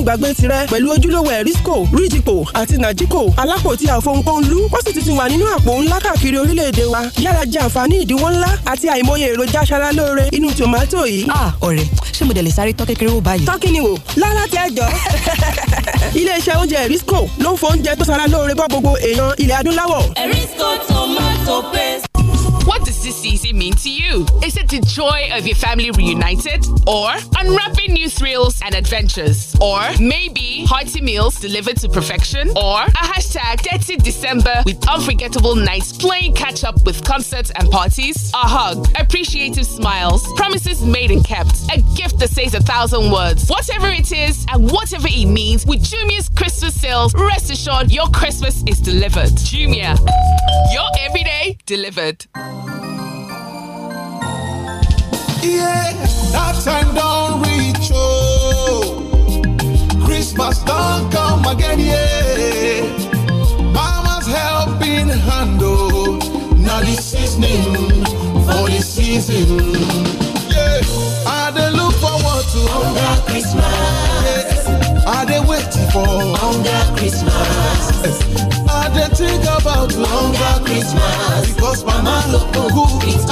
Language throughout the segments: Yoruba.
ìgbàgbé tirẹ̀ pẹ̀lú ojúlówó erisco ríjìpò àti nàjíkò alápò tí a fohunkóhun lú ó sì tuntun wà nínú àpò ńlá káàkiri orílẹ̀-èdè wa yára jẹ àǹfààní ìdínwó ńlá àti àìmọye èròjà aṣaralóore inú tòmátò yìí. a ah, ọ̀rẹ́ ṣé mo dẹ̀ lè sáré tọ́ kékeré wò báyìí. tọ́kì ni wò lára tí a iléeṣẹ́ oúnjẹ erisco ló ń fọ oúnjẹ tó ṣara lóore bọ́ gbogbo èèyàn ilẹ̀ adúláwọ̀. erisco tomato paste What does this season mean to you? Is it the joy of your family reunited, or unwrapping new thrills and adventures, or maybe hearty meals delivered to perfection, or a hashtag Dirty December with unforgettable nights playing catch up with concerts and parties, a hug, appreciative smiles, promises made and kept, a gift that says a thousand words. Whatever it is and whatever it means, with Jumia's Christmas sales, rest assured your Christmas is delivered. Jumia, your everyday delivered. Yeah, that time don't reach, oh. Christmas don't come again, yeah. Mama's helping hand, oh. Now for the season, yeah. I look forward to Hunger Christmas. Yeah. Are they waiting for longer Christmas? Are they think about longer Christmas? Because Mama Loco good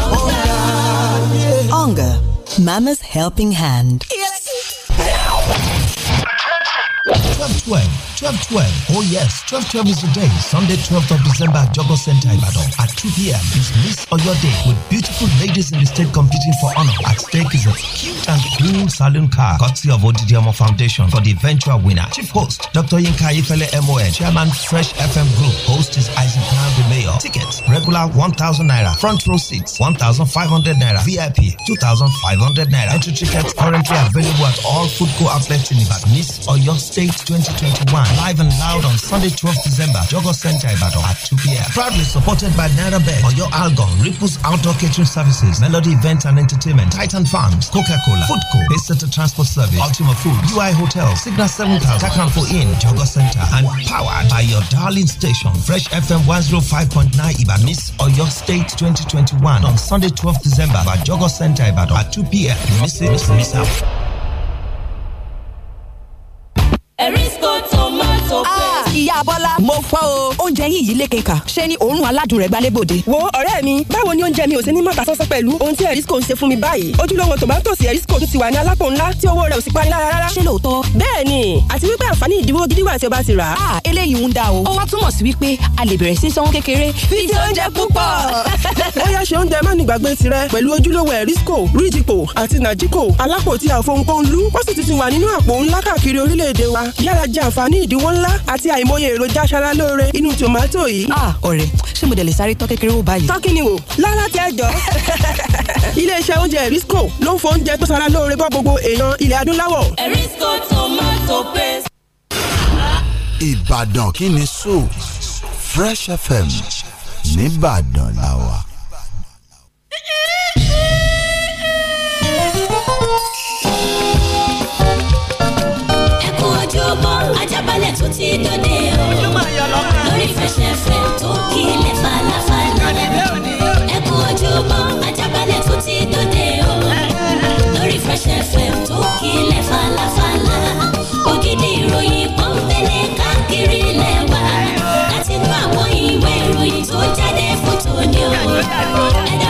hunger. Mama's helping hand. Yes. Now. Attention. 12 1212. Oh yes, 1212 is the day. Sunday, 12th of December at Jogo Center Ibadan at 2 p.m. it's Miss Oyo Day with beautiful ladies in the state competing for honor. At stake is a cute and cool saloon car courtesy of Odidiomo Foundation for the eventual winner. Chief host, Dr. Yinka Ifele MON, Chairman Fresh FM Group. Host is Isaac the Mayor. Tickets, regular 1,000 Naira. Front row seats, 1,500 Naira. VIP, 2,500 Naira. Entry tickets currently available at all food co outlets in Ibadan. Miss Oyo State 2021 live and loud on Sunday, 12th December, Jogos Center Ibadan at 2 p.m. Proudly supported by Naira NaraBet, Oyo Algon, Ripple's Outdoor Catering Services, Melody Events and Entertainment, Titan Farms, Coca-Cola, Foodco, Payseta Transport Service, Ultima Food, UI Hotel, Signal 7000, Takanfo Inn, Jogos Center, and powered by your darling station, Fresh FM 105.9 Ibadan. Miss Oyo State 2021 on Sunday, 12th December at Jogos Center Ibadan at 2 p.m. Miss it, miss, miss out. Erisco tomato to Ah. ìyá Bọ́lá mo fọ́ o oúnjẹ yín yìí lékè kà ṣé ni òórùn aládùn rẹ̀ gbalẹ́gbòde. wo ọ̀rẹ́ mi báwo ni oúnjẹ mi ò ṣe ní mọ̀ta sọ́sọ́ pẹ̀lú ohun tí erisco ń ṣe fún mi báyìí ojúlówó tòmátòsì erisco tún ti wà ní alápò ńlá tí owó rẹ̀ ò sì parí rárá. ṣé lóòótọ́. bẹ́ẹ̀ àti wípé àǹfààní ìdíwó gidi wà tí o bá ti rà a ah, eléyìí ń da o. ó wá túmọ̀ sí wípé a lè bẹ̀rẹ̀ sí sanwó kékeré fi ti oúnjẹ púpọ̀. ó yá ṣe oúnjẹ má nígbàgbé tirẹ̀ pẹ̀lú ojúlówó erisco ríjìpò àti nàjíkò alápò tí àfohùnkó ń lú ó sì ti ti wà àìmọye èròjà aṣara lóore inú tòmátò yìí. a ọ̀rẹ́ ṣé mo dẹ̀ lè sáré tọ́ kékeré wò báyìí. tọ́kì ni wò lálá tí ẹ jọ. iléeṣẹ́ oúnjẹ Erisco ló ń fọ oúnjẹ tó ṣara lóore bọ́ gbogbo èèyàn ilẹ̀ adúláwọ̀. Erisco tomato paste. Ìbàdàn kí ni so Fresh FM nìbàdàn làwà. ẹ̀ tún ti dòde o. lórí fẹsẹ̀fẹ̀ tó kílẹ̀ falafala. ẹ kú ojúmọ́ ajábalẹ̀ tún ti dòde o. lórí fẹsẹ̀fẹ̀ tó kílẹ̀ falafala. ògidì ìròyìn pọ́npẹ́lẹ́ káàkiri lẹ́wà. láti inú àwọn ìwé ìròyìn tó jáde fún tòní o. ẹ̀dá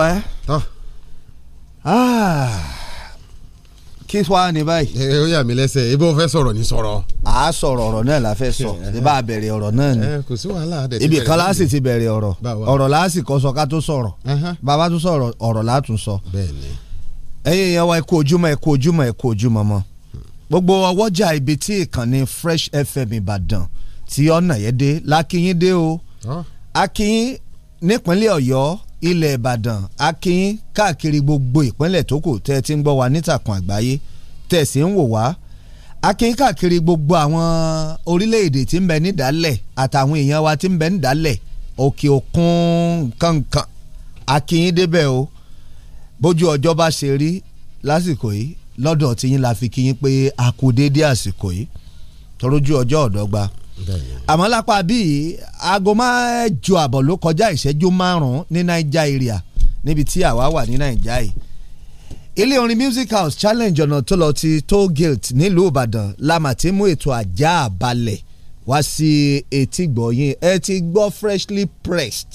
wẹ́. Ah. kí wàá ní báyìí. ẹ ó yà mí lẹ́sẹ̀ ibi ò fẹ́ sọ̀rọ̀ ní sọ̀rọ̀. a sọ̀rọ̀ ọ̀rọ̀ náà la fẹ́ sọ ṣe eh, eh. bá a bẹ̀rẹ̀ ọ̀rọ̀ náà ni. Eh, kò sí wàhálà dẹ̀ ti bẹ̀rẹ̀ ibi kan láàsì ti bẹ̀rẹ̀ ọ̀rọ̀ ọ̀rọ̀ láàsì kọ́ sọ ká tó sọ̀rọ̀ bàbá tó sọ̀rọ̀ ọ̀rọ̀ látún sọ. bẹ́ẹ̀ni. ẹ̀yin èèyàn wa ẹ kú ojúmọ́ ẹ kú ojúmọ́ gbogbo ọwọ́jà ibi tí ìkànnì Fresh FM Ìbàdàn tí ọ̀nà yẹn dé lákìyín dé o akíyín nípínlẹ̀ Ọ̀yọ́ ilẹ̀ ìbàdàn akínyín káàkiri gbogbo ìpínlẹ̀ tó kù tẹ́ ẹ ti ń gbọ́ wa nítàkùn àgbáyé tẹ́ ẹ sì ń wò wá akínyín káàkiri gbogbo àwọn orílẹ̀-èdè tí ń bẹ nídàálẹ̀ àtàwọn èèyàn wa tí ń bẹ nídàálẹ̀ òkè òkun kankan akínyín débẹ̀ o bójú ọjọ́ bá ṣe rí lásìkò yìí lọ́dọ̀ tí yín la fi kí yín pé a kú déédéé àsìkò yìí torójú ọjọ́ ọ̀dọ́gba àmọ́ lápá bíi aago mẹ́jọ àbọ̀ ló kọjá ìṣẹ́jú márùn-ún ní naija area níbi tí àwa wà ní naija yìí ilé orin music house challenge ọ̀nà tó lọ ti toll gate nílùú ìbàdàn la mà ti mú ètò àjà àbálẹ̀ wá sí etí gbọ̀yìn ẹ ti gbọ́ freshly pressed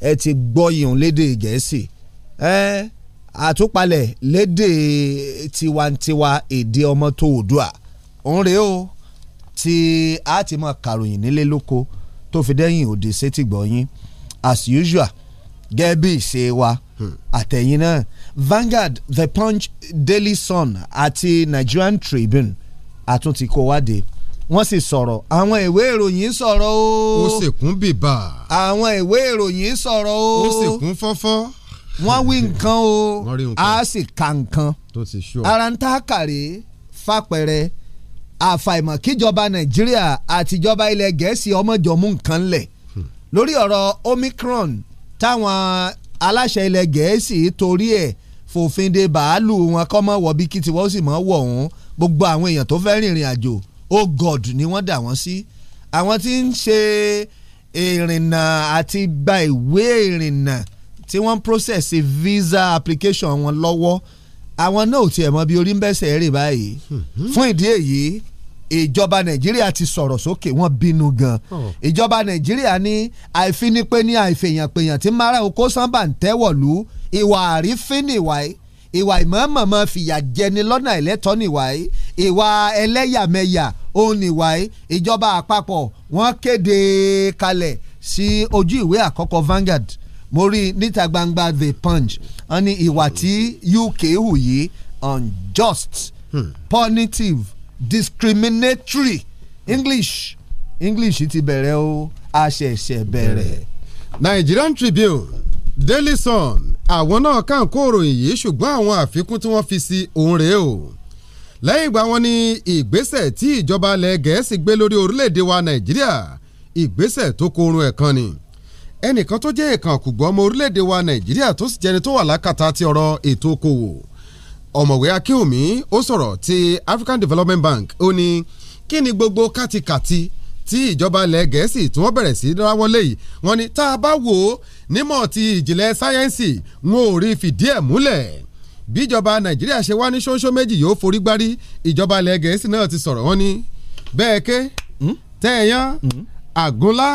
ẹ ti gbọ́ yìí lédè gẹ̀ẹ́sì ẹ àtúpalẹ̀ lédè tiwantiwa èdè ọmọ tó òdua òun rèé o tí a ti mọ kàròyìn nílé lóko tó fi dẹ́yìn òde sétí gbọ̀nyìn as usual gẹ́bí ṣe wa hmm. àtẹ̀yìn náà Vanguard The Punch Daily Sun àti Nigerian Tribune àtúntì kó wáde wọ́n sì sọ̀rọ̀ àwọn ìwé ìròyìn sọ̀rọ̀ o. ó sèkún bìbà. àwọn ìwé ìròyìn sọ̀rọ̀ o. ó sèkún fọ́fọ́. wọ́n wí nǹkan o a sì ka nǹkan. tó ti ṣó. ara ń tá kàrí fàpẹrẹ àfàìmọ̀ kíjọba nàìjíríà àtijọba ilẹ̀ gẹ̀ẹ́sì ọmọjọ̀mú nǹkan lẹ̀ lórí ọ̀rọ̀ omicron táwọn aláṣẹ ilẹ̀ gẹ̀ẹ́sì torí ẹ̀ fòfin de bàálù wọn kọ́ mọ́ wọ̀ bí kìtì wọ́n sì mọ́ wọ̀ ọ̀hún gbogbo àwọn èèyàn tó fẹ́ rìnrìn àjò ó oh god ni wọ́n dà wọ́n sí àwọn tí ń ṣe ìrìnnà àti gba ìwé ìrìnnà tí wọ́n ń process visa application wọn lọ́wọ́ àwọn náà ò tiẹ̀ mọ bí orí ń bẹ́sẹ̀ rè báyìí hmm. fún ìdí èyí ìjọba nàìjíríà ti sọ̀rọ̀ sókè wọ́n bínú gan oh. ìjọba nàìjíríà ní àìfinipé ní àìfèèyànpèèyàn tí mara oko sanba ń tẹ́wọ̀lú ìwà àrífín nìwà ìwà ìmọ̀ọ́mọ̀mọ́ fìyà jẹni lọ́nà ẹ̀lẹ́tọ́ nìwà ìwà ẹlẹ́yàmẹ̀yà òun nìwà ìjọba àpapọ̀ wọ́n kéde kalẹ̀ sí ojú ìwé àkọ́kọ́ Vanguard mo rí i níta gbangba the punch wọn ní ìwà tí UK hù yìí unjust hmm. punitive discriminatory English English ti bẹ̀rẹ̀ o a ṣẹ̀ṣẹ̀ bẹ̀rẹ̀. Nigerian Tribune Daily Sun àwọn náà kàn kó òròyìn yìí ṣùgbọ́n àwọn àfikún tí wọ́n fi sí òun rèé o lẹ́yìn ìgbà wọn ni ìgbésẹ̀ tí ìjọba ilẹ̀ gẹ̀ẹ́sì gbé lórí orílẹ̀‐èdè wa Nàìjíríà ìgbésẹ̀ tó korun ẹ̀ kan ni ẹnìkan tó jẹ́ èèkàn kùgbọ́ ọmọ orílẹ̀-èdè wa nàìjíríà tó sì jẹni tó wà lákàtà ti ọ̀rọ̀ ètò okòwò ọ̀mọ̀wé akínwùmí ó sọ̀rọ̀ ti African Development Bank ó ní kí ni gbogbo kàtìkàtì tí ìjọba ilẹ̀ gẹ̀ẹ́sì tí wọ́n bẹ̀rẹ̀ sí dáwọ́lé yìí wọ́n ní tá a bá wò ó nímọ̀ ti ìjìnlẹ̀ sáyẹ́ǹsì wọn ò rí fìdí ẹ̀ múlẹ̀ bíjọba nàìjíríà ṣe wá ní ṣóńṣó méjì yóò forí gbárí ìjọba ilẹ̀ gẹ̀ẹ́sì náà ti sọ̀rọ̀ wọ́n ní bẹ́ẹ̀ ké hmm? tẹ́ẹ̀yán hmm? àgúnlá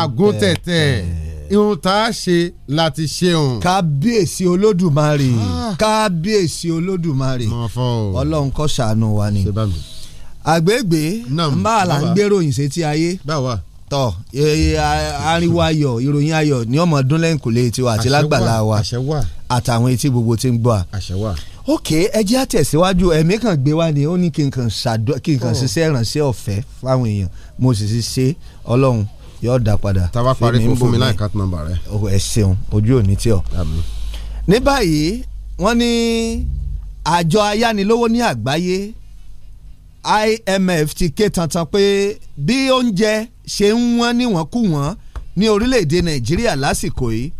àgùntẹ̀tẹ̀ ihun tá a ṣe láti ṣeun. kábíyèsí olódùmarè ah. kábíyèsí olódùmarè ọlọ́run kó ṣàánú wa ni. àgbègbè máa là ń gbèròyìn sétí ayé tọ e, e, ariwo ayọ̀ ìròyìn ayọ̀ ní ọmọ ọdún lẹ́yìn kò lè tiwa àti lágbàlá wa àtàwọn etí gbogbo tí ń gbọ́ a. ok ẹ àtẹ̀síwájú ẹ̀mí kan gbé wá ni ó ní kí n kàn oh. ṣiṣẹ́ ìrànṣẹ́ ọ̀fẹ́ fáwọn èèyàn mo sì ṣe ọlọ́run yóò dá padà. tábà parí kò fún mi láì cat number rẹ. ẹ ṣeun ojú òní tí ọ. ní báyìí wọ́n ní àjọ ayánilówó ní àgbáyé IMF ti ké tantan pé bí oúnjẹ ṣe ń wọ́n níwọ̀n kú wọ́n ní orílẹ̀-èdè Nàìjíríà lásìkò yìí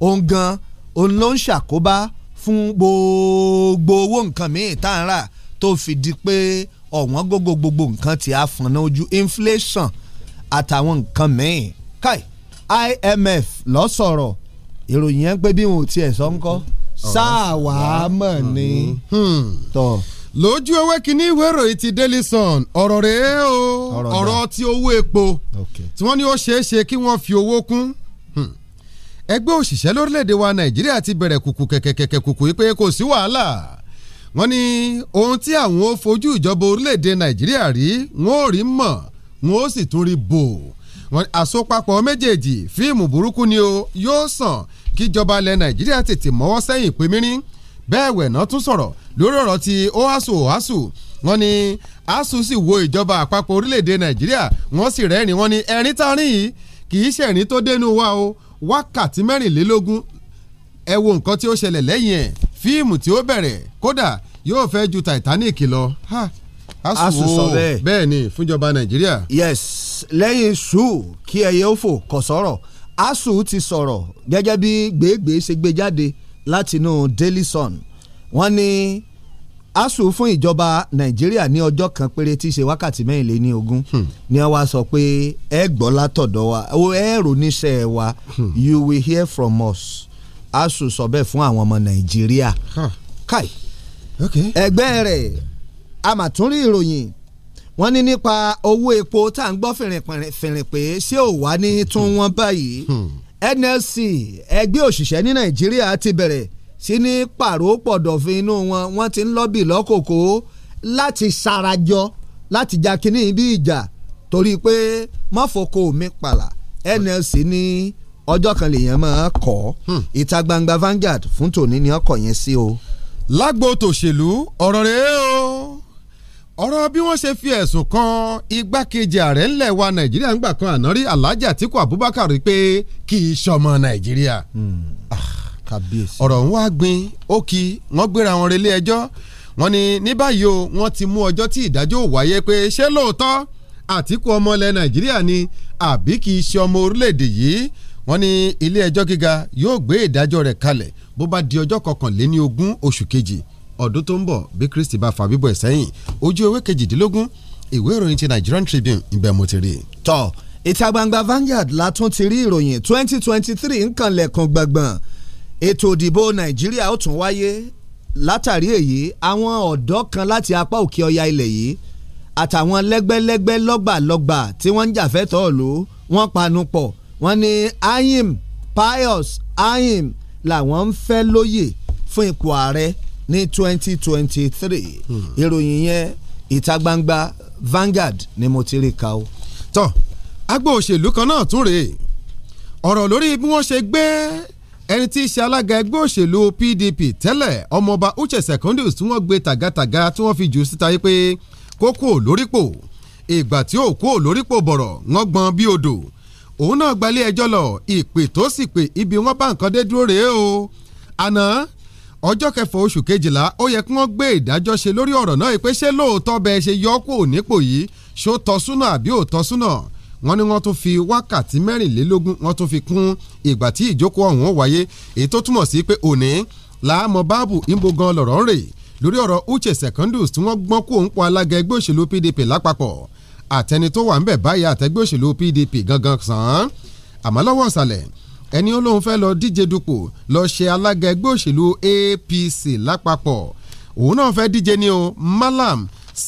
òun gan òun ló ń ṣàkóbá fún gbogbo owó nǹkan míì tá à ń rà tó fi di pé ọ̀wọ́n gógó gbogbo nǹkan tí a ojú inflation àtàwọn nǹkan míì káì IMF ló sọ̀rọ̀ ìròyìn yẹn pé bí wọn ò tiẹ̀ sọ ń kọ́ sáà wàá mọ̀ ni hmm. Hmm. lójú ewé kínní ìwé ìròyìn ti Daily Sun ọ̀rọ̀ rèé o ọ̀rọ̀ ti owó epo tí wọ́n ní ó ṣeé ṣe kí wọ́n fi owó kún hmm. ẹgbẹ́ òṣìṣẹ́ lórílẹ̀‐èdè wa Nàìjíríà ti bẹ̀rẹ̀ kùkù kẹ̀kẹ̀kẹ̀ kùkù yìí pé kò sí wàhálà wọ́n ní ohun tí àwọn ó fojú ìjọba orílẹ̀‐èdè Nàìjíríà rí wọ́n ò rí mọ̀ wọn ó sì tún rí bò wọn àsopapọ̀ méjèèjì fíìmù burúkú ni o yóò sàn kíjọba ilẹ̀ nàìjíríà tètè mọ́wọ́ sẹ́yìn pé mìíràn bẹ́ẹ̀ wẹ̀nà tún sọ̀rọ̀ lórí ọ̀rọ̀ ti oasu oasu wọn ni asu sì wo ìjọba àpapọ̀ orílẹ̀-èdè nàìjíríà wọn sì rẹ́rìn wọn ni ẹ̀rín tá a rìn yìí kì í ṣẹ̀rín tó dénú wa o wákàtí mẹ́rìnlélógún ẹ wo nǹkan tí ó ṣẹlẹ̀ lẹ́yìn ẹ̀ fíìmù tí ó bẹ̀rẹ̀ kódà yóò fẹ́ ju Titanic lọ. Ha. ASUU sọ bẹ́ẹ̀ bẹẹ ni fúnjọba nàìjíríà. yes lẹ́yìn sùúrù kí ẹyẹ ó fò kọ̀ sọ̀rọ̀ ASUU ti sọ̀rọ̀ gẹ́gẹ́ bí gbégbé ṣe gbé jáde látinú Daily Sun wọ́n ní ASUU fún ìjọba nàìjíríà ní ọjọ́ kan péré tí í ṣe wákàtí mẹ́rìnlẹ́ ní ogún hmm. ni wọ́n wá sọ pé ẹ gbọ́ látọ̀dọ̀ wa ẹ rò wa hmm. you will hear from us ASUU sọ bẹ́ẹ̀ fún àwọn ọmọ nàìjíríà. káì ẹgbẹ́ rẹ̀ a mà tún rí ìròyìn wọ́n ní nípa owó epo tá à ń gbọ́ fìrìnfìrìn pé ṣé ò wá ní tún wọn báyìí NLC ẹgbẹ́ òṣìṣẹ́ ní Nàìjíríà ti bẹ̀rẹ̀ sí ní pàrọ̀ pọ̀dọ̀fin inú wọn wọ́n ti ń lọ́bì lọ́kòkó láti sarajọ láti ja kínní bí ìjà torí pé mọ́fọ́kọ́ mi pàlà NLC ní ọjọ́ kan lèèyàn máa kọ́ hmm. ìta gbangba Vanguard fún tòní ni ọkọ̀ yẹn sí o. lágbo tòṣèlú ọ̀rọ̀ rèé o ọ̀rọ̀ bí wọ́n ṣe fi ẹ̀sùn kan igbákejì ààrẹ ńlẹ̀ wa nàìjíríà ńgbà kan àná rí alhaji atiku abubakar pé kì í ṣọmọ nàìjíríà. Hmm. Ah, ọ̀rọ̀ ń wá gbin ó kí wọ́n gbéra wọn relé ẹjọ́ wọ́n ní ní báyìí o wọ́n ti mú ọjọ́ tí ìdájọ́ ò wáyé pé ṣé lóòótọ́ àtiku ọmọ nàìjíríà ni àbí kì í ṣe ọmọ orílẹ̀-èdè yìí wọ́n ní ilé ẹjọ́ gíga yóò gbé ìdájọ́ rẹ̀ kalẹ̀ bó bá di ọjọ́ kọkànléní ogún oṣù kejì ọdún tó ń bọ̀ bí Kristi bá fa bíbọ̀ ẹ̀ sẹ́yìn ojú ewé kejìdínlógún ìwé ìròyìn ti Nigerian Tribune ìbẹ̀ mo ti rí. tọ́ ìta gbangba Vanguard la tún ti rí ìròyìn twenty twenty three nkanlẹ̀kan gbàngbọ̀n ètò òdìbò Nàìjíríà ó tún wáyé látàrí èyí àwọn ọ̀dọ́ kan láti apá òkè ọya ilẹ̀ yìí àtàwọn lẹ́gbẹ́lẹ́gbẹ́ lọ́gbàlọ́gbà tí wọ́n ń jàfẹ́tọ̀ ọ̀lú wọ́n panu pọ̀ wọ́n ní ayim pius ayim làwọn ń fẹ́ lóyè fún ipò ààrẹ ní twenty twenty three hmm. ìròyìn yẹn ìta gbangba Vanguard ni mo ti rí ka o. tọ́ agbó òṣèlú kan náà tún rèé ọ̀rọ̀ lórí bí wọ́n ṣe gbé ẹni tí í ṣe alága ẹgbẹ́ òṣèlú PDP tẹ́lẹ̀ ọmọọba Uche Secondus tí wọ́n gbé tàgàtàgà tí wọ́n fi jù síta yìí pé kó kúrò lórípò ìgbà tí ó kúrò lórípò bọ̀rọ̀ wọ́n gbọ́n bí odò òun náà gbalé ẹjọ́ lọ ìpè tó sì pè ibi wọ́n bá nǹkan dé dúró rèé o àná ọjọ́ kẹfà oṣù kejìlá ó yẹ kí wọ́n gbé ìdájọ́ ṣe lórí ọ̀rọ̀ náà pé ṣé lóòótọ́ bẹ́ẹ̀ ṣe yọ kó nípò yìí ṣó tọ́súnà àbí ò tọ́súnà wọ́n ní wọ́n tún fi wákàtí mẹ́rìnlélógún wọ́n tún fi kún ìgbà tí ìjókòó ọ̀hún wáyé èyí tó túmọ̀ sí pé òní làámọ̀ báàbù ìbò gan lọ̀rọ̀ ń rè lórí ọ̀rọ̀ Uche Secondus tí wọ́n gbọ́n kó òun pọ̀ alága ẹgbẹ́ òṣèlú PDP lápapọ̀ àtẹni tó wà ń bẹ̀ báyìí àtẹgbẹ́ òṣèlú PDP gangan sàn án àmọ́ lọ́wọ́ ẹni ó lóun fẹ́ lọ díje dupò lọ ṣe alága ẹgbẹ́ òṣèlú APC lápapọ̀ òun náà fẹ́ díje ní o Malam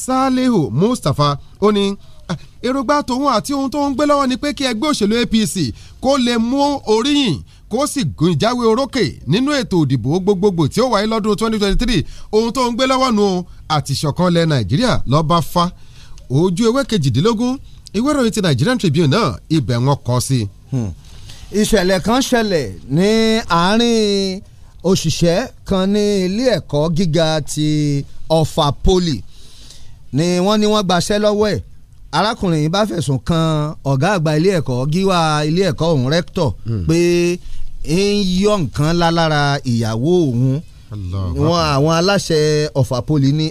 Salihu Mustapha ó ní ah, èrògbà tòun àti ohun tó ń gbé lọ́wọ́ ni pé kí ẹgbẹ́ òṣèlú APC kó lè mú oríyìn kó sì gun ìjáwé orókè nínú ètò òdìbò gbogbogbò tí ó wáyé lọ́dún 2023 ohun tó ń gbé lọ́wọ́ nu àti ìṣọ̀kan ilẹ̀ nàìjíríà lọ́ba fa ojú ewé kejìdínlógún ìwé ìròyìn ti Nigerian Tribune náà ibẹ̀ wọn kọ sí. Hmm ìṣẹ̀lẹ̀ kan ṣẹlẹ̀ ní àárín òṣìṣẹ́ kan ní ilé ẹ̀kọ́ gíga ti Ọ̀fà Poli ni wọ́n ní wọ́n gbaṣẹ́ lọ́wọ́ ẹ̀ arákùnrin yìí bá fẹ̀sùn kan ọ̀gá àgbà ilé ẹ̀kọ́ gíwá ilé ẹ̀kọ́ ọ̀hún rẹ́kítọ̀ hmm. pé ń yọ nǹkan lálára ìyàwó òun wọn àwọn aláṣẹ Ọ̀fà Poli ní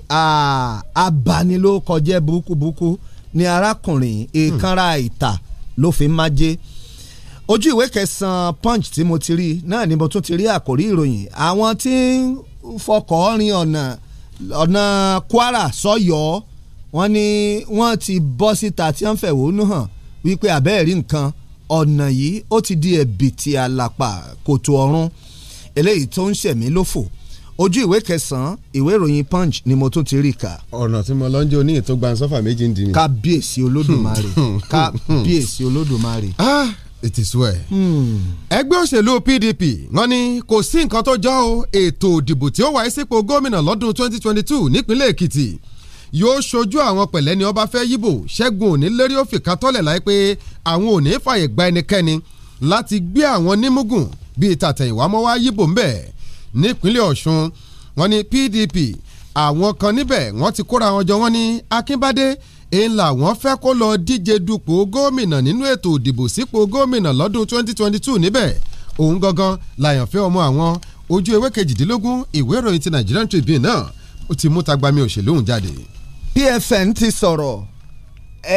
abanilókọjẹ́ burúkú burúkú ni arákùnrin èékánra hmm. ìta ló fi májé. Hmm ojú ìwé kẹsàn-án punch tí mo ti rí náà ni mo tún ti rí àkórí ìròyìn àwọn tí ń fọkọ̀ rin ọ̀nà ọ̀nà Kwara sọ́yọ́ wọ́n ní wọ́n ti bọ́ síta tí wọ́n ń fẹ̀hónú hàn wípé àbẹ́ẹ̀rí nǹkan ọ̀nà yìí ó ti di ẹ̀bìtì àlàpà kòtò ọ̀run eléyìí tó ń ṣẹ̀mí lófò ojú ìwé kẹsàn-án ìwé ìròyìn punch ni mo tún ti rí kà. ọ̀nà tí mo lọ ń jẹ́ oníyìn tó gbansọ́fà méjì ń di mi. kábíyèsí olódùmarè kábíyèsí olódùmarè. Ah! it is well. Hmm. ẹgbẹ́ òṣèlú PDP wọ́n ní kò sí nǹkan tó jọ o ètò òdìbò tí ó wáyé sípò gómìnà lọ́dún 2022 nípínlẹ̀ Èkìtì yóò ṣojú àwọn pẹ̀lẹ́ ni ọba fẹ́ yíbò ṣẹ́gun òní lérí ó fìkà tọ́lẹ̀ láì pé àwọn ò ní fàyè gba ẹnikẹ́ni láti gbé àwọn nímúgùn bíi tàtẹ̀yìnwá mọ́ yíbò ńbẹ̀ nípínlẹ̀ Ọ̀ṣun wọ́n ní PDP àwọn kan níbẹ̀ wọ́n ti kóra wọn jọ wọ́n ní Akínbádé ń làwọn fẹ́ kó lọ díje dupò gómìnà nínú ètò òdìbò sípò gómìnà lọ́dún 2022 níbẹ̀ òun gangan làyànfẹ́ ọmọ àwọn ojú ewé kejìdínlógún ìwé ìròyìn ti Nigerian Tribune náà ó ti mú tagbami òṣèlú òun jáde. PFN ti sọ̀rọ̀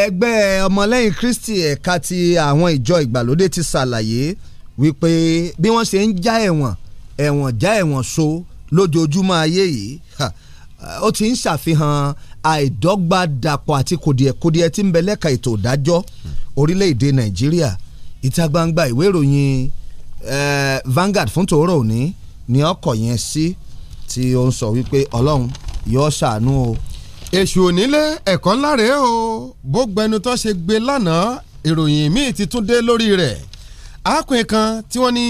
ẹgbẹ́ ọmọlẹ́yìn Kristi ẹ̀ka ti àwọn ìjọ ìgbàlódé ti ṣàlàyé wípé bí wọ́n ṣe ń já ẹ̀wọ̀n ẹ̀wọ̀n já ẹ̀wọ̀n so lójoojúmọ́ ayé yìí ó ti ń ṣàfihàn àìdọ́gba dàpọ̀ àti kòdìẹ̀kòdìẹ̀ tí ń bẹ lẹ́ka ètò ìdájọ́ orílẹ̀-èdè nàìjíríà ìta gbangba ìwé ìròyìn Vanguard fún tòórọ́ òní ni ọkọ̀ yẹn sí tí ó ń sọ wípé ọlọ́run yóò ṣàánú o. èṣù onílé ẹ̀kọ́ láre o bó gbẹnu tó ṣe gbé lánàá ìròyìn míì ti tún dé lórí rẹ̀ arákùnrin kan tí wọ́n ní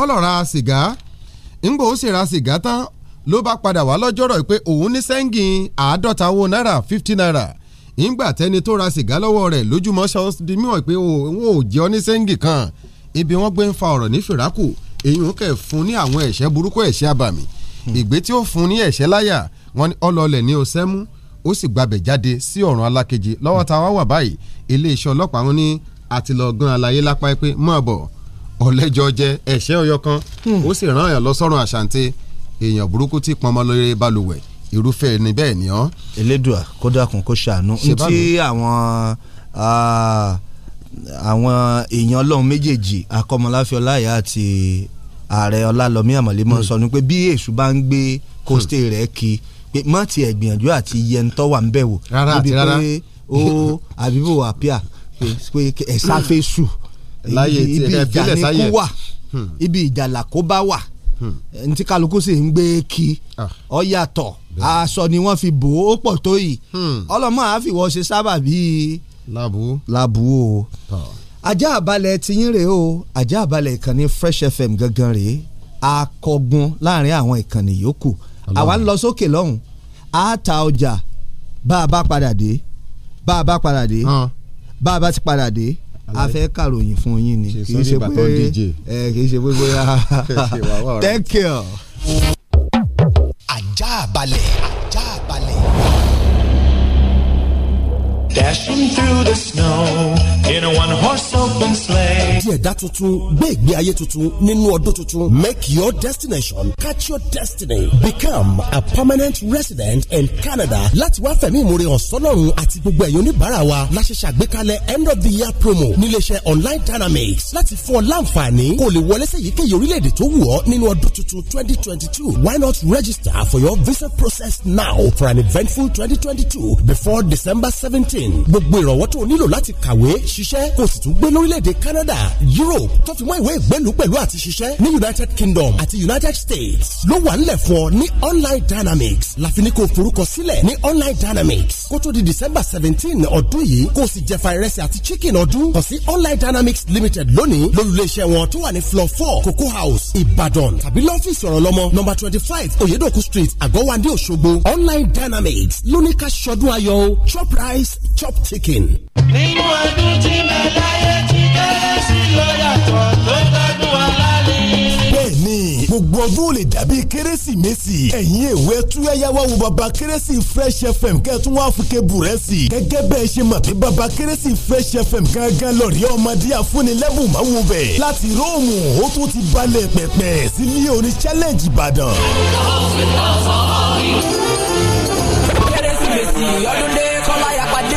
ọlọ́ra sìgá ńgbò ó sì ra sìgá tán ló bá padà wá lọ́jọ́rọ̀ pé òun ní sẹ́ńgìn àádọ́ta owó náírà fifty naira ìgbà tẹni tó ra sìgá lọ́wọ́ rẹ̀ lójúmọ́ sọ di mímọ̀ pé òun ò jẹ́ ọ́ ní sẹ́ńgìn kan ibi wọ́n gbé ń fa ọ̀rọ̀ ní fìràkù èyí ò kẹ̀ fún ní àwọn ẹ̀ṣẹ̀ burúkú ẹ̀ṣẹ̀ abàmì hmm. ìgbé tí ó fún ní ẹ̀ṣẹ̀ láyà wọn ni ọlọ́ọ̀lẹ̀ ní ọ̀sẹ́mú ó sì gbabẹ̀ jáde sí ọ̀run alákejì lọ́wọ́ ta wá wà báyìí iléeṣẹ́ ọlọ́pàá wọn ní àti lọ gan àlàyé lápá pé mọ̀ bọ̀ ọ̀lẹ́jọ́ jẹ ẹ̀ṣẹ̀ ọyọ kan hmm. ó sì rán àyàn lọ sọ́run àṣàǹtẹ̀ èèyàn burúkú tí pọnmọ lórí balùwẹ̀ irúfẹ́ ni bẹ́ẹ̀ ni ọ́. elédùà kó dákun kó ṣàánú ntí àwọn àwọn èèyàn ọlọ́run méjèèjì akọ́mọláfẹ́ ọláyà àti ààrẹ ọlálọ́mí àmọ̀lẹ́mọ́ sọ ni pé bí èṣù bá ń gbé kóstè hmm. rẹ̀ kí pé má tiẹ̀ gbìyànjú àti yẹn tó wà ń bẹ̀ wò. rárá àti rárá níbi pé ó àbíbò àpíà pé ẹ̀sáfẹ́sù ibi ìjà ni kú wà hmm. ibi ìjà làkó bá wà ntí kálukú sì ń gbé kí ọ ah. yàtọ̀ aṣọ ni wọ́n fi bò ó pọ̀ tó yìí hmm. ọlọ́mọ àáfíwọ́ ṣe sábà bíi labu labu o ajá àbálẹ̀ tiyín rèé o ajá àbálẹ̀ ìkànnì Fresh FM gangan rèé akọgun láàrin àwọn ìkànnì yòókù àwa ń lọ sókè lọ́hùn á ọjà bá a bá padà dé bá a bá padà dé bá a bá ti padà dé a fẹ́ kàròyìn fún yín ni kì í ṣe pé kì í ṣe pé bóyá take care. ajá balẹ̀. dashing through the snow in a one horse open sleigh. ẹ̀dá tuntun gbé ayé tuntun nínú ọdún tuntun. Make your destination catch your destiny. Become a permanent resident in Canada. Láti wá fẹ̀mí ìmúre ọ̀sọ́lọ́run àti gbogbo ẹ̀yọ́ oníbàárà wa la ṣe ṣàgbékalẹ̀ end of the year promo níléeṣẹ́ online dynamics láti fún ọ láǹfààní kó lè wọlé sí èyíkéyìí orílẹ̀-èdè tó wù ọ́ nínú ọdún tuntun twenty twenty two. Why not register for your visa process now for an eventful twenty twenty two before December seventeen. Publishing gbogbo ìrànwọ́ tó o nílò láti kàwé ṣiṣẹ́ kó sì tún gbé lórílẹ̀‐èdè Canada Europe tó fi mọ́ ìwé ìgbélú pẹ̀lú àti ṣiṣẹ́ ní United Kingdom àti United States ló wà ńlẹ̀ fún ọ ní Online Dynamics láfi ní kó o forúkọ sílẹ̀ ní Online Dynamics kó tó di December seventeen ọdún yìí kó o sì jẹ̀fà ìrẹsì àti chicken ọdún kàn sí Online Dynamics Limited lónìí lólùléeṣẹ́ wọn tó wà ní floor four Cocoa House Ìbàdàn tàbí lọ́fíìsì ọ̀rọ̀ lọ́mọ number twenty five Oyedoku Street Àgọ́wandé Òṣogbo Online Dynamics lóníkà ṣọdún ayọ̀ chop rice chop chicken. nínú ọdún tí mẹ́láyé ti kérésì ló yàtọ̀ tó gbádùn alálẹ́ bẹ́ẹ̀ni gbogbo ọdún ò lè dàbí kérésìmesì ẹ̀yin èwe túyáyáwá wo baba kérésì fresh fm kẹtún wá fún kébùrẹ́sì gẹ́gẹ́ bẹ́ẹ̀ ṣe mọ̀ pé baba kérésì fresh fm gángan lọ́ọ̀rì ọmọdé àfúnilẹ́bù máa wo bẹ̀ láti róòmù ó tún ti balẹ̀ pẹ̀pẹ̀ sílé orin challenge ìbàdàn. kérésìmesì ọdún dé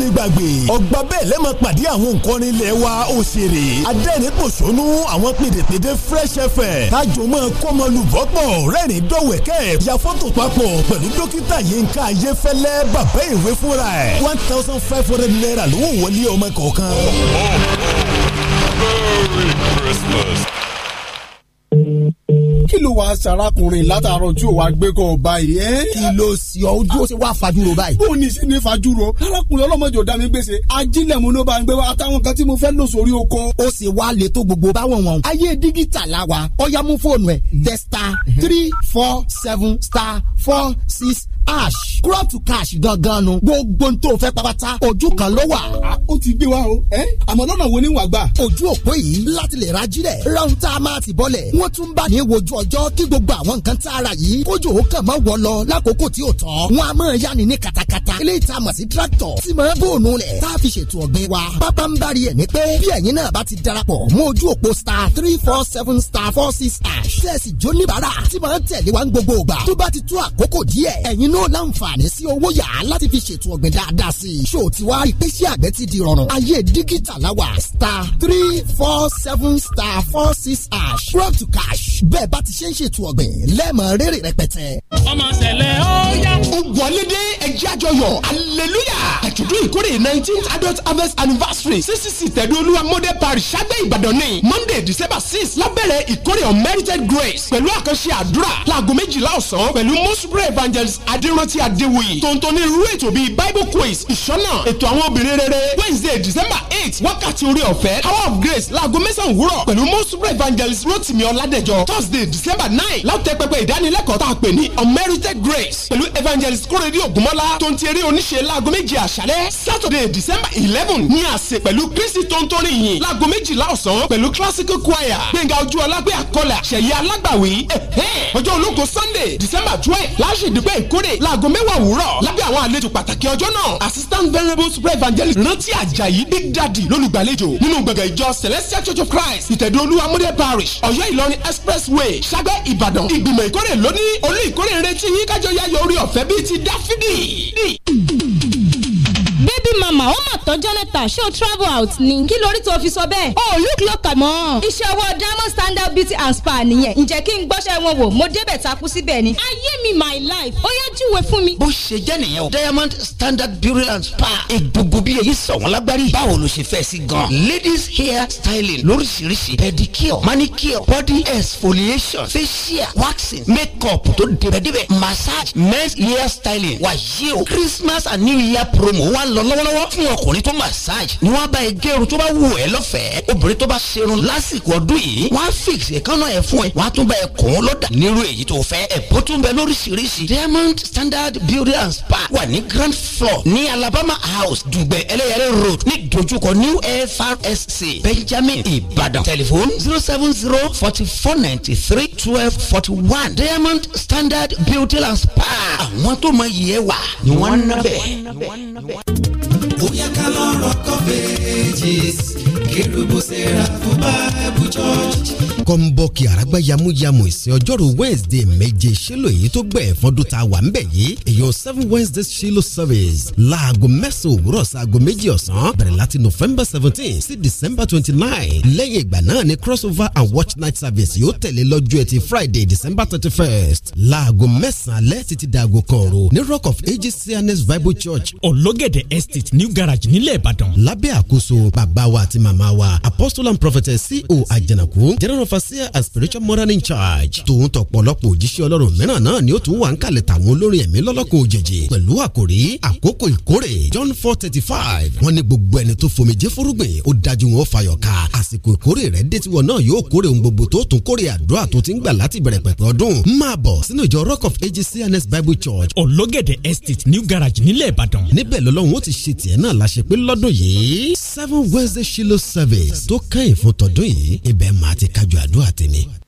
ní gbàgbé ọgbà bẹ́ẹ̀ lẹ́mọ̀ pàdé àwọn nǹkan ilé wa òṣèré adẹ́rìn pòṣónú àwọn pèdèpèdè fresh fm tájò mọ́ kọ́mọlúbọ́pọ̀ rẹ́rìn dọ́wẹ̀kẹ́ ya fọ́tò papọ̀ pẹ̀lú dókítà yínká ayéfẹ́lẹ́ bàbá ìwé fúnra ẹ̀ one thousand five hundred naira lówó wọlé ọmọ kọ̀ọ̀kan. Oh, oh, oh, Merry Christmas kí ló wàá sàrákùnrin látàárọ̀ tí ò wá gbé kọ́ báyìí. kí ló sì ọ ojú ó sì wá fajúro báyìí. bó ní sí ní arákùnrin ọlọ́mọdé dá mi gbèsè ajílẹ̀ mo ló bá ń gbé wa àtàwọn kan tí mo fẹ́ lò sórí oko. ó sì wá lè tó gbogbo báwọn wọn. ayé dígítà la wa ọ̀yá fóònù ẹ̀ tẹ star three four seven star four six ash crop to cash gangan nu gbogbo n tó fẹ́ pàpàtà ojú kan ló wà. ó ti gbé wa o ẹ àmọ́ lọ́nà wo ni wà gbà. ojú òpó yìí láti lè ra jílẹ̀ ráhùn tá a máa ti bọ́lẹ̀ wọ́n tún bá ní wojú ọjọ́ kí gbogbo àwọn nǹkan tá a ra yìí kójú ó kàn máa wọ̀ lọ lákòókò tí ò tọ́ wọn a máa yá ni ní katakata eléyìí tá a mọ̀ sí tractor tí máa bóònù rẹ̀ tá a fi ṣètò ọ̀gbìn wa pápá ń bá rí ẹ̀ ní pé bí ẹ̀yin náà bá ti darapọ̀ mọ́ ojú òpó star three four seven star four six ash. tẹ̀sí jóníbàárà tí máa ń tẹ̀lé wa ń gbogbo ògbà tó bá ti tó àkókò díẹ̀ ẹ̀yin yóò láǹfààní sí owó yá láti fi ṣètò ọ̀gbìn dáadáa sí i. ṣó ti wá ìpèsè àgbẹ̀ ti di rọrùn. ayé dígítà la star three four seven star four six ash crop to cash bẹ́ẹ̀ bá ti ṣe ń ṣètò ọ̀gbìn lẹ́ẹ̀mọ rere rẹpẹtẹ. ọmọ ṣẹlẹ̀ ó yá. ó wọlé dé ẹjẹ́ àjọyọ̀ hallelujah àjọ̀dún ìkórè nineteenth adult harvest anniversary ccc tẹ̀dúolúwa model parish ṣágbẹ́ ìbàdàn ní monday december six lábẹ́rẹ́ ìkórè unmerited grace pẹ̀lú àkànṣe àdúrà láago méjìlá ọ̀sán pẹ̀lú pray evangelist adé adérántí adéwòye tòǹtò ní irú ètò bíi bible quiz ìṣọ́nà ètò àwọn obìnrin rere wednesday december eight wákàtí orí ọ̀fẹ́ Power of grace láago mẹ́sàn-án òwúrọ̀ pẹ̀lú mosbre evangelist rotimi ọládẹjọ thursday december nine láwùjẹ pẹpẹ ìdánilẹ́kọ̀ọ́ tá a pè ní unmerited grace pẹ̀lú evangelist kórèdí ògúnmọ́lá tó ń ti eré oníṣe láago méje àṣálẹ́ saturday december eleven ní àsè pẹ̀lú kristi tóńtóní yìí láago méjìlá ọ̀sán classical choir gbẹ̀ngà ojú ọlágbé àkọlà ṣẹ̀yẹ alágbàwí ọjọ́ olóko sunday december twelve láṣìdípẹ́ ìkórè sunday láago mẹ́wàá òwúrọ̀ lábẹ́ àwọn àlejò pàtàkì ọjọ́ náà assistant venerable super evangelist rántí àjàyí big daddy lólùgbàlejò nínú gbọ̀ngàn ìjọ celestial church of christ ìtẹ̀dó olúwa mọ́dẹ́ parish ọ̀yọ́ ìlọrin expressway ságbẹ́ ìbàdàn ìgbìmọ̀ ìkórè lónìí olú ìkórè retí yín kájọ yáyọ orí ọ̀fẹ́ bíi ti dáfídì. Mama, ó mà tán jọ́nẹ́ta ṣé o travel out ni kí lórí tó fi sọ bẹ́ẹ̀ o oh, ò look local mọ́. iṣẹ́ ọwọ́ diamond standard beauty and spa nìyẹn ǹjẹ́ kí n gbọ́ṣẹ́ wọn wò mo débẹ̀ takú síbẹ̀ ni. ayé mi my life ó yá júwe fún mi. bó ṣe jẹ́ nìyẹn o diamond standard beauty and spa egungun bí èyí sọ̀wọ́n lágbárí báwo ló ṣe fẹ́ sí gan. ladies hair styling lóríṣiríṣi pedicure manicure body exfoliation facial waxing makeup tó débẹ̀débẹ̀ massage men's hair styling wàyí o christmas and new year promo wà lọ lọ́wọ́ fún ọkùnrin tó massage ni wọ́n bá ẹ gẹrun tó bá wù ẹ́ lọ́fẹ̀ẹ́ obìnrin tó bá ṣerun lásìkò ọdún yìí wọ́n á fix èékánná ẹ̀ fún ẹ wọ́n á tún bá ẹ kùn ún lọ́dà nírú èyí tó fẹ́ ẹ̀bùn tún bẹ lóríṣiríṣi diamond standard beauty and spa wà ní grand floor ní alabama house dùgbẹ̀ ẹlẹ́yẹrẹ road ní dojúkọ new frsc benjamin ibadan telephone zero seven zero forty four ninety three twelve forty one diamond standard beauty and spa àwọn tó mọ iye wà ni wọ́n ń nábẹ̀ bóyá ká lọ́rọ̀ coverage kérubù sẹ́ra fún báàbù church kọ́ńbọ́ọ̀kì àràgbá yamuyamu ìsìn ọjọ́rú wednesday méje ṣílò èyí tó gbẹ̀ fọ́dún tá a wà ń bẹ̀ yìí èyàn seven wednesday ṣílò service láago mẹ́sàn-án òwúrọ̀ sáago méjì ọ̀sán bẹ̀rẹ̀ láti november seventeen sí december twenty nine lẹ́yìn ìgbà náà ni crossover and watch night service yóò tẹ̀lé lọ́jọ́ ẹtì friday december thirty first láago mẹ́sàn-án lẹ́ẹ̀tì ti dàgò kan ro ní rock of ages cns bible church ológẹ̀dẹ̀ estate new garage nílẹ̀ ìbàdàn lábẹ́ àkóso bàbá wa àti màmá wa apostle and prophetess ceo àjànàkú general overseer and spiritual moral in charge tòun tọ̀pọ̀lọpọ̀ òjíṣẹ́ ọlọ́run mìíràn náà ni ó tún wà ń kalẹ̀ tàwọn olórin ẹ̀mí lọ́lọ́kùn òjèjì pẹ̀lú àkòrí àkókò ìkórè John four thirty five wọ́n ní gbogbo ẹni tó fomijé fúrúgbìn ó dájú wọn ó fayọ̀ ká àsìkò ìkórè rẹ̀ dé tiwọn náà yóò kórè ohun gbogbo tó tún kórè àdúrà tó ti ń gbà láti bẹ̀rẹ̀ pẹ̀pẹ̀ ọdún máa bọ̀ sínú ìjọ rock of ages cns bible church ológèdè estate new garage nílẹ̀ ìbàdàn níbẹ̀ lọ́lọ́run ó ti ṣe tiẹ̀ náà láṣẹ pé lọ́dún yìí seven wednesday shiloh service tó kẹ́yìn fún tọdún yìí ibẹ̀ máa ti kájọ àdúrà Dou ateni.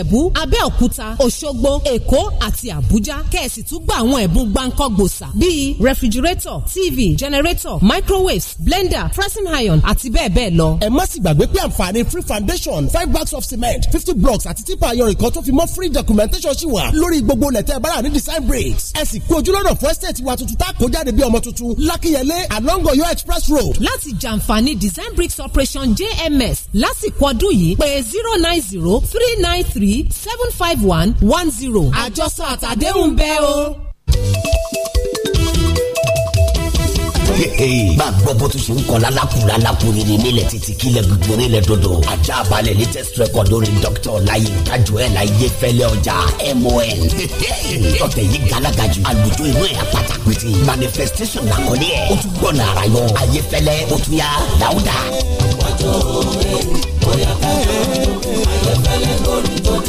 ìjẹ̀bú abẹ́òkúta òṣogbo èkó àti àbújá kẹ̀sì tún gba àwọn ẹ̀bùn gbàǹkọ́gbòsà bíi rẹfrigirétọ̀ tv jẹnẹrétọ̀ microwaves blender pressing iron àti bẹ́ẹ̀ bẹ́ẹ̀ lọ. ẹ má sì gbàgbé pé àǹfààní free foundation five bags of cement fifty blocks àti tipa ayọ̀rìn kan tó fi mọ́ free documentation sí wa lórí gbogbo lẹ́tẹ̀ bára ní design bricks ẹ sì kú ojúlọ́nà fún estate wa tuntun tá a kó jáde bí ọmọ tuntun lákìyẹlé along Oyo express road. láti jàǹfààní design bricks operation jms lásìkò ọdún yìí pé zero nine zero three nine three tàbí seven five one one zero àjọsọ àtàdéhùn bẹ́ẹ̀ o. gbàgbọ́ bó tún ṣe ń kọ́ lálákùn lálákùn rere nílẹ̀ títí kílẹ̀ gbogbo nílẹ̀ dodo ajá balẹ̀ latest record lórí dr láyínká joel ayéfẹ́lẹ́ ọjà mon ọ̀tẹ̀ yìí galaga jù àlùjọ inú ẹ̀ apáta pété manifestation làkọ́lé ẹ̀ ó tún gbọ́nà ara yọ ayéfẹ́lẹ́ ó tún yá dáúdà. wájú òwe bóyá ká lọ ayéfẹ́lẹ́ lórí.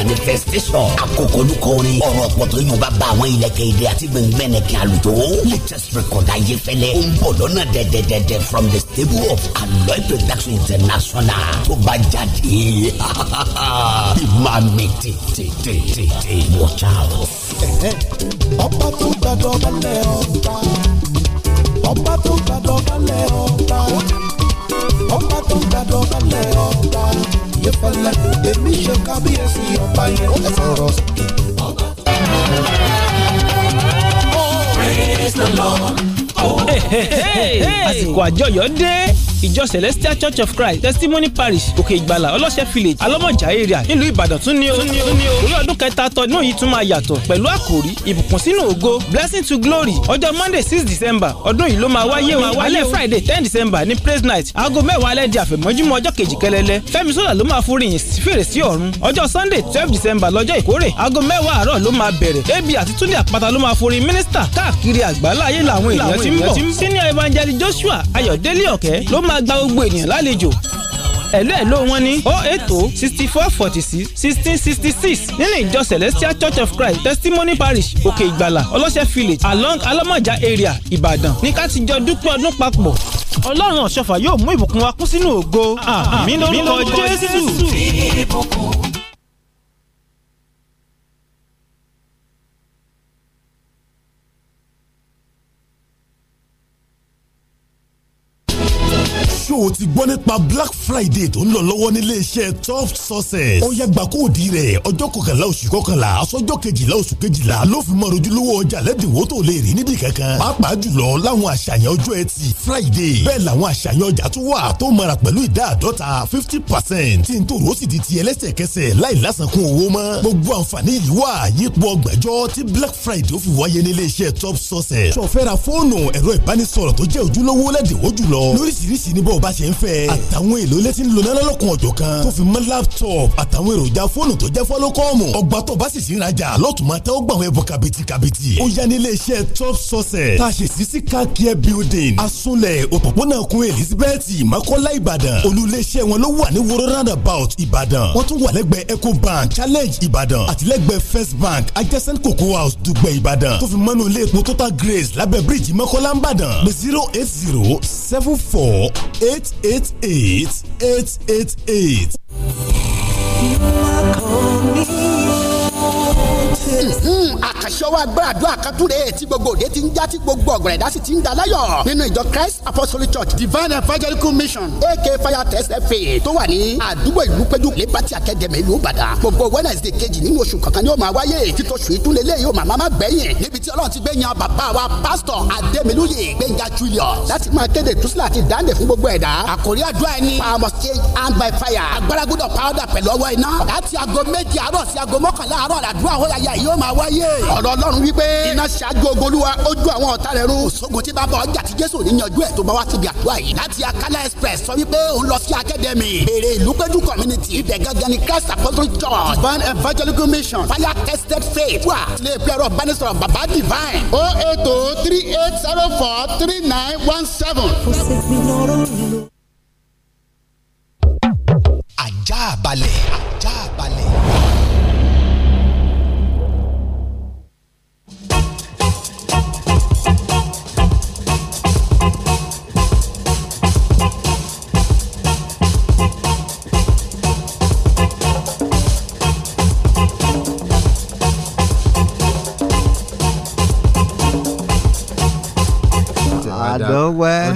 manifestation àkókò olùkọ orin ọ̀rọ̀ ọ̀pọ̀tọ̀ yorùbá bá àwọn ilẹ̀kẹ̀ èdè àti gbẹ̀ngbẹ̀nẹ̀kẹ̀ àlùjọ latest record ayéfẹ́lẹ́ ó ń bọ̀ lọ́nà dẹ̀dẹ̀dẹ̀dẹ̀ from the stable of aloe production international tó bá jáde ìmọ̀ mi tètè watch out. ọba tó gbàdọ̀ balẹ̀ ọba ọba tó gbàdọ̀ balẹ̀ ọba ọba tó gbàdọ̀ balẹ̀ ọba yé fẹlẹ èmi ṣe kábíyèsí ọba yẹn ó lè sọ̀rọ̀ sókè. praise the lord. Oh. àsìkò àjọyọ̀ dé ìjọ celestial church of christ testimony parish òkè ìgbàlà ọlọ́sẹ̀ village alọ́mọjà area nílùú ìbàdàn tún ní o orí ọdún kẹta tọdún yìí tún máa yàtọ̀ pẹ̀lú àkòrí ìbùkún sínú ògo blessing to glory ọjọ́ monday six december ọdún yìí ló máa wáyé o alẹ́ friday ten december ní praise night aago mẹ́wàá alẹ́ di àfẹ̀mọ́júmọ́ ọjọ́ kejì kẹlẹ́lẹ́ fẹ́mi sọ́là ló máa forí yìn fèrèsé ọ̀run ọjọ́ sunday twelve december lọ́jọ́ ìkórè aago mẹ́wàá àárọ̀ ló máa bẹ̀rẹ̀ ab àti túnde àpáta ló máa forí Minister. káàkiri àgbáláyé làwọn èèyàn ti ń bọ̀ senior evangelist joshua ayọ̀délé ọ̀kẹ́ ló m máa gba gbogbo ènìyàn lálejò ẹ̀lú ẹ̀lú wọn ní oh eight oh sixty four forty six sixteen sixty six nínú ìjọ celestial church of christ testimony parish òkè ìgbàlà ọlọ́sẹ̀ village along alámọ̀já area ìbàdàn ní ká ti jọ dúpẹ́ ọdún papọ̀. ọlọ́run ọ̀ṣọ́fà yóò mú ìbùkún wa kún sínú ògo àmín lórúkọ jésù. gbọ́ nípa black friday tó ń lọ lọ́wọ́ nílé iṣẹ́ top success ó yá gbà kó di rẹ̀ ọjọ́ kọkànlá oṣù kọkànlá aṣọ́jọ́ kejìlá oṣù kejìlá ló fi mọ ojúlówó ọjà lẹ́dínwó tó lè rí níbi kankan pàápàá jùlọ láwọn àṣàyàn ọjọ́ ẹtì friday bẹ́ẹ̀ làwọn àṣàyàn ọjà tó wà tó mara pẹ̀lú ìdá àdọ́ta fifty percent tí n tó rò sì di ti ẹlẹ́sẹ̀kẹsẹ̀ láì lásàkún owó mọ́ gbogbo àǹfààní yìí wà yípo ọgbàjọ́ tí black friday ó fi wáyé nílé iṣẹ́ top success ṣọ̀fẹ́ra fóònù ẹ̀rọ ìbánisọ̀rọ̀ tó jẹ́ ojúlówó lẹ́dínwó jùlọ lóríṣiríṣi ní bọ́ọ̀ bá ṣe ń fẹ́ àtàwọn èlò ilé tí lọ́kùn ọ̀jọ̀ kan tó fi mọ́ laptop àtàwọn èròjà fóònù tó jẹ́ fọ́lọ́kọ́ọ̀mù ọgbà tó bá sì sí ìrajà lọ́tùmọ̀ tẹ́ ó gbà wọ́n ẹ̀bùn kàbìtì kàbìtì ó yá ní iṣẹ́ top sources tá a ṣe sí sí kákíẹ́ building asunlẹ̀ òpópónà kun elizabeth makola ìbàdàn olùléeṣẹ́ wọn ló wà ní woro roundabout ìbàdàn wọ́n tún wà lẹ́gbẹ̀ẹ́ ecobank challenge ìbàdàn àtìlẹ́gbẹ̀ẹ́ first bank adjacent cocoa house dùgbẹ̀ ìbàdàn tó fi mọ́nú ilé epo total grace lábẹ́ bíríìjì makola ìbàdàn zero eight zero seven four eight eight. eight eight eight eight eight. Hmm, àkànṣe ọwọ́ agbára àdúrà kan tún rèé tí gbogbo òde ti ń já tí gbogbo ọ̀gbọ̀n ẹ̀dá sì ti ń da láyọ̀ nínú ìjọ Christ Apostolic Church Divine Evangelical Mission AK Fire Test FA tó wà ní àdúgbò ìlú péjú lébàtì akẹ́dẹ̀mí ìlú Ìbàdàn gbogbo Wednesday kejì nínú oṣù kankan ni ó máa wáyé títọ́ oṣù ìtúlẹ̀ lẹ́yìn ó máa má gbẹ̀yìn níbi tí Ọlọ́run ti gbé yan bàbá wa pásítọ̀ Adémilúyè Gbẹ́ngà Julius láti máa kéde ìtúsílẹ̀ àti ìdáǹdè fún gbogbo ẹ̀dá àkórí àdúrà ẹni power must change hand by fire agbára gbọ́dọ̀ pàwọ́dà pẹ̀lú ọwọ́ iná láti aago méje àárọ̀ sí aago mọ́kànlá àárọ̀ àdúrà ó yà yà yóò máa wáyé ọ̀rọ̀ ọlọ́run wípé iná ṣáájú ogoluwa ó ju àwọn ọ̀tá rẹ̀ run òṣogun tí bàbá ọjà ti jésù níyanjú ẹ̀ tó bá wá síbi àdúrà yìí láti akala express sọ wípé òun lọ sí akademi èrè ìlúpẹ́jù community ibẹ̀ gángan ni christ apostolic church born evangelical mission fire tested faith wà sílé ìpè ọ̀rọ̀ bánisọ̀rọ̀ bàbá divine o eight o three eight zero four three nine one seven. ajá balẹ̀ ajá balẹ̀.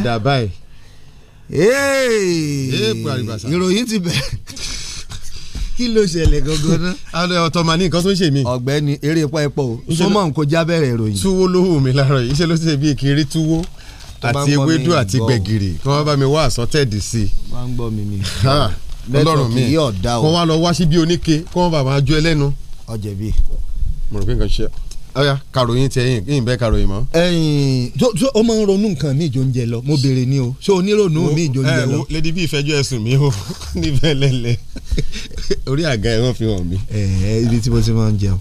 dà báyìí. ìròyìn ti bẹ̀ kí ló ṣẹlẹ̀ gangan náà. alẹ́ ọ̀tọ̀ màá ní nǹkan tó ń ṣe mí. ọ̀gbẹ́ni eré epo epo o sọmọ nǹkan jábẹ̀rẹ̀ ìròyìn. túwó ló wù mí láàárọ̀ yìí iṣẹ́ ló ṣe bí èkìrí túwó àti ewédú àti gbẹ̀gìrì kí wọ́n bá mi wá àsọtẹ́ẹ̀dì sí i. máa ń gbọ́ mi mi. ọlọ́run mi kí wọ́n wá lọ wá síbi oníke kí wọ́n bá máa jó ẹlẹ́nu. ọjẹ̀bi. mo rò pé nǹkan ṣe ọ̀ya kàròyìn tiẹ̀ yìí yìí bẹ́ẹ̀ kàròyìn mọ́. ẹyìn tó o máa ń ronú nǹkan mi ìjó ń jẹ lọ mo béèrè ni o ṣé o nírònú mi ìjó ń jẹ lọ. lady bí ìfẹjọ́ ẹ̀sùn mi o níbẹ̀ lẹ́lẹ̀ orí àga ẹ̀rọ fi hàn mí. ẹ ẹ ibi tí mo ti máa ń jẹun.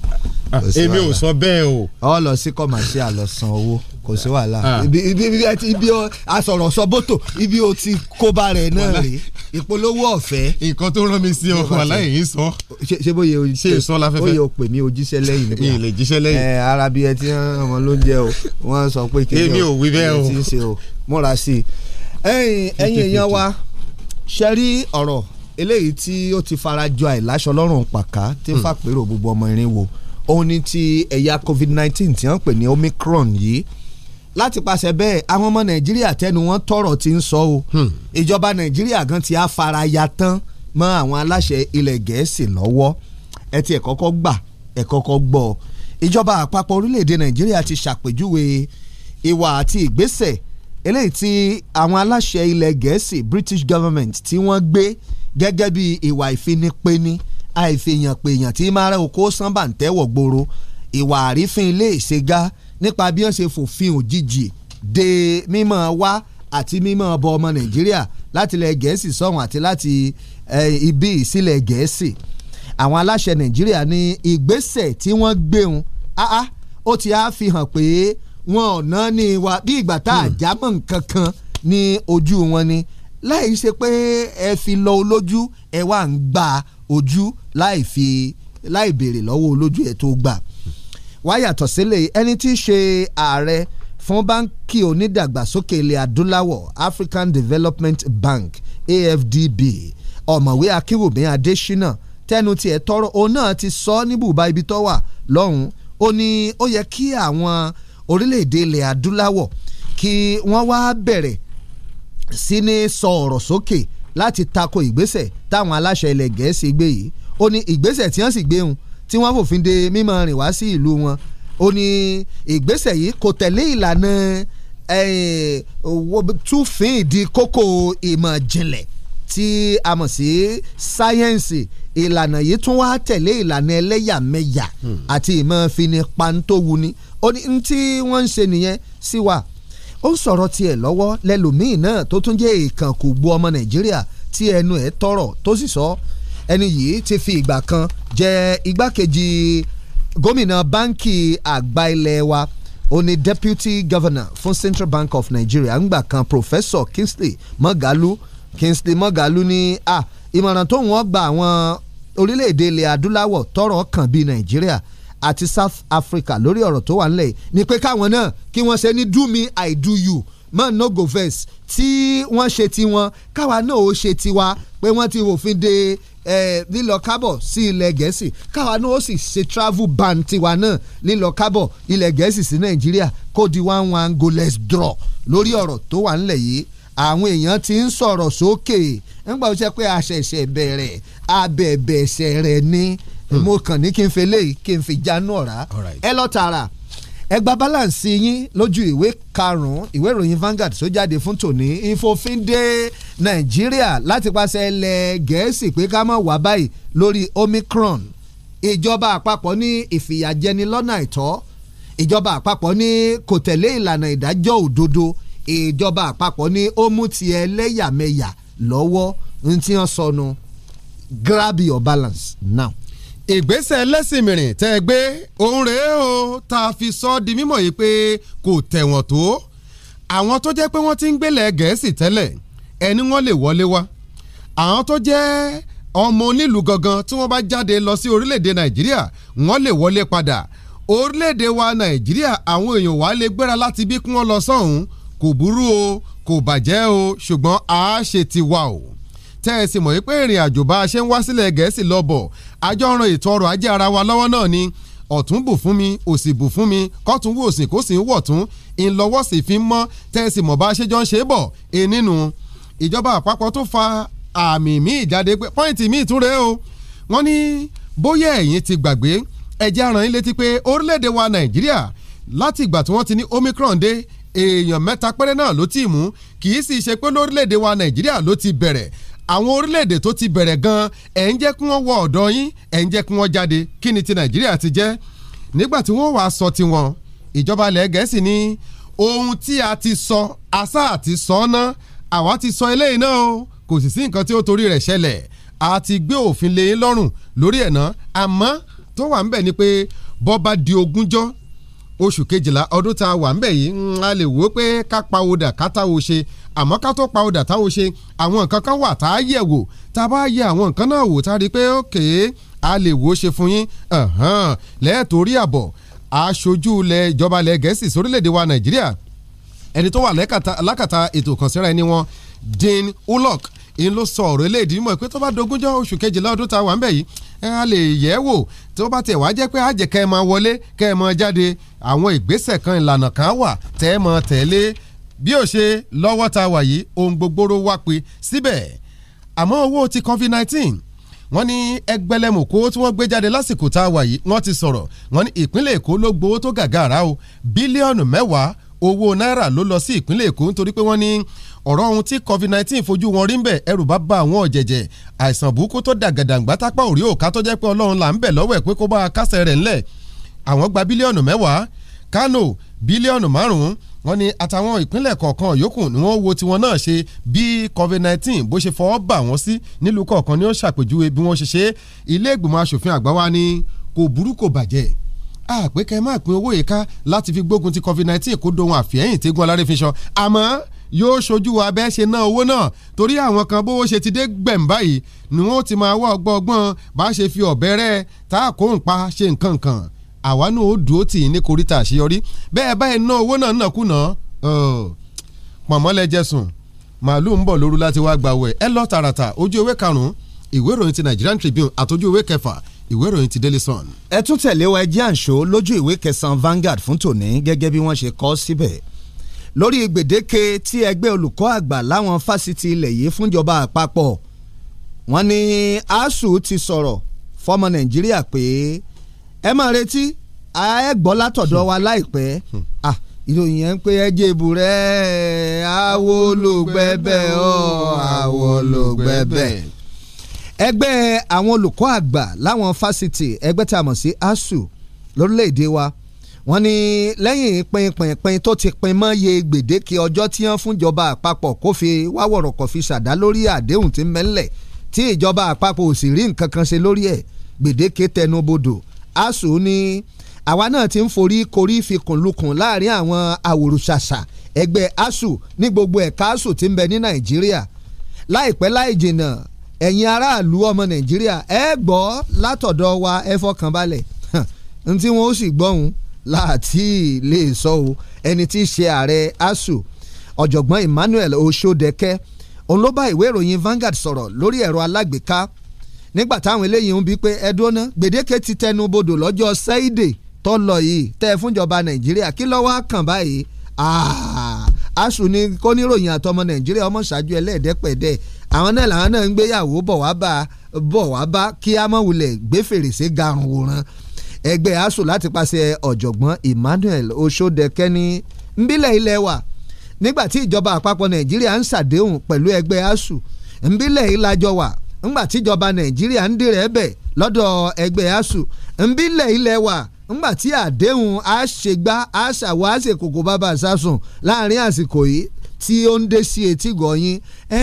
Ah, èmi ò sọ bẹ́ẹ̀ o. ọ lọ sí commercial lọ owó kò sí wàhálà ah. ibi ibi asọ̀rọ̀ sọ bótò ibi o ti kóbá rẹ̀ náà rè ìpolówó ọ̀fẹ́. nǹkan tó rán mi sí ọ wàhálà yìí sọ. ṣé bóyá o ṣe sọ láfẹ́fẹ́ bóyá o pè mí o jíṣẹ́ lẹ́yìn nípa ìyìn lè jíṣẹ́ lẹ́yìn. ẹ ara bíi ẹtí ọmọ ló ń jẹ o wọ́n sọ pé kí ni o èmi ti ń ṣe o múra sí i. ẹ̀yin èèyàn wa ṣe rí ọ̀rọ̀ eléyìí tí ó ti fara jọ àìláṣọ lọ́rùn pàká tí hmm. fàpérò gbogbo ọmọ irin wo òun ni ti ẹ̀yà covid nineteen ti wọ́n pè ní omicron yìí láti pàṣẹ bẹ́ẹ̀ àwọn ọmọ nàìjíríà tẹnu wọn tọrọ ti ń sọ o hmm. ìjọba nàìjíríà gan ti á fara ya tán mọ́ àwọn aláṣẹ ilẹ̀ gẹ̀ẹ́sì lọ́wọ́ ẹ ti ẹ̀ kọ́kọ́ gbà ẹ̀ kọ́kọ́ gbọ́ ìjọba àpapọ̀ orílẹ̀-èdè nàìjíríà ti ṣàpèjúwe ìwà àti ìgbésẹ̀ eléyìí tí àwọn aláṣẹ ilẹ̀ gẹ̀ẹ́sì british government tí wọ́n gbé gẹ́gẹ́ bí ìwà ìfinipeni àìfihàn pèèyàn tí máa rẹ oko sanba ń tẹ́wọ̀ gbòòrò ìwà àrífín ilé ìṣègá e nípa bí wọ́n ṣe fòfin òjijì de mímọ́ wá àti mímọ́ bọ ọmọ nàìjíríà láti ilẹ̀ gẹ̀ẹ́sì sọ̀hún àti láti ibi ìsílẹ̀ gẹ̀ẹ́sì àwọn aláṣẹ nàìjíríà ní ìgbésẹ̀ tí wọ́n gbéhùn áá ó ti á fi hàn pé wọn ò ná ní wa bí ìgbà tá a hmm. já nǹkan kan ní ojú wọn ni láì ṣe pé ẹ fi lọ olójú ẹ wá ń gba ojú láì fi láì béèrè lọ́wọ́ olójú ẹ tó gbà wá yàtọ̀ sílẹ̀ ẹni tí í ṣe ààrẹ fún báńkì onídàgbàsókè ilẹ̀ adúláwọ̀ African Development Bank AFDB ọ̀mọ̀wé Akínwùmí Adésínà tẹnu tiẹ̀ tọrọ òun náà ti sọ níbùbá ibi tó wà lọ́hùn-ún ó ní ó yẹ kí àwọn orílẹ̀-èdè ilẹ̀ adúláwọ̀ kí wọ́n wá bẹ̀rẹ̀ sí ní sọ ọ̀rọ̀ sókè láti tako ìgbésẹ̀ táwọn aláṣẹ ilẹ̀ gẹ̀ẹ́sì gbé yìí ó ní ìgbésẹ̀ tí wọ́n sì gbé hùn tí wọ́n fòfin de mímọ rìn wá sí ìlú wọn ó ní ìgbésẹ̀ yìí kò tẹ̀lé ìlànà eh, túfin ìdí kókó ìmọ̀ jìnlẹ̀ tí a mọ̀ sí sáyẹ́ǹsì ìlànà yìí tún wá tẹ̀lé ìlànà ẹlẹ́yàmẹ̀yà hmm. àti ìmọ̀ fini pantówù ni ó ní tí wọ́n ń ṣe nìyẹn sí wa ó ń sọ̀rọ̀ tiẹ̀ lọ́wọ́ lẹ́lòmíì náà tó tún jẹ́ ìkànkù gbu ọmọ nàìjíríà tí ẹnu ẹ̀ tọrọ tó sì sọ ẹni yìí ti fi ìgbà kan jẹ́ igbákejì gómìnà báǹkì àgbà ilé wa ó ní deputy governor fún Central Bank of Nigeria ńgbà kan professor Kingsley Moghalu Kingsley Moghalu ní ah, ìmọ̀ràn tó wọ́n gba àwọn orílẹ̀-èdè ilẹ̀ adúláwọ̀ tọ́rọ̀ kàn bíi Nàìjíríà àti South Africa lórí ọ̀rọ̀ tó wà nílẹ̀ ni pé káwọn náà kí wọ́n ṣe ní do me I do you man no go vex tí wọ́n ṣe tiwọn káwa náà ó ṣe tiwa pé wọ́n ti wòfin de lílọ kábọ̀ sí ilẹ̀ gẹ̀ẹ́sì káwa náà ó sì ṣe travel ban tiwa náà lílọ kábọ̀ ilẹ̀ gẹ̀ẹ́sì sí nàìjíríà kó di one one goalless draw lórí ọ̀rọ̀ tó wà ńlẹ̀ yìí àwọn èèyàn ti ń sọ̀rọ̀ sókè nígbà tó ṣe pé àṣẹ̀ṣẹ̀ bẹ̀rẹ̀ abẹ̀bẹ̀ṣẹ̀ rẹ̀ ni hmm. mo kàn ní kí n fi léyìí kí n fi jáná ọ̀rá ẹ lọ tààrà ẹ balance yín lójú ìwé karùn ìwé ìròyìn Vanguard tó jáde fún tòní ìfòfin Nàìjíríà láti pàṣẹ ilẹ̀ Gẹ̀ẹ́sì pé ká má wà báyìí lórí Omicron ìjọba àpapọ̀ ní ìfìyàjẹni lọ́nà àìtọ́ ìjọba àpapọ̀ ní kò tẹ̀lé ìlànà ìdájọ́ òdodo ìjọba àpapọ̀ ní ó mú ti ẹlẹ́yàmẹ̀yà lọ́wọ́ ní wọ́n sọnù grab your balance now ìgbésẹ̀ ẹlẹ́sìn mìrìn tẹ́ ẹ gbé òun rèé o tá a fi sọ di mímọ̀ yìí pé kò tẹ̀wọ̀n tó àwọn tó jẹ́ pé wọ́n ti ń gbélé gẹ̀ẹ́sì tẹ́lẹ̀ ẹni wọ́n lè wọlé wá àwọn tó jẹ́ ọmọ onílùú gangan tí wọ́n bá jáde lọ sí orílẹ̀-èdè nàìjíríà wọ́n lè wọlé padà orílẹ̀-èdè wa nàìjíríà àwọn èèyàn wa lè gbéra láti bí kí wọ́n lọ sọ́hún kò burú o kò bàjẹ́ o ṣùgbọ́n a ṣe ti wa o tẹ́ ẹ sì mọ̀ pé ìrìn àjò bá a ṣe ń wá sílẹ̀ gẹ̀ẹ́sì lọ́bọ̀ àjọ ran ètò ọrọ̀ ajé ara wa lọ́wọ́ náà ni ọ̀tún bù fún mi òsì bù fún mi kọ́tún wò òsì kó sì ń wọ̀ tún ìlọ́wọ́ sì fi mọ́ tẹ́ ẹ sì mọ̀ bá a ṣe jọ ń ṣe bọ̀ e nínú ìjọba àpapọ̀ tó fa àmì míì jáde pé pọ́ìntì míì tún rèé o wọ́n ní bóyá ẹ̀yin ti gbàgbé ẹ̀jẹ̀ aràn yín wa nàìjíríà láti ìgbà tí wọ́n ti ní omicron dé èèyàn mẹ́ta péré náà ló ti mú kì í sì ṣe pé lórílẹ̀-èdè wa nàìjíríà ló ti bẹ̀rẹ̀ àwọn orílẹ̀-èdè tó ti bẹ̀rẹ̀ gan ẹ̀ ń jẹ́ kí wọ́n wọ ọ̀dọ̀ yín ẹ̀ ń jẹ́ kí wọ́n jáde kí ni ti nàìjíríà ti jẹ́ nígbà tí wọ́n wàá sọ tiwọn ìjọba ilẹ̀ gẹ̀ẹ́sì ní ohun tí a ti sọ asá àti sọ ọ́ náà àwa ti sọ eléyìí náà o kò sì sí nǹkan tí ó torí rẹ̀ ṣẹlẹ̀ a ti gbé òfin lé yín lọ́rùn lórí ẹ̀ náà àmọ́ tó wà ń bẹ̀ ni pé bọ́ bá di ogúnjọ́ oṣù kejìlá ọdún tá a wà ńbẹ̀ yìí mm, a lè wò ó pé ká pa odà ká táwo ṣe àmọ́ ká tó pa odà táwo ṣe àwọn nǹkan kan wà tá a yẹ̀ wò tá a bá yẹ̀ àwọn nǹkan náà wò tá a rí i pé ókè a lè wò ó ṣe fún yín lẹ́ẹ̀torí àbọ̀ aṣojú ilẹ̀ ìjọba ilẹ̀ gẹ̀ẹ́sì sórílẹ̀‐èdè wa nàìjíríà ẹni tó wà lákàtà ètò ìkànsíra ẹni wọn Dean Ulloch ń ló sọ ọ̀rọ̀ eléyìí mọ̀ pé tó bá dogúnjọ́ oṣù kejìlá ọdún tá a wà ń bẹ̀ yìí a lè yẹ̀ ẹ́ wò tó bá tẹ̀ wá jẹ́ pé àjẹ́ kẹ́ ẹ máa wọlé kẹ́ ẹ máa jáde àwọn ìgbésẹ̀ kan ìlànà kan wà tẹ́ ẹ máa tẹ̀lé bí ó ṣe lọ́wọ́ tá a wà yìí ohun gbogboro wá pe síbẹ̀ àmọ́ owó ti covid nineteen wọ́n ní ẹgbẹ̀lẹ́mùkó tí wọ́n gbé jáde lásìkò tá a wà yìí wọ́n ti sọ̀rọ̀ wọ́n ní ìpínlẹ̀ èkó ló gbowó tó gàgàrà o bílíọ̀nù mẹ́wàá owó náírà ló lọ sí ìpínlẹ̀ èkó nítorí pé wọ́n ní ọ̀rọ̀ ohun tí covid-19 fojú wọn rí ń bẹ̀ ẹrù bá bá àwọn ọ̀jẹ̀jẹ̀ àìsàn burúkú tó dàgàdàgbà tápá òrí òka tó jẹ́ pé ọlọ́run là ń bẹ̀ lọ́wọ́ ẹ̀ pé kó bá a kásẹ̀ rẹ̀ ńlẹ̀ àwọn gba bílíọ̀nù mẹ́wàá Kano bílíọ̀nù márùn-ún wọn ni àtàwọn ìpínlẹ̀ kọ̀ọ̀kan yòókù ni wọ́n wo tiwọn náà ṣe bí covid-19 bó ṣe fọwọ́ bà wọ́n sí nílùú kọ̀ọ̀kan ni ó ṣàpèjúwe bí wọ́n ṣe ṣe ilé ìgbìmọ̀ asòfin àgbà wa ni kò burú kò bàjẹ́ àpékẹ́ máa pín owó yìí ká láti fi gbógun ti covid-19 kó dohun àfihẹ́yìn tí gun alárẹ́fiṣan àmọ́ yóò ṣojú wa bẹ́ẹ̀ ṣe ná owó náà torí àwọn kan bówó ṣe ti dé gbẹ̀m báyìí ni wọ́n ti máa wá ọgbọ́n ọgbọ́n bá ṣe fi ọ̀bẹ rẹ́ tá a kó ń pa ṣe nǹkan kan àwa náà ó dúró tì í ní koríta àṣeyọrí bẹ́ẹ̀ báyìí ná owó náà nàkúnà oh, pọ̀nmọ́lẹ́jẹ̀ sùn màálù ń bọ̀ lóru láti wá gba owó ẹ lọ tààràtà ojú ewé karùn-ún ìwé ìròyìn ti Nigerian Tribune àtọ́jú ewé kẹfà ìwé ìròyìn ti Daily Sun. ẹ tún tẹ̀lé wa ẹ jẹ́ àǹṣó lójú ìwé kẹsàn-án Vanguard fún tòní gẹ́gẹ́ bí wọ́n ṣe kọ síbẹ̀ lórí gbèdéke tí ẹgbẹ́ olùkọ́ àgbà láwọn fásitì ilẹ̀ yìí fúnjọba àpapọ̀ wọ́n ní asu ti sọ̀rọ̀ fọmọ nàìjíríà pé ẹ máa retí ẹ gbọ́ látọ̀dọ̀ wa láìpẹ́ ah ìròyìn yẹn ń pé ẹjẹ ìbò rẹ àwọ olùgbẹbẹ ọ àwọ olùgbẹbẹ ẹgbẹ́ àwọn olùkọ́ àgbà láwọn fásitì ẹgbẹ́ tá a mọ̀ sí asuu lórílẹ̀‐èdè wa wọ́n ní lẹ́yìn pinpinpin tó ti pin mọ́ iye gbèdéke ọjọ́ tí wọ́n fúnjọba àpapọ̀ kó fi wáwọ̀rọ̀ kọ̀ fi ṣàdá lórí àdéhùn tí mẹ́lẹ̀ tí ìjọba àpapọ̀ ò sì rí nǹkan kan ṣe lórí ẹ̀ gbèdéke tẹnubodò asuu ni àwa náà ti ń forí korí fikùn lukùn láàrin àwọn àwòrúṣàṣà ẹgbẹ́ asuu ní gbogbo ẹ̀ka asuu tí ń bẹ ní nàìjíríà láìpẹ́ láì jìnnà ẹ̀yin aráàlú ọmọ nàìjíríà ẹ gbọ́ látọ̀dọ̀ wa ẹ fọkànbalẹ̀ ntí wọn ó sì gbọ́hùn láti lè sọ o ẹni tí í ṣe ààrẹ ASUU ọ̀jọ̀gbọ́n Emmanuel Oṣodẹkẹ́ òun ló bá ìwé ìròyìn Vanguard sọ̀rọ̀ lórí ẹ̀rọ alágbèéká nígbà táwọn eléyìí ń bi pé ẹdúná gbèdéke ti tẹnu bodò lọ́jọ́ sẹ́ìdè tó lọ yìí tẹ́ ẹ fúnjọba Nàìjíríà kí ló wá kàn báyìí ASUU ni kóníròyìn àtọmọ Nàìjíríà ọmọ ṣáájú ẹlẹ́ẹ̀dẹ́pẹ̀dẹ́ àwọn náà làwọn náà ń gbéyàwó bọ̀ wá bá kí á gbé fèrèsé garun wòran ẹgbẹ́ asuu láti paṣẹ ọ̀jọ̀gbọ́n Emmanuel Oṣodeke ní nbílẹ̀ ilẹ̀ wa nígbà tí ìjọba àpapọ̀ Nàìjíríà ń ṣàdéhùn pẹ̀lú ẹgbẹ́ asuu nbílẹ̀ ìlàjọ wa ńgbà tíjọba Nàìjíríà ń dèrè ẹ̀bẹ̀ lọ́dọ̀ ẹgbẹ́ asuu nbílẹ̀ ilẹ̀ wa ńgbà tí àdéhùn àṣegbá àṣàwọ̀ àṣekòkò bàbá àṣàsùn láàrin àsìkò yìí tí ó ń dé sí etí gọ̀ọ́yìn ẹ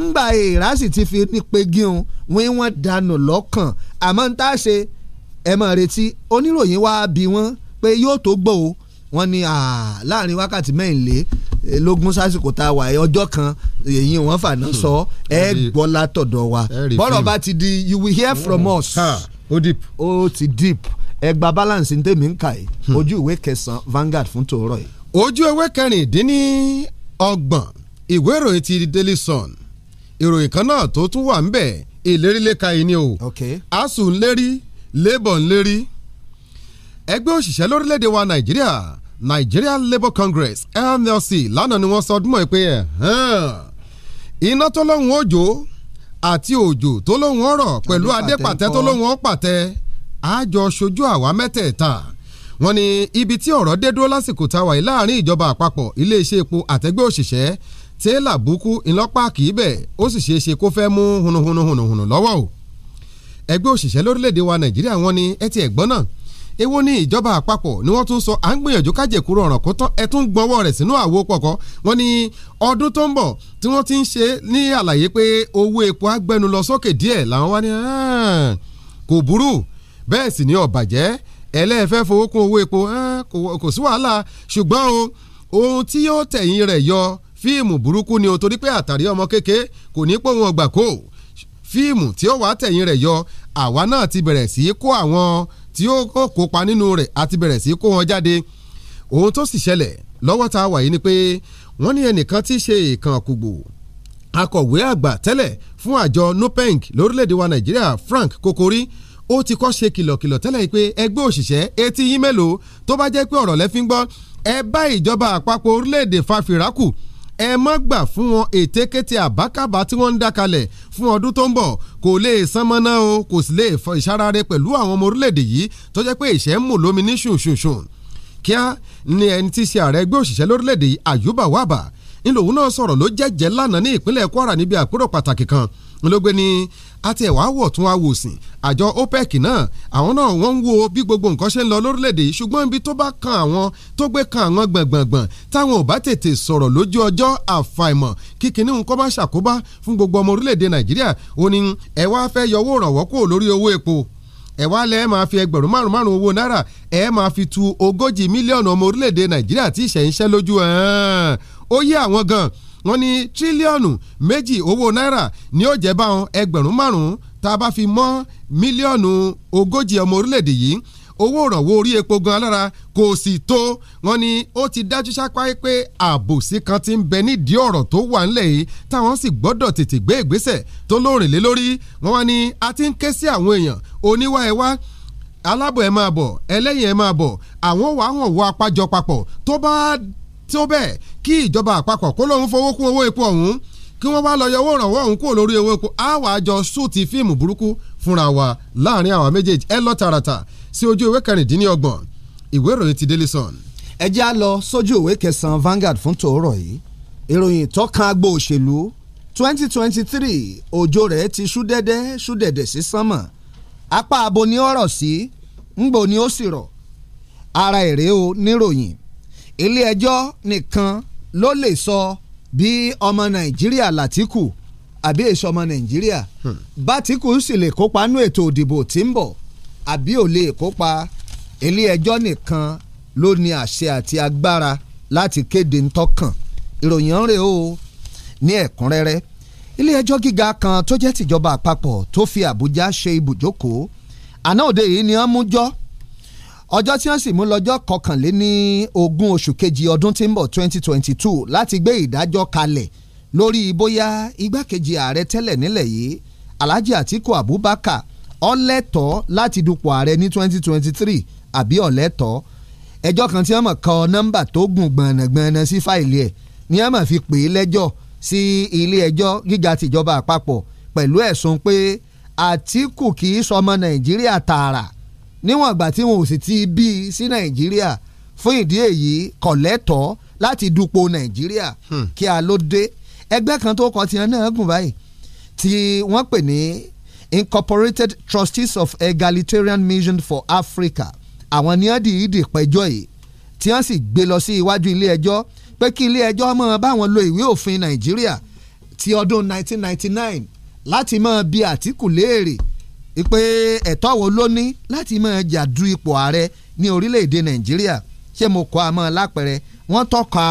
ńgbà èrà sì ti fi ní pé gíun dànù lọ́kàn àmọ́ ń tá a ṣe ẹ máa retí oníròyìn wá bí wọ́n pé yóò tó gbọ́ o wọ́n ní láàrin wákàtí mẹ́rìnlélógún sásìkò tá a wà ọjọ́ kan èyí wọ́n fàná hmm. sọ ẹ gbọ́ látọ̀dọ̀ wa bọ́rọ̀ bá ti di you will hear from hmm. us ó deep ó ti deep ẹ gba balance ní tèmi ń kà yìí hmm. ojú ìwé kẹsàn-án Vanguard fún tòórọ́ yìí. ojú ewé kẹrìndínní ọgbọ̀n ìwé ìròyìn ti Daily Sun ìròyìn kan náà tó tún wà ń bẹ̀ ìlérí lẹ́ka yìí ni o. okay. asùn lérí labour ń lérí ẹgbẹ́ òṣìṣẹ́ lórílẹ̀‐èdè wa nàìjíríà Nigeria Labour Congress NLC lánàá ni wọ́n sọ ọdún mọ́ ẹ pé iná tó lóhùn òjò àti òjò tó lóhùn ọ̀rọ̀ pẹ̀lú adépàtẹ tó lóhùn ọ̀pàtẹ àjọ ṣojú àwa mẹ́tẹ̀ẹ̀ta wọ́n ní ibi tí ọ̀rọ̀ dé dúró lásìkò táwa yìí láàrin ìjọba àpapọ̀ iléeṣẹ́ epo àtẹgbẹ́ òṣìṣẹ́ tẹ́lá búkú ńlọ́pàá kìí bẹ̀ ó sì ṣeé ṣe kó fẹ́ mú hunuhunuhunuhunu lọ́wọ́ o ẹgbẹ́ òṣìṣẹ́ lórílẹ̀‐èdè wa nàìjíríà wọ́n ní ẹ ti ẹ̀gbọ́n náà èwo ni ìjọba àpapọ̀ ni wọ́n tún sọ à ń gbìyànjú kájẹ̀kúrò ọ̀ràn kó tán ẹ tún gbọ́wọ́ rẹ̀ sínú àwo pọ̀kọ́ wọ́n ní ọdún tó ń bọ̀ tí wọ́n ti ń ṣe ní àlàyé pé owó epo á lọ sókè díẹ̀ làwọn wá ní kò burú bẹ́ẹ̀ sì ni ọ̀bàjẹ́ ẹlẹ́ẹ̀fẹ́ fowó kún owó epo kò sí wàhálà ṣùgbọ́n o ohun tí yóò tẹ̀yìn rẹ̀ yọ fíìmù burúkú ni o torí pé àtàrí ọmọ kékeré kò ní pòun ọgbà kó fíìmù tí ó wà tẹ̀yìn rẹ̀ yọ àwa náà ti bẹ̀rẹ̀ sí í kó àwọn tí ó kópa nínú rẹ̀ àti bẹ̀rẹ̀ sí í kó wọn jáde ohun tó sì ṣẹlẹ̀ lọ́wọ́ tá a wà yìí ni pé wọ́n ní ẹnìkan tí í ṣe ìkàn àkùgbò akọ̀wé àgbà tẹ́lẹ̀ fún àjọ NUPENG lórílẹ̀‐èdè wa Nàìjíríà Frank Kokori ó ti kọ́ ṣe kìlọ̀kìlọ̀ tẹ́lẹ̀ pé ẹgbẹ́ òṣìṣẹ́ etí yín mélòó tó bá jẹ́ pé ọ̀rọ̀ lẹ́fín gbọ́ ẹ bá ìjọba àpapọ̀ orílẹ̀‐èdè fàfiràkù ẹ má gbà fún wọn ètekéte àbákàbá tí wọ́n ń dá kalẹ̀ fún ọdún tó ń bọ̀ kò lè san mọ́ná o kò sì lè fọ ìṣarare pẹ̀lú àwọn ọmọ orílẹ̀-èdè yìí tó jẹ́ pé ìṣẹ́ ń mú lómi ní ṣùnṣùnṣùn kíá ni ẹni tí í ṣe ààrẹ ẹgbẹ́ òṣìṣẹ́ lórílẹ̀-èdè Àyùbá Wàbà ńlòun náà sọ̀rọ̀ ló jẹ́jẹ́ lánàá ní ìpínlẹ̀ Kwara níbi àpérò pàtàkì kan olóògbé ni àti ẹ̀wà wọ̀ tún wá wò sìn àjọ OPEC náà àwọn náà wọ́n ń wo bí gbogbo nǹkan ṣe ń lọ lórílẹ̀‐èdè yìí ṣùgbọ́n ibi tó bá kan àwọn tó gbé kan àwọn gbọ̀ngbọ̀ngbọ̀n táwọn ò bá tètè sọ̀rọ̀ lójú ọjọ́ àfàìmọ̀ kíkiní nǹkan bá ṣàkóbá fún gbogbo ọmọ orílẹ̀‐èdè Nàìjíríà ó ní ẹ wá fẹ́ yọwọ́ ìrànwọ́ kúrò lórí owó epo ẹ wá lẹ́ẹ̀ máa fi ẹgbẹ̀rún márùn márùn owó náírà ẹ máa fi tu ogójì mílíọ̀nù ọmọ orílẹ̀‐èdè Nàìjíríà tí ìṣẹ̀yìnṣẹ́ lójú ẹ̀ẹ́n ó yé àwọn gan-an wọ́n ní tírílíọ̀nù méjì owó náírà ni ó jẹ́ báwọn ẹgbẹ̀rún márùn-ún tá a bá fi mọ́ mílíọ̀nù ogójì ọmọ orílẹ̀-èdè yìí owó òrànwó orí epo gan alára kò sì tó wọ́n ní ó ti dájú sápá pé àbòsí kan ti ń bẹ nídìí ọ̀rọ̀ tó wà ńlẹ̀ yìí táwọn sì gbọ́dọ̀ tètè gbé ìgbésẹ̀ tó lóòrìn lé lórí wọ́n wá ní a ti ń ké sí àwọn èèyàn oníwà ẹwà alábọ̀ ẹ̀ máa bọ̀ ẹlẹ́yìn ẹ̀ máa bọ̀ àwọn wàá hàn wọ apájọ papọ̀ tó bá tí ó bẹ́ẹ̀ kí ìjọba àpapọ̀ kó lóun fowó kún owó epo ọ̀hún kí wọ́n wá lọ yọ owó ọ̀hún kúrò lórí owó epo á wàá jọ fíìmù burúkú fúnra wa láàrin àwa méjèèjì ẹ lọ tààràtà sí ojú ìwé kẹrìndínlọ́gbọ̀n ìwé ìròyìn ti Daily Sun. ẹ já lọ sójú ìwé kẹsàn-án Vanguard fún tòórọ̀ yìí ìròyìn tọ́kan agbo òṣèlú 2023 òjò rẹ̀ ti ṣú dẹ́dẹ́ ṣú dẹ̀dẹ̀ sí sánmọ̀ apá abo ni ó sí ńgbò ni ó sì rọ̀ ara èrè o níròyìn ilé ẹjọ́ nìkan ló lè sọ bí ọmọ nàìjíríà làtìkù àbí èso ọmọ nàìjíríà hmm. bátìkù sì lè kópa nú ètò òdìbò tí ń bọ̀ àbí ò lè kópa ilé ẹjọ́ nìkan ló ní àṣẹ àti agbára láti kéde ntọ́kàn ìròyìn ọ̀rẹ́ o ní ẹ̀kúnrẹ́rẹ́ ilé ẹjọ́ gíga kan tó jẹ́ tìjọba àpapọ̀ tó fi àbújá ṣe ibùjókòó àná òde yìí ni wọ́n mú jọ́ ọjọ́ tí wọ́n sì mú lọ́jọ́ kọkànléní ogún oṣù kejì ọdún tí ń bọ̀ twenty twenty two láti gbé ìdájọ́ kalẹ̀ lórí bóyá igbákejì ààrẹ tẹ́lẹ̀ nílẹ̀ yìí Alhaji Atiku Abubakar ọlẹ́tọ̀ọ́ láti dupò ààrẹ ní twenty twenty three àbí ọ̀lẹ́tọ̀ọ́ ẹjọ́ kan tí wọ́n mọ̀ kọ nọ́mbà tó gùn gbọ̀nàgbọ̀nà sí fáìlì ẹ̀ ni wọ́n mọ̀ fi pè é lẹ́jọ́ sí ilé ẹjọ́ gíga tìjọba àpapọ̀ pẹ̀lú ẹ̀sùn pé Àtíkù kì í sọmọ Nàìjíríà tààrà níwọ̀n ìgbà tí wọn ò sì ti bí i sí nàìjíríà fún ìdí èyí kò lẹ́tọ̀ọ́ láti dupò nàìjíríà hmm. kí a ló dé ẹgbẹ́ kan tó kọ tiẹ̀ náà gùn báyìí tí wọ́n pè ní Incorporated Trustees of Egalitarian Mission for Africa àwọn ni wọ́n di ìdè pẹ́jọ́ yìí tí wọ́n sì gbé lọ sí iwájú ilé ẹjọ́ pé kí ilé ẹjọ́ máa báwọn lo ìwé òfin nàìjíríà ti ọdún 1999 láti máa bi Àtíkù léèrè pé ẹ̀tọ́ wo ló ní láti máa jà du ipò ààrẹ ní orílẹ̀-èdè nàìjíríà ṣé mo kọ́ àmọ́ lápẹ̀rẹ̀ wọ́n tọ́ka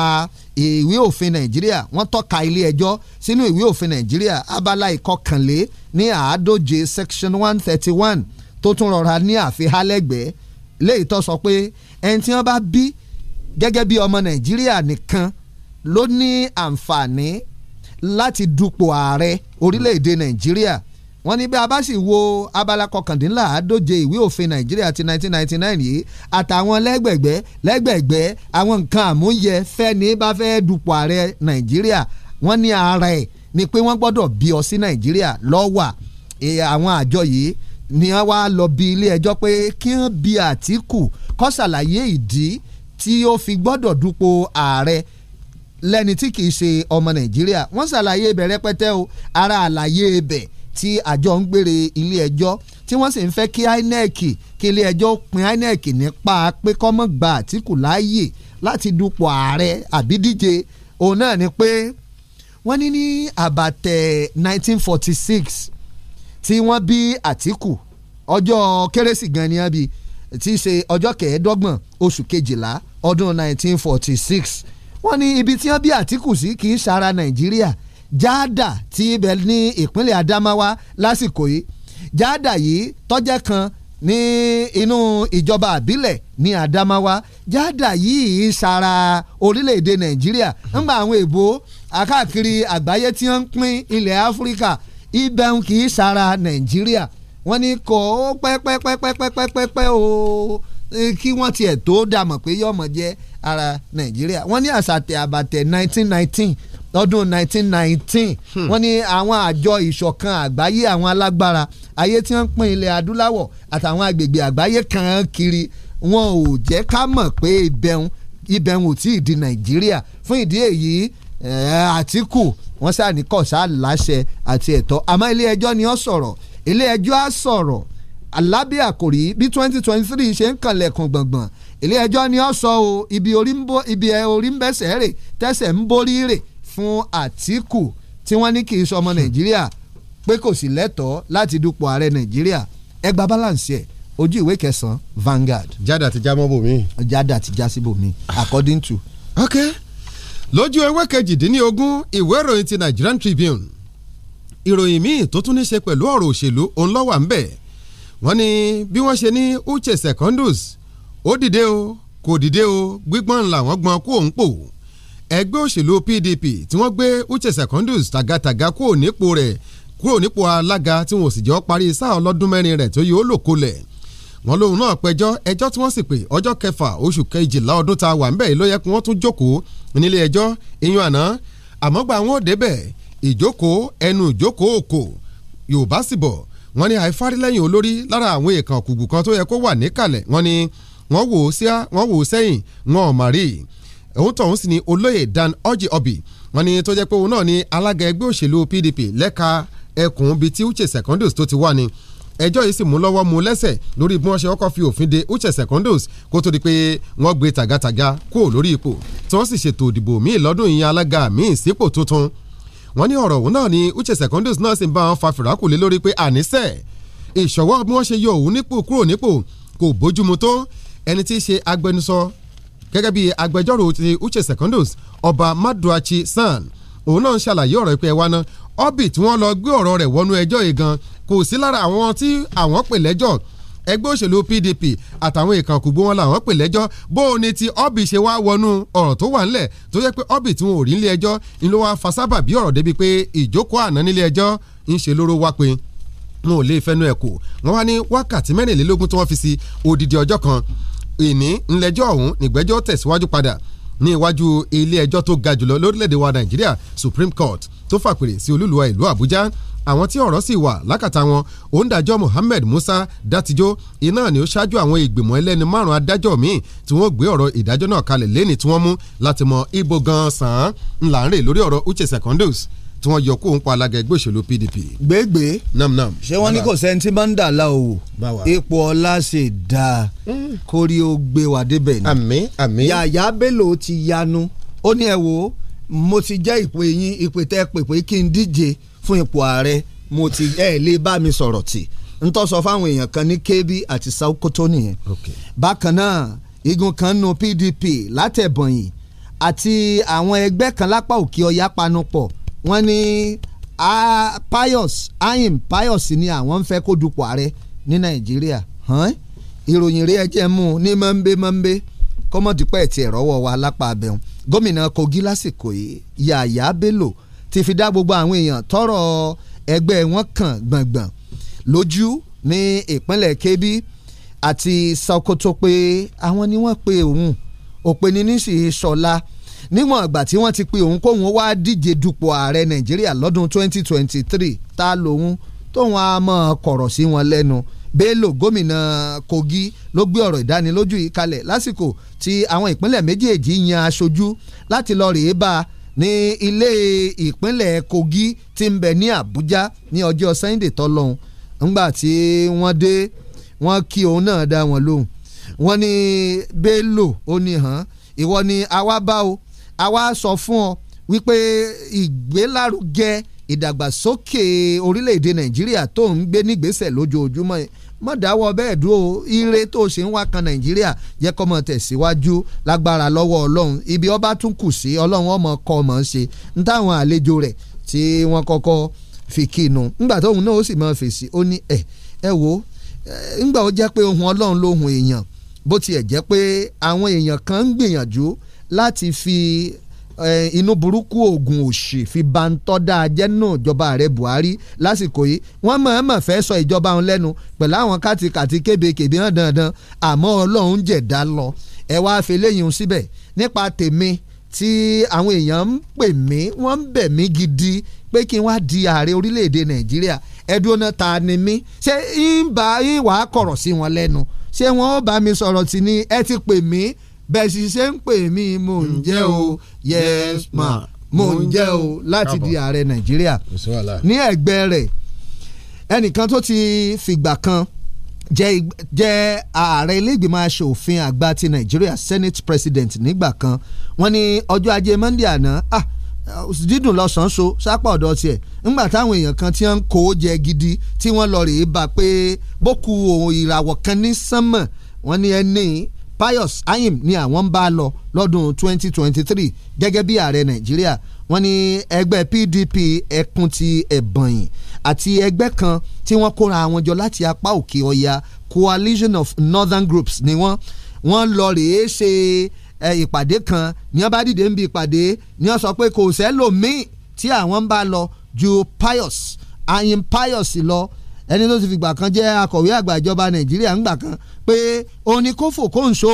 ìwé òfin nàìjíríà wọ́n tọ́ka ilé ẹjọ́ sínú ìwé òfin nàìjíríà abala ìkọkànlé ní àádóje section one thirty one tó tún rọra ní àfihálẹ́gbẹ̀ẹ́ léyìí tó sọ pé ẹni tí wọ́n bá bí gẹ́gẹ́ bí ọmọ nàìjíríà nìkan ló ní àǹfààní láti dupò ààrẹ orílẹ̀-èdè nàìjíríà. Mm wọ́n ní bí a bá sì wo abala kọkàndínláàádóje ìwé òfin nàìjíríà ti 1999 yìí àtàwọn lẹ́gbẹ̀gbẹ́ lẹ́gbẹ̀gbẹ́ àwọn nǹkan àmúyẹ fẹ́ni bá fẹ́ dupò ààrẹ nàìjíríà wọ́n ní ara ẹ̀ ni pé wọ́n gbọ́dọ̀ bí ọ sí nàìjíríà lọ́wà àwọn àjọ yìí ni wọ́n wá lọ bí ilé ẹjọ́ pé kí wọ́n bi àtìkù kó ṣàlàyé ìdí tí ó fi gbọ́dọ̀ dupò ààrẹ lẹ́ni tí kì í ṣe ọmọ nàìjíríà wọ́n ṣàlàyé ibẹ̀ rẹpẹtẹ o ara àlàyé ibẹ̀ tí àjọ ń gbére ilé ẹjọ́ tí wọ́n sì ń fẹ́ kí INEC kí ilé ẹjọ́ pin INEC nípa pé kọ́mọ́ gba Àtíkù láàyè láti dupò ààrẹ àbí díje òun náà ni pé wọ́n ní ní àbàtẹ̀ 1946 tí wọ́n bí Àtíkù ọjọ́ kérésì gan ni wọ́n bí tí í ṣe ọjọ́ kẹẹ̀ẹ́dọ́gbọ̀n oṣù kejìlá ọdún 1946 wọ́n ní ibi tí wọ́n bí Àtíkù sí kì í ṣara Nàìjíríà jáàdà tí ibẹ̀ ní ìpínlẹ̀ Adamawa lásìkò yìí jáàdà yìí tọ́jẹ́ kan ní inú ìjọba àbílẹ̀ ní Adamawa jáàdà yìí sara orílẹ̀-èdè Nàìjíríà ńgbà àwọn èbó akáàkiri àgbáyé tí wọ́n ń pín ilẹ̀ Áfíríkà ibẹ̀ ń kì í sara Nàìjíríà wọ́n ní kò ó pẹ́pẹ́pẹ́pẹ́pẹ́pẹ́ o kí wọ́n tiẹ̀ tó dàmọ̀ pé yọ̀mọ̀ jẹ́ ara Nàìjíríà wọ́n ní àṣàtẹ̀ àbàtẹ̀ 1919 lọ́dún 1919 hmm. wọ́n ní àwọn àjọ ìṣọ̀kan àgbáyé àwọn alágbára ayé tí wọ́n ń pín ilẹ̀ adúláwọ̀ àtàwọn agbègbè àgbáyé kan kiri wọn ò jẹ́ ká mọ̀ pé ibẹ̀hùn ibẹ̀hùn ò tí ì di nàìjíríà fún ìdí èyí eh, àtìkù wọ́n sàní kọ̀ sá láṣẹ àti ẹ̀tọ́ àmọ́ ilé ẹjọ́ ni ó sọ̀rọ̀ ilé ẹjọ́ á sọ̀rọ̀ alábẹ́ àkòrí bí 2023 ṣe ń kànlẹ̀kùn gbọ̀ngbọ̀n ilé ẹjọ́ ni ó sọ o ibi orí ń eh, bẹ́sẹ̀ rè tẹ́sẹ̀ ń borí rè fún Àtíkù tí wọ́n ní kì í sọ ọmọ Nàìjíríà pé kò sí lẹ́tọ̀ọ́ láti dupò ààrẹ Nàìjíríà ẹ gba balance ẹ̀ ojú ìwé kẹsàn-án Vanguard. jáde àti já mọ́bò mi. jáde àti já síbò mi according to. ok lójú ewé kejìdínlógún ìwé ìròyìn ti Nigerian Tribune ìròyìn míì tó tún ní ṣe pẹ̀lú ọ̀rọ̀ òṣèlú òun lọ́wọ́ à ń bẹ̀ wọ́n ní bí wọ́n ṣe ní Uche Secondus ó dìde o kò dìde o gbígbọ́n làwọn gbọ́n kó òun pò ẹgbẹ́ òṣèlú PDP tí wọ́n gbé Uche Secondus tàgàtàgà kúrò nípò rẹ̀ kúrò nípò alága tí wọn ò sì jọ parí sáà ọlọ́dún mẹ́rin rẹ̀ tó yóò lò kolẹ̀ wọn lòun náà pẹjọ́ ẹjọ́ tí wọ́n sì pé ọjọ́ kẹfà oṣù kejìlá ọdún tá a wà ńbẹ̀ ló yẹ kí wọ́n tún jókòó nílé ẹjọ́ ìyún àná àmọ́ gba àwọn òde bẹ̀ ìjókòó ẹnu ìjókòó òkò Yorùbá sì bọ̀ wọ́n ní àìfárílẹ́yìn olórí lára àwọn èèkàn kùgbù kan tó yẹ kó wà níkàlẹ̀ wọ́n ní wọ́n wò ó síá wọn ò mà rí i òun tọ̀hún sì ni olóyè Dan Orji Obi wọ́n ní tó jẹ́ pé òun náà ni alága ẹgbẹ́ òṣèlú PDP lẹ́ka ẹkùn bíi ti Uche Secondos tó ti wà ní ẹjọ́ yìí sì mú lọ́wọ́ mu lẹ́sẹ̀ lórí bí wọ́n ṣe kọ́kọ́ fi òfin de Uche Secondos kó tó di pé wọ́n gbé tàgàtàgà kúrò lórí ipò tí wọ́n sì ṣètò òdìbò míì lọ́dún yìí alága míì sípò tuntun wọ́n ní ọ̀rọ̀ òun náà ni Uche Secondos náà sì ń bá wọn fa fìràkù lé lórí pé àníṣe ìṣọwọ́ bí wọ́n ṣe yọ òun nípò kúrò nípò kò bójúmu tó ẹni tí í ṣe agbẹnusọ gẹ́gẹ́ bí agbẹjọ́rò ti Uche Secondus ọba Maduachi San òun náà ń ṣàlàyé ọ̀rọ̀ ìpẹ́ wa náà orbit wọn lọ gbé ọ̀rọ̀ rẹ̀ wọnú ẹjọ́ yìí gan kò sí lára àwọn tí àwọn pè lẹ́jọ́ ẹgbẹ́ òṣèlú PDP àtàwọn ìkànkùgbó wọn làwọn pè lẹ́jọ́ bó o ní ti orbit ṣe wá wọnú ọ̀rọ̀ tó wà ńlẹ̀ tó yẹ pé orbit wọn ò rí nílé ẹjọ́ ń lọ wá fasábà bí ọ̀rọ̀ débi pé ìjókòó àná nílé ẹjọ́ ń ṣe lóró wá pé wọn ò lè fẹnu ẹ̀ kò wá ní wákàtí mẹ́rìnlélógún tí wọ́n fi sí odidi ọjọ́ kan ìní ńlẹ́jọ́ ọ̀hún nígbẹ́jọ́ tẹ̀síwájú padà ní iwájú ilé ẹjọ́ tó ga jùlọ lórílẹ̀‐èdè wa Nàìjíríà Supreme Court tó fàpèrè sí olúluwa ìlú Àbújá àwọn tí ọ̀rọ̀ sì wà lákàtà wọn òǹdàjọ́ Mohammed Musa Dátijọ́ iná ni ó ṣáájú àwọn ìgbìmọ̀ ẹlẹ́ni márùn-ún adájọ́ míì tí wọ́n gbé ọ̀rọ̀ ìdájọ́ náà kalẹ̀ lẹ́ni tí wọ́n mú láti mọ ibo gan-an án ńlá ń rè lórí ọ̀rọ̀ Uche Secondus tí wọ́n yọ kó ń pa alága ẹgbẹ́ òṣèlú PDP. gbégbé namnam. ṣé wọ́n ní kò sẹ́ni tí máa ń dà láòwò ipò ọlá ṣe dáa mm. kórí ó gbé wa débẹ̀ ni. àmín àmín. yàyà bello ti yanu ó ní ẹ wo mo ti jẹ́ ìpè yín ìpè tẹ́ pè pé kí n díje fún ipò ààrẹ mo ti ẹ̀ lè bá mi sọ̀rọ̀ tì n sọ fáwọn èèyàn kan ní kébí àti Sókótó nìyẹn. bákan náà igun kan nu PDP látẹ̀bọ̀nyìn àti àwọn ẹgbẹ́ kan lápá òkè ọ̀yá panupọ̀ wọ́n ní pius ayim pius ni àwọn ń fẹ́ kó dupò ààrẹ ní nàìjíríà ìròyìn rí ẹjẹ mú un ní mọ́ńbé mọ́ńbé kọ́mọ̀dé pẹ̀ tiẹ̀ rọ́wọ́ wa lápá abẹ́hùn gómìnà kogi lásìkò yìí yàyà bello ti fi dá gbogbo àwọn èèyàn tọrọ ẹgbẹ́ wọn kàn gbọ̀ngbọ̀n lójú ní ìpínlẹ̀ kebbi àti sokoto pé àwọn ni wọ́n pe òun òpè ní nísìsiyìí sọlá so níwọ̀n ìgbà tí wọ́n ti pe òun kóun wá díje dupò ààrẹ nàìjíríà lọ́dún 2023 ta lòun tóun á mọ̀ kọ̀rọ̀ sí wọn lẹ́nu Bello gómìnà Kogi ló gbé ọ̀rọ̀ ìdánilójú yìí kalẹ̀ lásìkò tí àwọn ìpínlẹ̀ méjèèjì yan aṣojú láti lọ rèé bá a ní ilé ìpínlẹ̀ Kogi tí ń bẹ ní Àbújá ní ọjọ́ Sunday tọ́lọ́hún ńgbà tí wọ́n dé wọ́n kí òun náà dá wọn lóhùn wọ́n ní Bello ó ní hàn ìwọ ni àwa bá o àwa sọ fún ọ wípé ìgbélárugẹ ìdàgbàsókè orílẹ̀-èdè nàìjíríà tó ń gbé nígbésẹ̀ lójoojúmọ́ mọ̀ dáwọ́ bẹ́ẹ̀ dúró ire tó ṣe ń wá kan nàìjíríà jẹ́ kọ́ mọ̀ tẹ̀síwájú lágbára lọ́wọ́ ọlọ́run ibi ọba tún kù sí ọlọ́run ọmọ kọ́ ọmọ ṣe ń táwọn àlejò rẹ̀ tí wọ́n kọ́kọ́ fi kínu ńgbà tóun náà ó sì máa fèsì ó ní ẹ ẹ wo ńgbà ó jẹ́ pé ohun ọlọ́run lóhun èèyàn bó tiẹ̀ jẹ́ pé àwọn èèyàn kan ń gbìyànjú láti fi eh, inú burúkú oògùn òṣì fi ba ń tọ́da ajẹ́ náà ìjọba ààrẹ Buhari lásìkò yìí wọ́n mọ̀ọ́mọ̀ fẹ́ sọ ìjọba òun lẹ́nu pẹ̀lú àwọn kàtìkàtì kébékèbé hàn dandan àmọ́ Ọlọ́run jẹ̀dá lọ ẹ wá fi síbẹ̀ nípa tèmi tí àwọn èèyàn ń pè mí wọ́n ń bẹ̀ mí gidi pé kí n wá di ààrẹ orílẹ̀-èdè Nàìjíríà ẹ̀dùn náà ta ni mí ṣé ń bá ìwà kọ̀rọ̀ sí wọn lẹ́nu ṣé wọ́n bá mi sọ̀rọ̀ tì ní ẹ ti pè mí bẹ́ẹ̀ sì ṣe ń pè mí mò ń jẹ́ o yes ma mò ń jẹ́ o láti di ààrẹ nàìjíríà ní ẹ̀gbẹ́ rẹ̀ ẹnìkan tó ti fìgbà kan jẹ́ ààrẹ ilégbìmọ̀ aṣòfin àgbà ti nàìjíríà senate president nígbà kan wọ́n ní ọjọ́ ajé monday àná ah dídùn lọ́sàn-án so sápá ọ̀dọ̀ tiẹ̀ ńgbà táwọn èèyàn kan ti ń kó jẹ gidi tí wọ́n lọ rèé bá pé bókù òun ìràwọ̀ kan ní sánmọ̀ wọ́n ní ẹni Pius Ayim ni àwọn ń bá lọ lọ́dún 2023 gẹ́gẹ́ bí ààrẹ Nàìjíríà wọ́n ní ẹgbẹ́ PDP ẹkùn ti Ẹ̀bọ̀nyì àti ẹgbẹ́ kan tí wọ́n kóra àwọn jọ láti apá òkè ọya Coalition of Northern Groups ni wọ́n wọ́n lọ rèé ṣe ìpàdé kan ní wọ́n bá dìde ń bi ìpàdé ní wọ́n sọ pé kò sẹ́lòmíì tí àwọn ń bá lọ ju Pius Ayim Pius lọ ẹni tó ti fìgbà kan jẹ́ akọ̀wé àgbà ìjọba nàìjíríà ńgbà kan pé òní kó fò kó ń so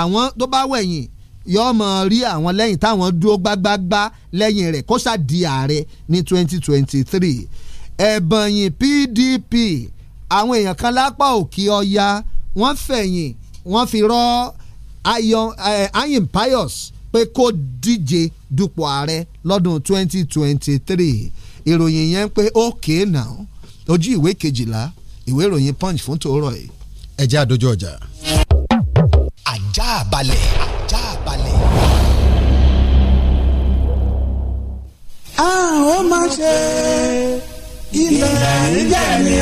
àwọn tó bá wẹ̀yìn yóò mọ̀ rí àwọn lẹ́yìn táwọn dúró gbágbágbá lẹ́yìn rẹ̀ kó ṣàdí ààrẹ ní 2023 ẹ̀bọ̀nyìn PDP àwọn èèyàn kan lápá òkè ọya wọ́n fẹ̀yìn wọ́n fi rọ́ eh, ayin pius pé kó díje dupò ààrẹ lọ́dún 2023 ìròyìn yẹn pé ókè náà ojú ìwé kejìlá ìwé ìròyìn punch fún tòórọ̀ yìí. ẹ jẹ́ àdójú ọjà. ajá balẹ̀ ajá balẹ̀. a ó máa ṣe ilẹ̀ ìjẹ̀ni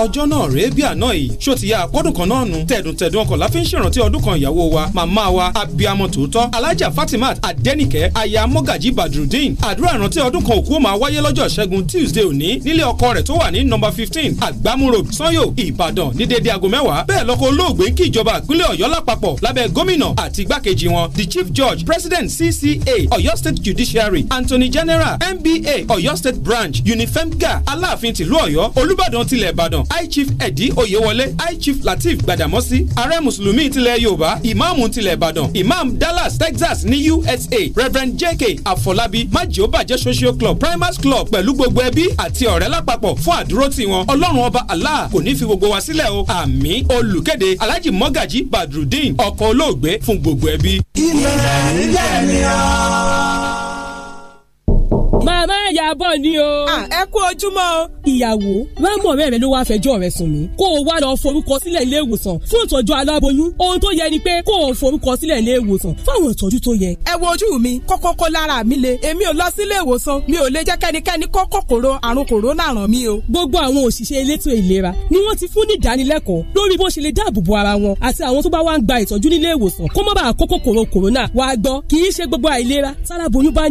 ọjọ́ náà rèé bí àná yìí ṣó ti yá àpọ́dún kan náà nù tẹ̀dùntẹ̀dùn ọkọ̀ la fi ń ṣèrántí ọdún kan ìyàwó wa màmá wa abiyamọ tòótọ́ alájà fatima adẹnìkẹ́ aya mọ́gàjì badrudeen àdúrà ìrántí ọdún kan òkú máa wáyé lọ́jọ́ ṣẹ́gun tuesday òní nílé ọkọ rẹ̀ tó wà ní nọ́mbà fifteen àgbámú road sanyo ìbàdàn ní dédé aago mẹ́wàá bẹ́ẹ̀ lọ́kọ olóògbé ń kí ìjọba ìpínlẹ̀ ọ̀yọ́ lápapọ̀ lábẹ́ gómìnà àti igbákejì wọn the chief judge president cca ọ̀yọ́ state judiciary anthony general mba ọ̀yọ́ state branch unifemga aláàfin tìlú ọ̀yọ́ olùbàdàn tilẹ̀ ìbàdàn high chief ẹ̀dí oyèwọlé high chief lateef gbàdàmọ́sí ààrẹ mùsùlùmí tilẹ̀ yorùbá ìmáàmù tilẹ̀ ìbàdàn ìmáàmù dallas texas ní usa reverend jk àfọlábí májòbàjẹ́ social club Primus club pẹ̀lú gbogbo ẹbí àti ọ̀rẹ́ lápapọ̀ fún àdúró tiwọn ọlọ́run ọba allah kò ní fi gbogbo wa sílẹ̀ o àmín olùkéde alhaji mọ́gàjí badrudeen ọkọ̀ olóògbé fún gbogbo ẹbí. ilẹ̀ ilẹ̀ ni ọ́ màmá ìyá bọ̀ ni o. ẹ kú ojúmọ́. ìyàwó rámọ̀ rẹ̀ ló wáá fẹjọ́ rẹ̀ sùn mí kó o wá lọ forúkọ sílẹ̀ ilé ìwòsàn fún ìtọ́jú aláboyún ohun tó yẹ ni pé kó o forúkọ sílẹ̀ ilé ìwòsàn fáwọn ìtọ́jú tó yẹ. ẹ wo ojú mi kọ́kọ́kọ́ lára mi le èmi ò lọ sílé ìwòsàn mi ò lè jẹ́ kẹ́nikẹ́ni kó kòkòrò àrùn kòrónà ràn mí o. gbogbo àwọn òṣìṣẹ́ elétò ìlera ni wọ́n ti fún ní ìdánilẹ́kọ̀ọ́ lórí bó ṣe lè dáàbòbo ara wọn àti àwọn tó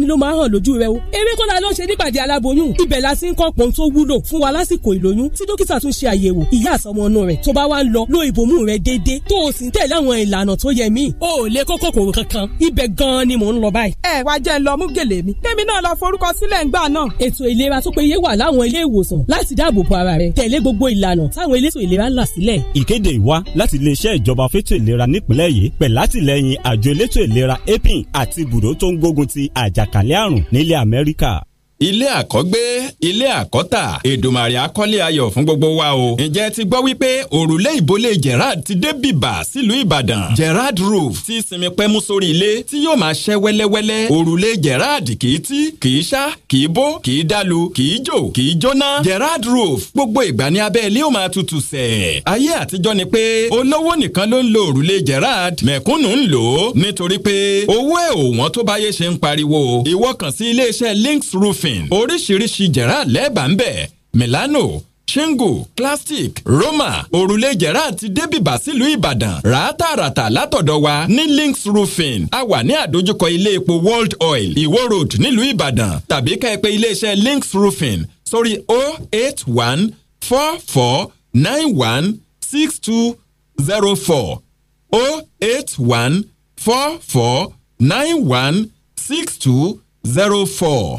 bá kọ́lá ló ń ṣe nígbàdí aláboyún ibẹ̀ la sì ń kọ́ pọ́n tó wúlò fún wa lásìkò ìlóyún tí dókítà tún ṣe àyẹ̀wò ìyá àsọmọnú rẹ̀ tó bá wá lọ lo ìbomú rẹ̀ déédé tó o sì ń tẹ̀lé àwọn ìlànà tó yẹ mí. o ò lè kó kòkòrò kankan ibẹ̀ gan-an ni mò ń lọ báyìí. ẹ wá jẹ́ ń lọ mú gèlè mi. kémi náà lọ forúkọ sílẹ̀ ńgbà náà. ètò ìlera tó péye wà láwọn ilé ìwòsàn láti dáàbò bo ara rẹ tẹ̀lé gbogbo ìlànà táwọn elétò ìlera là sílẹ̀. ìkéde ìwá láti iléeṣẹ́ ìjọba fétò ìlera nípìnlẹ̀ yìí pẹ̀ látìlẹ́yìn àjọ elétò ìlera apin àti ibùdó tó ń gbógun ti àjàkálẹ̀ àrùn nílẹ̀ Amẹ́ríkà ilé àkọ́gbé ilé àkọ́tà Èdùmàrè akọ́lé ayọ̀ fún gbogbo wa o. ǹjẹ́ ti gbọ́ wípé òrùlé ìbólé Gerard ti dé bìbà sílùú Ìbàdàn Gerard roof ti sinmi pẹ́mú sórí ilé tí yóò máa ṣẹ́ wẹ́lẹ́wẹ́lẹ́ òrùlé Gerard kì í tí kì í ṣá kì bó kì dalu kì jò kì jóná Gerard roof gbogbo ìgbà ní abẹ́ ilé ó máa tutù sẹ̀. ayé àtijọ́ ni pé olówó nìkan ló ń lo òrùlé Gerard mẹ̀kúnnù ń lò ó nítorí pé owó ẹ̀ òwọ́n tó Links roofing roofing oríṣiríṣi jẹ̀rá lẹ́ẹ̀bà ń bẹ̀ Milano shingle plastic roma òrùlé jẹ̀rá àti débìbà sílùú ìbàdàn ràátàràtà látọ̀dọ̀ wa ní links roofing a wà ní àdójúkọ ilé epo world oil ìwó road nílùú ìbàdàn tàbí ká ẹ pè iléeṣẹ́ links roofing sórí 08144916204 08144916204.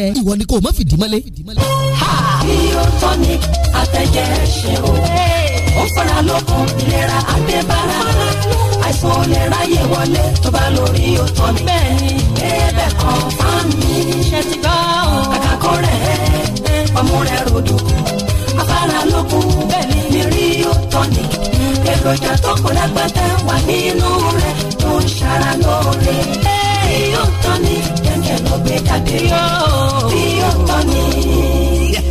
ẹ ìwọ ni kò má fìdí mọ́lẹ̀. kí o tọ́ ni àtẹ̀jẹ́ ṣe o ó fara lókun ìlera àgbẹ̀bára àìsàn olè ráyè wọlé tó bá lórí o tọ́ ni ẹ̀ẹ́dẹ̀ kan fáàmì kàkàkọ́ rẹ̀ ọmú rẹ̀ rodò afárá lókun ní rí o tọ́ ni èròjà tó kọ́ lágbàtà wà nínú rẹ̀ tó ń ṣara lóore rí o tọ́ ni ẹ̀jẹ̀ ló gbé Bí ó tọ́ ni.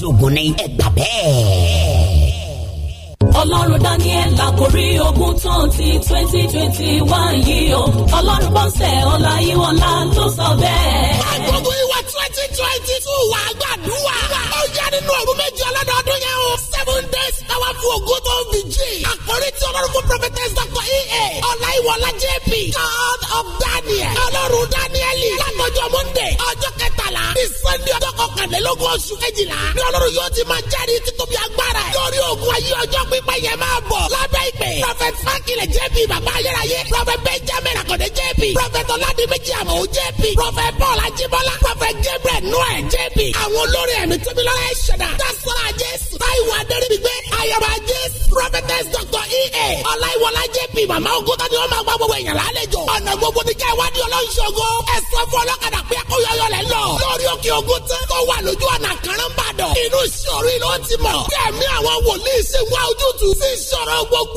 ṣoògùn ni ẹ bẹ́ẹ̀. Ọlọ́run Daniel àkórí ogun tó ti twenty twenty one yìí o Ọlọ́run Bọ́sẹ̀ Ọláyíwọlá ló sọ bẹ́ẹ̀. Àgbọ̀gbọ̀ ìwà twenty twenty two wà gbàdúrà. Ó yá nínú ọ̀run méjì ọlọ́dọọdún yẹn o. Seven days táwa fún ogun tó ń bìjì. Àkórí tí Ọlọ́run fún Prophetess Dr. E.A. Ọláyíwọlá JP God of Daniel. Ọlọ́run Daniel látọjọ́ Monday ọjọ́ di sunday ọjọ́ kọkànlélógún oṣù kejìlá ní ọlọ́run yóò ti máa jáde títóbi agbára ẹ̀ lórí ogun ayé ọjọ́ pípẹ́ yẹn máa bọ̀ lábẹ́ ìpè prophet frankilẹ̀ jẹ́bi bàbá ayérayé prophet benjamin akọ̀dé jẹ́bi prophet ọ̀làdìmẹ́jì àmọ̀ jẹ́bi prophet paul ajíbọ́lá prophet gabriel noel jẹ́bi àwọn olórí ẹ̀mí tóbi lọ́la ẹ̀ṣẹ̀dá dásọ́ra jésù táìwò adẹ́rìbígbé Ayọrọ ajé prophetess doctor ea ọláìwọlá jp màmá ni wọ́n máa gbọ́ gbogbo èèyàn lálejò ọ̀nà gbogbo ní kẹwàádìí ọlọ́ṣọ́gó ẹ̀sọ́ fún ọlọ́kadà pé lọ lórí òkè ogun tó wà lójú ọ̀nà inú ìlú ti mọ̀ àwọn wòlíì ṣe wá ojútùú sí gbogbo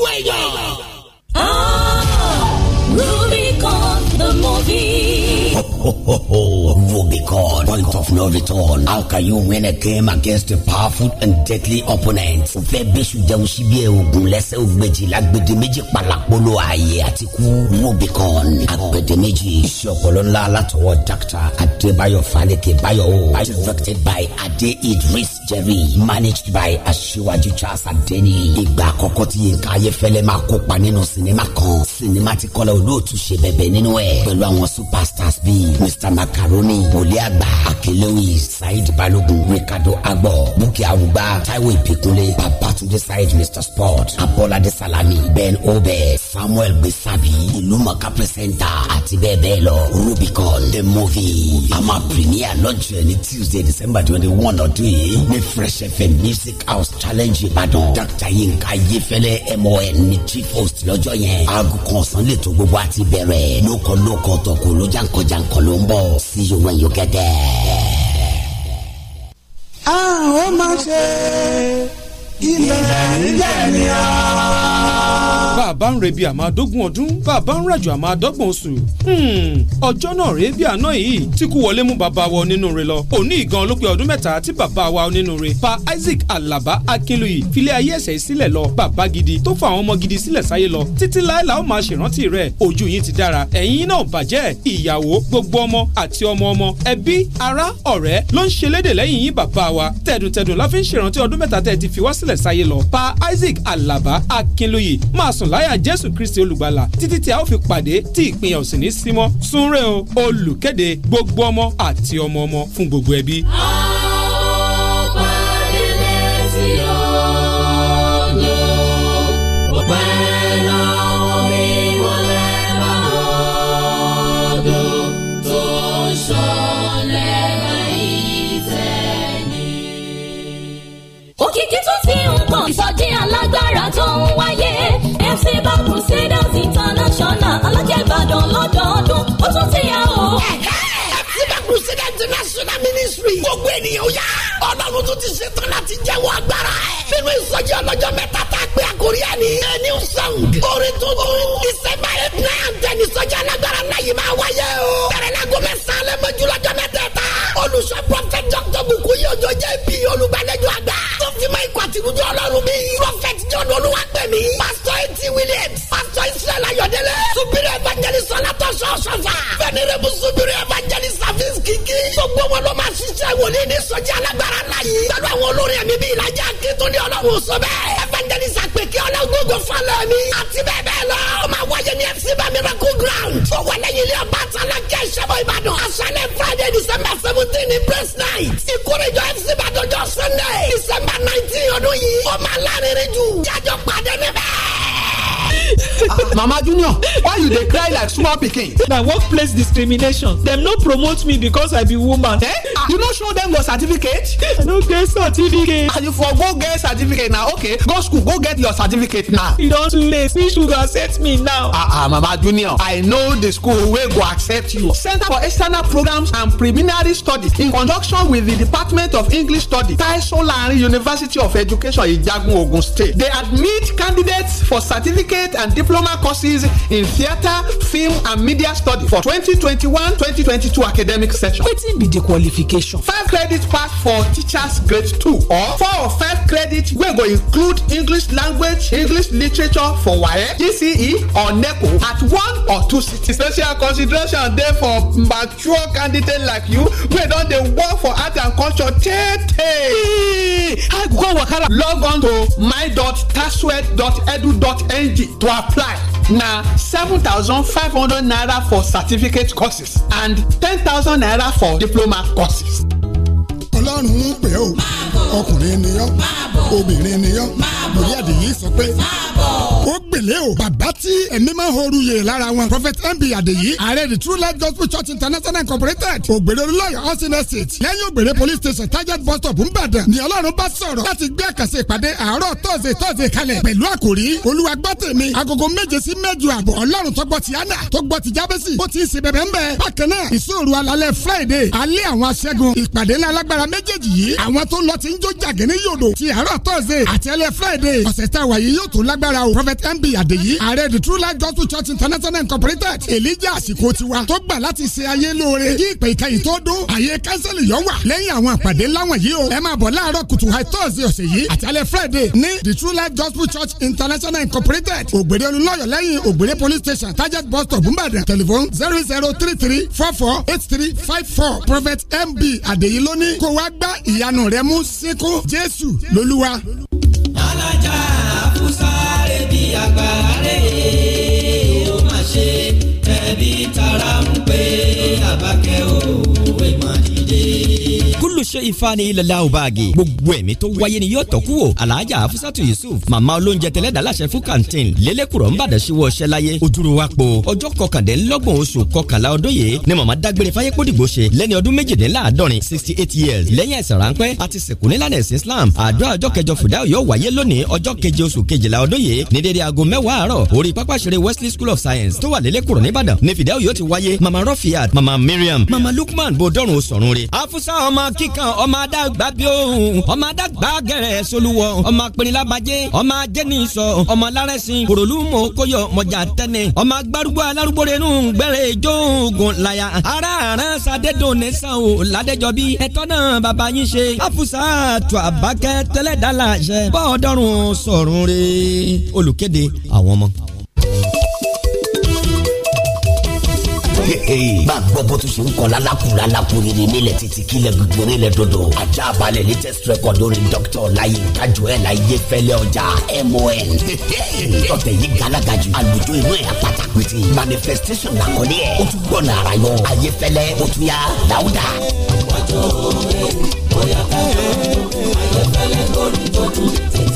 the movie. Ho, ho, ho, ho. Rubicon, point of no return. How can you win a game against a powerful and deadly opponent? O fẹ́ bẹ́sù jẹ́ o síbi ẹ̀ ogun lẹ́sẹ̀ ògbèjì lágbèdè méjì palàpolo ààyè àti kú Rubicon. Àgbèdè méjì iṣẹ́ ọpọlọ ńlá látọwọ́ Dr. Adébáyọ̀ Fálékè Báyọ̀ o. Directed by Adé Idris Jerry. Managed by Aṣíwájú Charles Adéni. Ìgbà àkọ́kọ́ tí Yinka Ayéfẹ́lẹ́ máa kópa nínú sinimá kan. Sinimá ti kọ́lá olóòtú ṣe bẹ̀bẹ̀ nínú ẹ̀ pẹ̀lú àwọn superstars bíi Mr Macaroni wòlé àgbà akelewi Saheed Balogun Ricardo Agbo Bukky Arugba Taiwo Ìpèkúnlé Babatunde Saheed Mr Sport Abolade Salami Ben Obe Samuel Gbesabi Ìlúmọ̀ká pẹ̀sẹ̀ntà àti bẹ́ẹ̀ bẹ́ẹ̀ lọ Rubicon the movie a máa premier lọ́jọ́ ní Tuesday December twenty one ọdún yìí ní Fresh FM Music House Challenge Ìbàdàn Dr Yinka Yefẹlẹ MON ní chief host lọ́jọ́ yẹn aago kan ọ̀sán lè tó gbogbo àti bẹ̀rẹ̀ lóko lóko tọ̀kù ló ń bọ̀ see you when you get there. a ó máa ṣe ilẹ̀ ń ọ́ bàbá ń rebi àmọ́ àdógún ọdún bàbá ń rajò àmọ́ àdọ́gbọ̀n oṣù hmm, ọjọ́ náà rèé bí àná yìí tí kú wọlé mú bàbá wa onínúure lọ òní ìgan ló ọdún mẹ́ta tí bàbá wa onínúure pa Isaac Alaba Akinluyi filé ayé ẹ̀sẹ̀ sílẹ̀ lọ bàbá gidi tó fa àwọn ọmọ gidi sílẹ̀ sáyé lọ títí láéláé ó máa ṣèrántí rẹ̀ ojú yín ti dára ẹ̀yin náà bàjẹ́ ìyàwó gbogbo ọmọ àti ọmọ ọmọ ẹbí ará ọ̀rẹ́ ló ń ṣe léde lẹ́yìn yín bàbá wa tẹ̀dùntẹ̀dùn la ń ṣèrántí ọdún mẹ́ta tẹ́ ti fi wá sílẹ̀ sáyé lọ pa Isaac Alaba Akinluyi máa sọ sùn láyà jésù kristi olùgbàlà títí tí a ó fi pàdé tí ìpínyà ò sì ní símọ́ súnrẹ́ o olùkéde gbogbo ọmọ àti ọmọ ọmọ fún gbogbo ẹbí. ó tún ti yà o. Ẹ̀ka Crusader International Ministry. Gbogbo ènìyàn yá. Ọlọ́run tún ti ṣetán láti jẹ́wọ́ agbára ẹ̀. Nínú ìsọjí ọlọ́jọ́ mẹ́ta tá a pé àkórí ẹ̀ ní. A new song. Orin tuntun. Ìsẹ̀mbà eight nine and ten ìsọjí alágbára náà yìí máa wáyé o. Bẹ̀rẹ̀ láago mẹ́sàn-án lẹ́mọ̀jú lọ́jọ́ mẹ́tẹ̀ẹ̀ta. Olùṣọ́ Prọfẹ̀t Dr. Bukuyi Ojoje bí olùgbàlejò àgbà ti máa ikọ̀ àti ọlọ́run mi. prophet john olúwàgbẹ̀mí. pastor eti williams. pastor israel ayọ̀dẹ́lẹ̀. subiri evangelist ọlátọ̀ sọ̀sọ̀fà. venerable subiri evangelist service kìkì. gbogbo wọn ló máa ṣiṣẹ́ wòlíì ní sọ́jà alágbára láyé. pẹ̀lú àwọn olórin ẹ̀mí bíi ìlàjà kí tó ní ọlọ́run sọ bẹ́ẹ̀. evangelist kí ọlọ́gbọ́gbọ́ falẹ̀ mi. àti bẹ́ẹ̀ bẹ́ẹ̀ lọ ó máa wáyé ní fc bamiraku ground. tó wà lẹ́yìn ilé ọba àtàlà kí ẹ̀ṣẹ̀bọ̀ ìbàdàn. aṣálẹ̀ friday december seventeen ní press night. ìkórèjọ fc bàdànjọ sunday december nineteen ọdún yìí. ó máa lárinrin jù. jájọ pàdé níbẹ̀. mama junior why you dey cry like small pikin na workplace discrimination dem no promote me because i be woman eh ah, you no show dem your certificate i no get certificate and ah, you for go get certificate na okay go school go get your certificate now e don too late me should accept me now ah ah mama junior i know the school wey go accept you center for external programs and preliminary studies in conjunction with the department of english studies taiso university of education ijagun ogun state dey admit candidates for certificate and diploma diploma courses in theatre film and media studies for 2021-2022 academic session. wetin be di qualification? five credit pass for teachers grade two or four or five credit wey go include english language english literature for waye gce or neco at one or two cities. special consideration dey for mature candidates like you wey don dey work for art and culture tey tey. i go wakala log on to my.tasweb.edu.ng to apply july na seven thousand five hundred naira for certificate courses and ten thousand naira for diploma courses ọlọ́run ń pè ó ọkùnrin ni ọ́ obìnrin ni ọ́ lórí àdìyí sọ pé ó gbèlè o bàbá tí ẹ̀mí máa horu yè lára wọn prophet mb adeyi ààrẹ the true life gospel church international incorporated ògbèrè olùlọ́yọ̀ housing estate lẹ́yìn ògbèrè police station target bus stop ńbàdàn ni ọlọ́run bá sọ̀rọ̀ láti gbé àkàsẹ̀ ìpàdé àárọ̀ tọ́sẹ̀ tọ́sẹ̀ kalẹ̀ pẹ̀lú àkòrí olúwa gbọ́ tèmi agogo méje sí mẹ́jọ àbọ̀ ọlọ́run tó gbọ́ ti yánà tó gbọ́ ti jábẹ́sì ó ti ń ṣe bẹ̀bẹ̀ ńbẹ̀ bákan náà ìṣòro alalẹ́ friday alẹ́ àwọn aṣẹ́gun ìpàdé ńlá alágbára méjèèjì yìí àwọn tó lọ ti ń jó jàgínní yòdò ti àárọ̀ tọ́sẹ̀ àti ẹlẹ́ friday ọ̀sẹ̀ tá a wà yìí yóò tó lágbára o prophet mb adeyi ààrẹ the true life gospel church international incorporated elijah àsìkò tiwa tó gbà láti ṣe ayé lóore kí ìpè ìkẹyìn tó dún àyè kánsẹ́lì yọ wà lẹ́yìn àwọn àpàdé láwọn yìí o ẹ máa bọ̀ láàárọ̀ kùtù high thursday ọ̀sẹ̀ yìí àti alẹ́ friday ní the true life gospel church international incorporated ògbèrè olùlọ́yọ̀ lẹ́yìn ògbèrè police station target bus stop nìbàdàn telephone zero zero three three four four eight three five four prophet mb adeyi lóní wá gbá ìyanu rẹ mú síkú jésù lolúwa. ṣe ifá ni ilẹ̀ laobagi gbogbo ẹ̀mí tó wáyé ni yóò tọ́kú wò alhaja afisatu yusuf màmá olóúnjẹ tẹlẹ́dà láṣẹ fún kàntìn lélẹ́kùrọ̀ ńbàdàn síwọ́ ọṣẹ́ láyé ojúro wa po ọjọ́ kọkàndínlọ́gbọ̀n oṣù kọkànlá ọdún yìí ni màmá dágbére fáyé kódìgbò ṣe lẹ́ni ọdún méjìdínláàdọ́rin sixty eight years lẹ́yìn ẹ̀sìn ráńpẹ́ àti sìnkú nílànà islam àdó àjọ kẹjọ fìdáwò yóò wáyé lónìí ọjọ́ keje oṣù kejìlá ọdún yìí ní dédé aago mẹ́wàá àárọ̀ orí wesley school of science tó wà lélẹ́kùrọ̀ níbàdàn ní fìdáwò yóò ti mama rafiat mama miriam mama lukman bodorun osòrunre afusa ọmọ kík kan ọmọ adágbà bí òun ọmọ adágbà gẹ̀rẹ́ solúwọ ọmọ apẹ̀rẹ̀lábàjẹ́ ọmọ ajẹ́nisọ ọmọ lárẹ́sìn òròlùmọ̀ kóyọ̀ mọ̀jà tẹ́nẹ̀ ọmọ agbárúgbó alárúgbó rẹnu gbẹ̀rẹ̀ ìjó oògùn láyà ara àrán sadédùn ní sàn ò ládẹ́jọ́ bí ẹ̀tọ́ náà bàbá yín ṣe àfùsà àtọ̀ àbákẹ́ tẹ́lẹ̀ dá láṣẹ bọ́ọ̀dọ́rùn sọ̀rùn olùkéde àwọn ọmọ bá a gbọ́ bó tún ṣe ń kọ́ lálákùn lálákùn rere nílẹ̀ títí kílẹ̀ gbogbo nílẹ̀ dodo ajá balẹ̀ latest record lórí dr ọláyé ìdájọ́ ẹ̀ láyé fẹ́lẹ́ ọjà mon ọ̀tẹ̀ yìí galaga jù àlùjọ inú ẹ̀ apáta pété manifestation làkọ́lé ẹ̀ ó tún gbọ́nà ara yọ ayé fẹ́lẹ́ ó tún yá dáúdà. ọjọ́ òwe bóyá ká ayé fẹ́lẹ́ lórí tó tún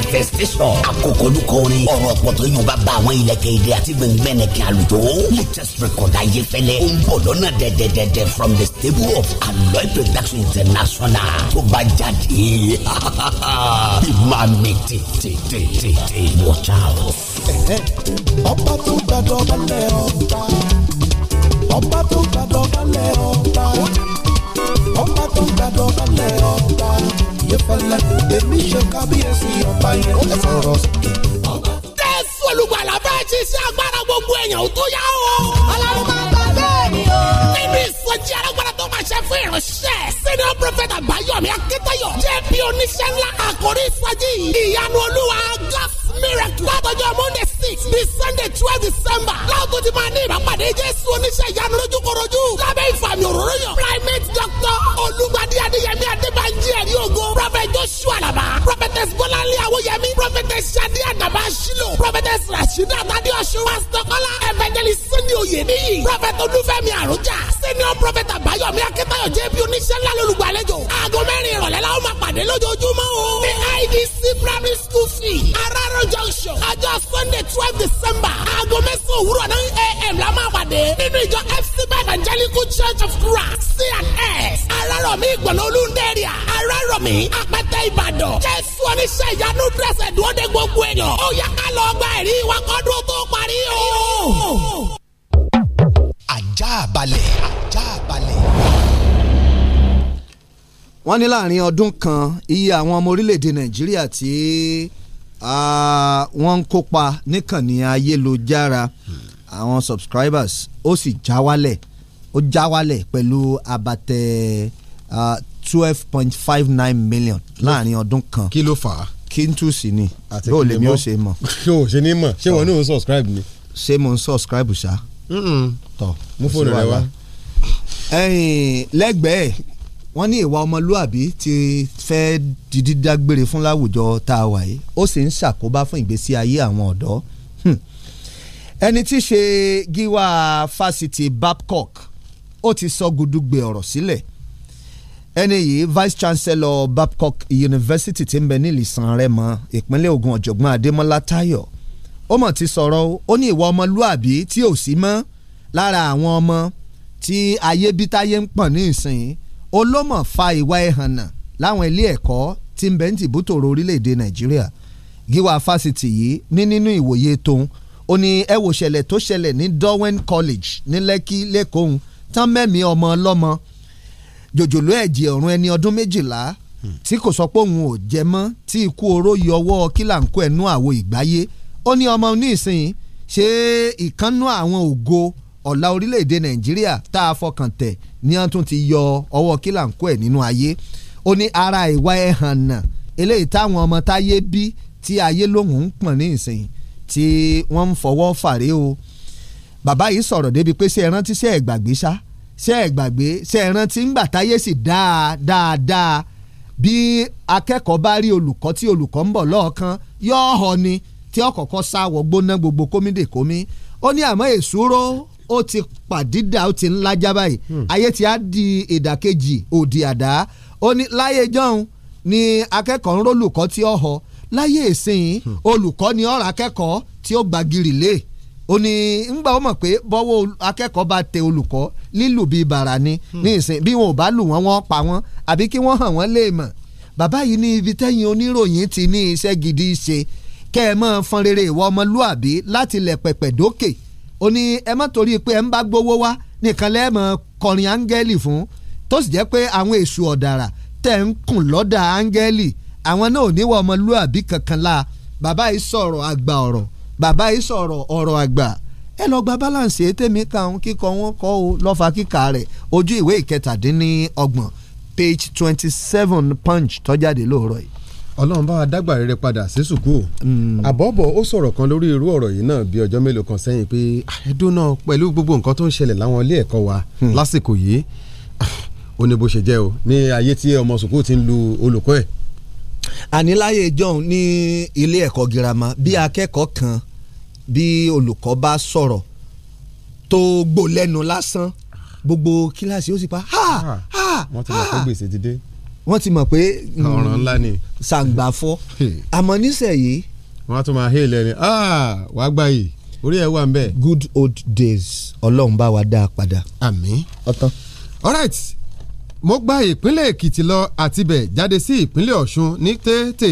manifestation àkókò olùkọ́ orin ọ̀rọ̀ ọ̀pọ̀tọ̀ yóò bá bá àwọn ilẹ̀kẹ̀ ilé àti gbẹngbẹ̀nẹ̀kẹ̀ àlùjọ latest record ayéfẹ́lẹ́ ó ń bọ̀ lọ́nà dẹ̀dẹ̀dẹ̀dẹ̀ from the stable of Aloy production international tó bá jáde ìmọ̀ mi tètè watch out. ọba tó gbàdọ̀ balẹ̀ ọba ọba tó gbàdọ̀ balẹ̀ ọba ọba tó gbàdọ̀ balẹ̀ ọba ìyẹ́fẹ́lẹ́ èmi ṣe kábíyèsí ọba yẹn ó lè sọ̀rọ̀ sókè ọba. jésù olùgbàlà bẹ́ẹ̀ ti ṣe agbára gbogbo èèyàn tó yá o. ọlọ́run máa bá ni o. nínú ìsọjí alágbára tó máa ṣe fún ìránṣẹ́ senior prophet àbáyọ̀mí akíntáyọ̀ jẹ́ bí oníṣẹ́ ńlá àkórí ìsọjí ìyanu olúwa gọ́f miracle látọjọ́ monday six di sunday twelve december láwùjọ ti máa ní ìbápadé jésù oníṣẹ́ ìyanu lójúkorojú lábẹ́ ìfàmì òróró yàn primate doctor olùgbàdì adéyẹmí adébánjí ẹ̀rí ògo prophet joshua làbá prophet prophetess bọ́láńlé àwòyẹmí prophetess sade àdàbà ṣílò prophetess rasheeda tadéọ̀ṣù pastor kọ́lá evangelist sunday oyèníyì prophet olúfẹ́mi àrùjà senior prophet àbáyọ̀mí akẹ́tayọ̀ jẹ́bi oníṣẹ́ ńlá lọ́lùgbàlejò aago mẹ́rin ìrọ̀lẹ́ la ó máa pàdé lójoojúmọ́ o ní idc primary school fee araro junction ọjọ́ sunday twelve december aago mẹ́sàn-án òwúrọ̀ náà am la máa pàdé nínú ìjọ fc evangelical church of christ c and s ararọ̀mí ìgbọ̀nà olúndẹ̀rìà ararọ̀mí apẹtẹ ìbàdàn jésù olúwa ní ṣe ìyanu dẹ́sẹ̀ dúró gbogbo èèyàn. ó yá ká lọ gba ẹ̀rí wa kọ́dún tó parí o. ajá balẹ̀ ajá balẹ̀. wọ́n ní láàrin ọdún kan iye àwọn ọmọ orílẹ̀-èdè nàìjíríà tí wọ́n ń kópa níkànnì ayélujára àwọn subscribers ó sì já wálẹ̀ ó já wálẹ̀ pẹ̀lú abatẹ twelve point five nine million láàrin ọdún kan. kí ló fà á. kí n tù sí ni bó lèmi ó ṣe mọ̀. o ṣe ní mọ̀ ṣé wọn ní òun subscribe ni. ṣé mo ń subscribe ṣá. tọ mú fóònù rẹ wá. lẹ́gbẹ̀ẹ́ wọ́n ní ìwà ọmọlúàbí ti fẹ́ di dídágbére fún láwùjọ tá a wà yìí ó sì ń ṣàkóbá fún ìgbésí ayé àwọn ọ̀dọ́ hmm. ẹni tí ṣe gíwá fásitì Babcock ó ti sọ gudugbe ọ̀rọ̀ sílẹ̀ ẹni yìí vice chancellor Babcock University ti ń bẹ nílùú Ìsànrẹ́mọ ìpínlẹ̀ Ògùn ọ̀jọ̀gbọ́n Adémọ́lá Táyọ̀ ó mọ̀ ti sọ̀rọ̀ o ó ní ìwà ọmọlúàbí tí ò sí mọ́ lára àwọn ọmọ tí ayébítáyé ń pọ̀n ní ìsìn olómọ̀ fa ìwà ẹ̀hànà láwọn ilé ẹ̀kọ́ tí ń bẹ ní tìbútòrò orílẹ̀ Nàìjíríà gíwá fásitì yìí ní nínú ìwòye tóun ó ní ẹ tó ṣẹlẹ̀ ní Dowen College ní Lẹ́kí lẹ́kọ̀ọ́hún tán mẹ́mìí ọmọ ọlọ́mọ jòjòló ẹ̀jẹ̀ ọ̀run ẹni ọdún méjìlá tí kò sọ pé òun ò jẹ mọ́ tí ikú oró yọ ọwọ́ kílàǹkó ẹnu àwo ìgbáyé ó ní ọmọ onísìn ṣe ìkánnú àwọn ògo ọ̀la orílẹ̀-èdè nàìjíríà tá a fọkàn tẹ̀ ní wọ́n tún ti yọ ọwọ́ kílàǹkó ẹ̀ nínú ayé ó ní ara ìwà ẹ̀hàn náà eléyìí táwọn ọmọ táyé bí tí ayé lòun ń pọ̀n ní ìsìn tí wọ́n ń fọwọ́ fàrẹ́ o bàbá yìí sọ̀rọ̀ débi pé ṣé ẹ rántí sí ẹ̀gbàgbé ṣá ṣe é gbàgbé ṣe é rántí ńgbà táyé sì dáa dáa dáa bí akẹ́kọ̀ọ́ bá rí olùkọ́ tí olùkọ́ ń bọ̀ lọ́ọ̀kan yóò họ ni tí ọkọ̀ọ̀kọ́ sá wọ gbóná gbogbo kómìdè kómì ó ní àmọ́ èsúró ó ti pàdídà ó ti ń báyìí hmm. ayé ti á di ìdàkejì òdì àdá ó ní láyé jọ́hún ni akẹ́kọ̀ọ́ ń rólùkọ́ tí ó họ láyé ìsìn hmm. olùkọ́ ni ọ̀rọ̀ akẹ́kọ̀ọ́ tí ó gbàgìrì lé ó ní ńgbà ó mọ̀ pé bọ́wọ́ akẹ́kọ̀ọ́ bá tẹ olùkọ́ lílù bíi bàrà ni hmm. ní ìsìn bí wọn ò bá lù wọ́n wọ́n pa wọ́n àbí kí wọ́n hàn wọ́n lè mọ̀ bàbá yìí ní ibi tẹ́yìn oníròyìn ti ní iṣẹ́ gidi ṣe kẹ́ ẹ mọ́ fọn rere ìwọ ọmọlúàbí láti lẹ̀ pẹ̀pẹ̀ dókè ó ní ẹ má torí pé ẹ ń bá gbowó wá nìkan lẹ́ẹ̀ mọ́ kọrin áńgẹ́lì fún tó sì jẹ́ pé àwọn èṣù ọ̀dàrà tẹ̀ ń kùn lọ́dà áńgẹ́lì àwọn náà ò níwọ̀ ọmọlúàbí kankan la bàbá yìí sọ̀rọ̀ àgbà ọ̀rọ̀ bàbá yìí sọ̀rọ̀ ọ̀rọ̀ àgbà ẹ lọ gba balance ètè mi ka òun kíkọ wọn kọ o lọ́fà kíkà rẹ̀ ojú ìwé ìkẹtàdínlọ́gbọ̀n page twenty seven punch tó jáde lóòrọ̀ yìí. ọlọ́run bá wa dágbà rere padà sí sùkú o hmm. àbọ̀bọ̀ ó sọ̀rọ̀ kan lórí irú ọ̀rọ̀ yìí náà bí ọjọ́ mélòó kan sẹ́yìn pé àìdùn ah, náà pẹ̀lú gbogbo nǹkan tó ń ṣẹlẹ̀ láwọn ilé ẹ̀kọ́ wa hmm. lásìkò yìí ó ní bó ṣe jẹ́ o ní ayé tí ọmọ sùkú ti ń lu olùkọ́ ẹ̀. àníláyé john ní ilé ẹ̀kọ́ girama bí akẹ́kọ̀ọ́ kan bí olùkọ́ bá sọ̀rọ̀ tó gbò lẹ́nu lásán gbogbo kíláàsì ó sì pa ha ah, ha wọ́n ti mọ̀ pé gbèsè ti dé wọ́n ti mọ̀ pé mm, ọ̀ràn ńlá ni sàǹgbàfọ́ àmọ́ nísẹ̀yìí wọ́n á tún máa hail ẹni ah, wàá gbà yìí orí ẹ̀ wà ń bẹ̀. good old days ọlọ́run bá wa dá a padà. àmín ọ̀tán. all right mo gba ìpínlẹ̀ èkìtì lọ àtibẹ̀ jáde sí ìpínlẹ̀ ọ̀ṣun ní tètè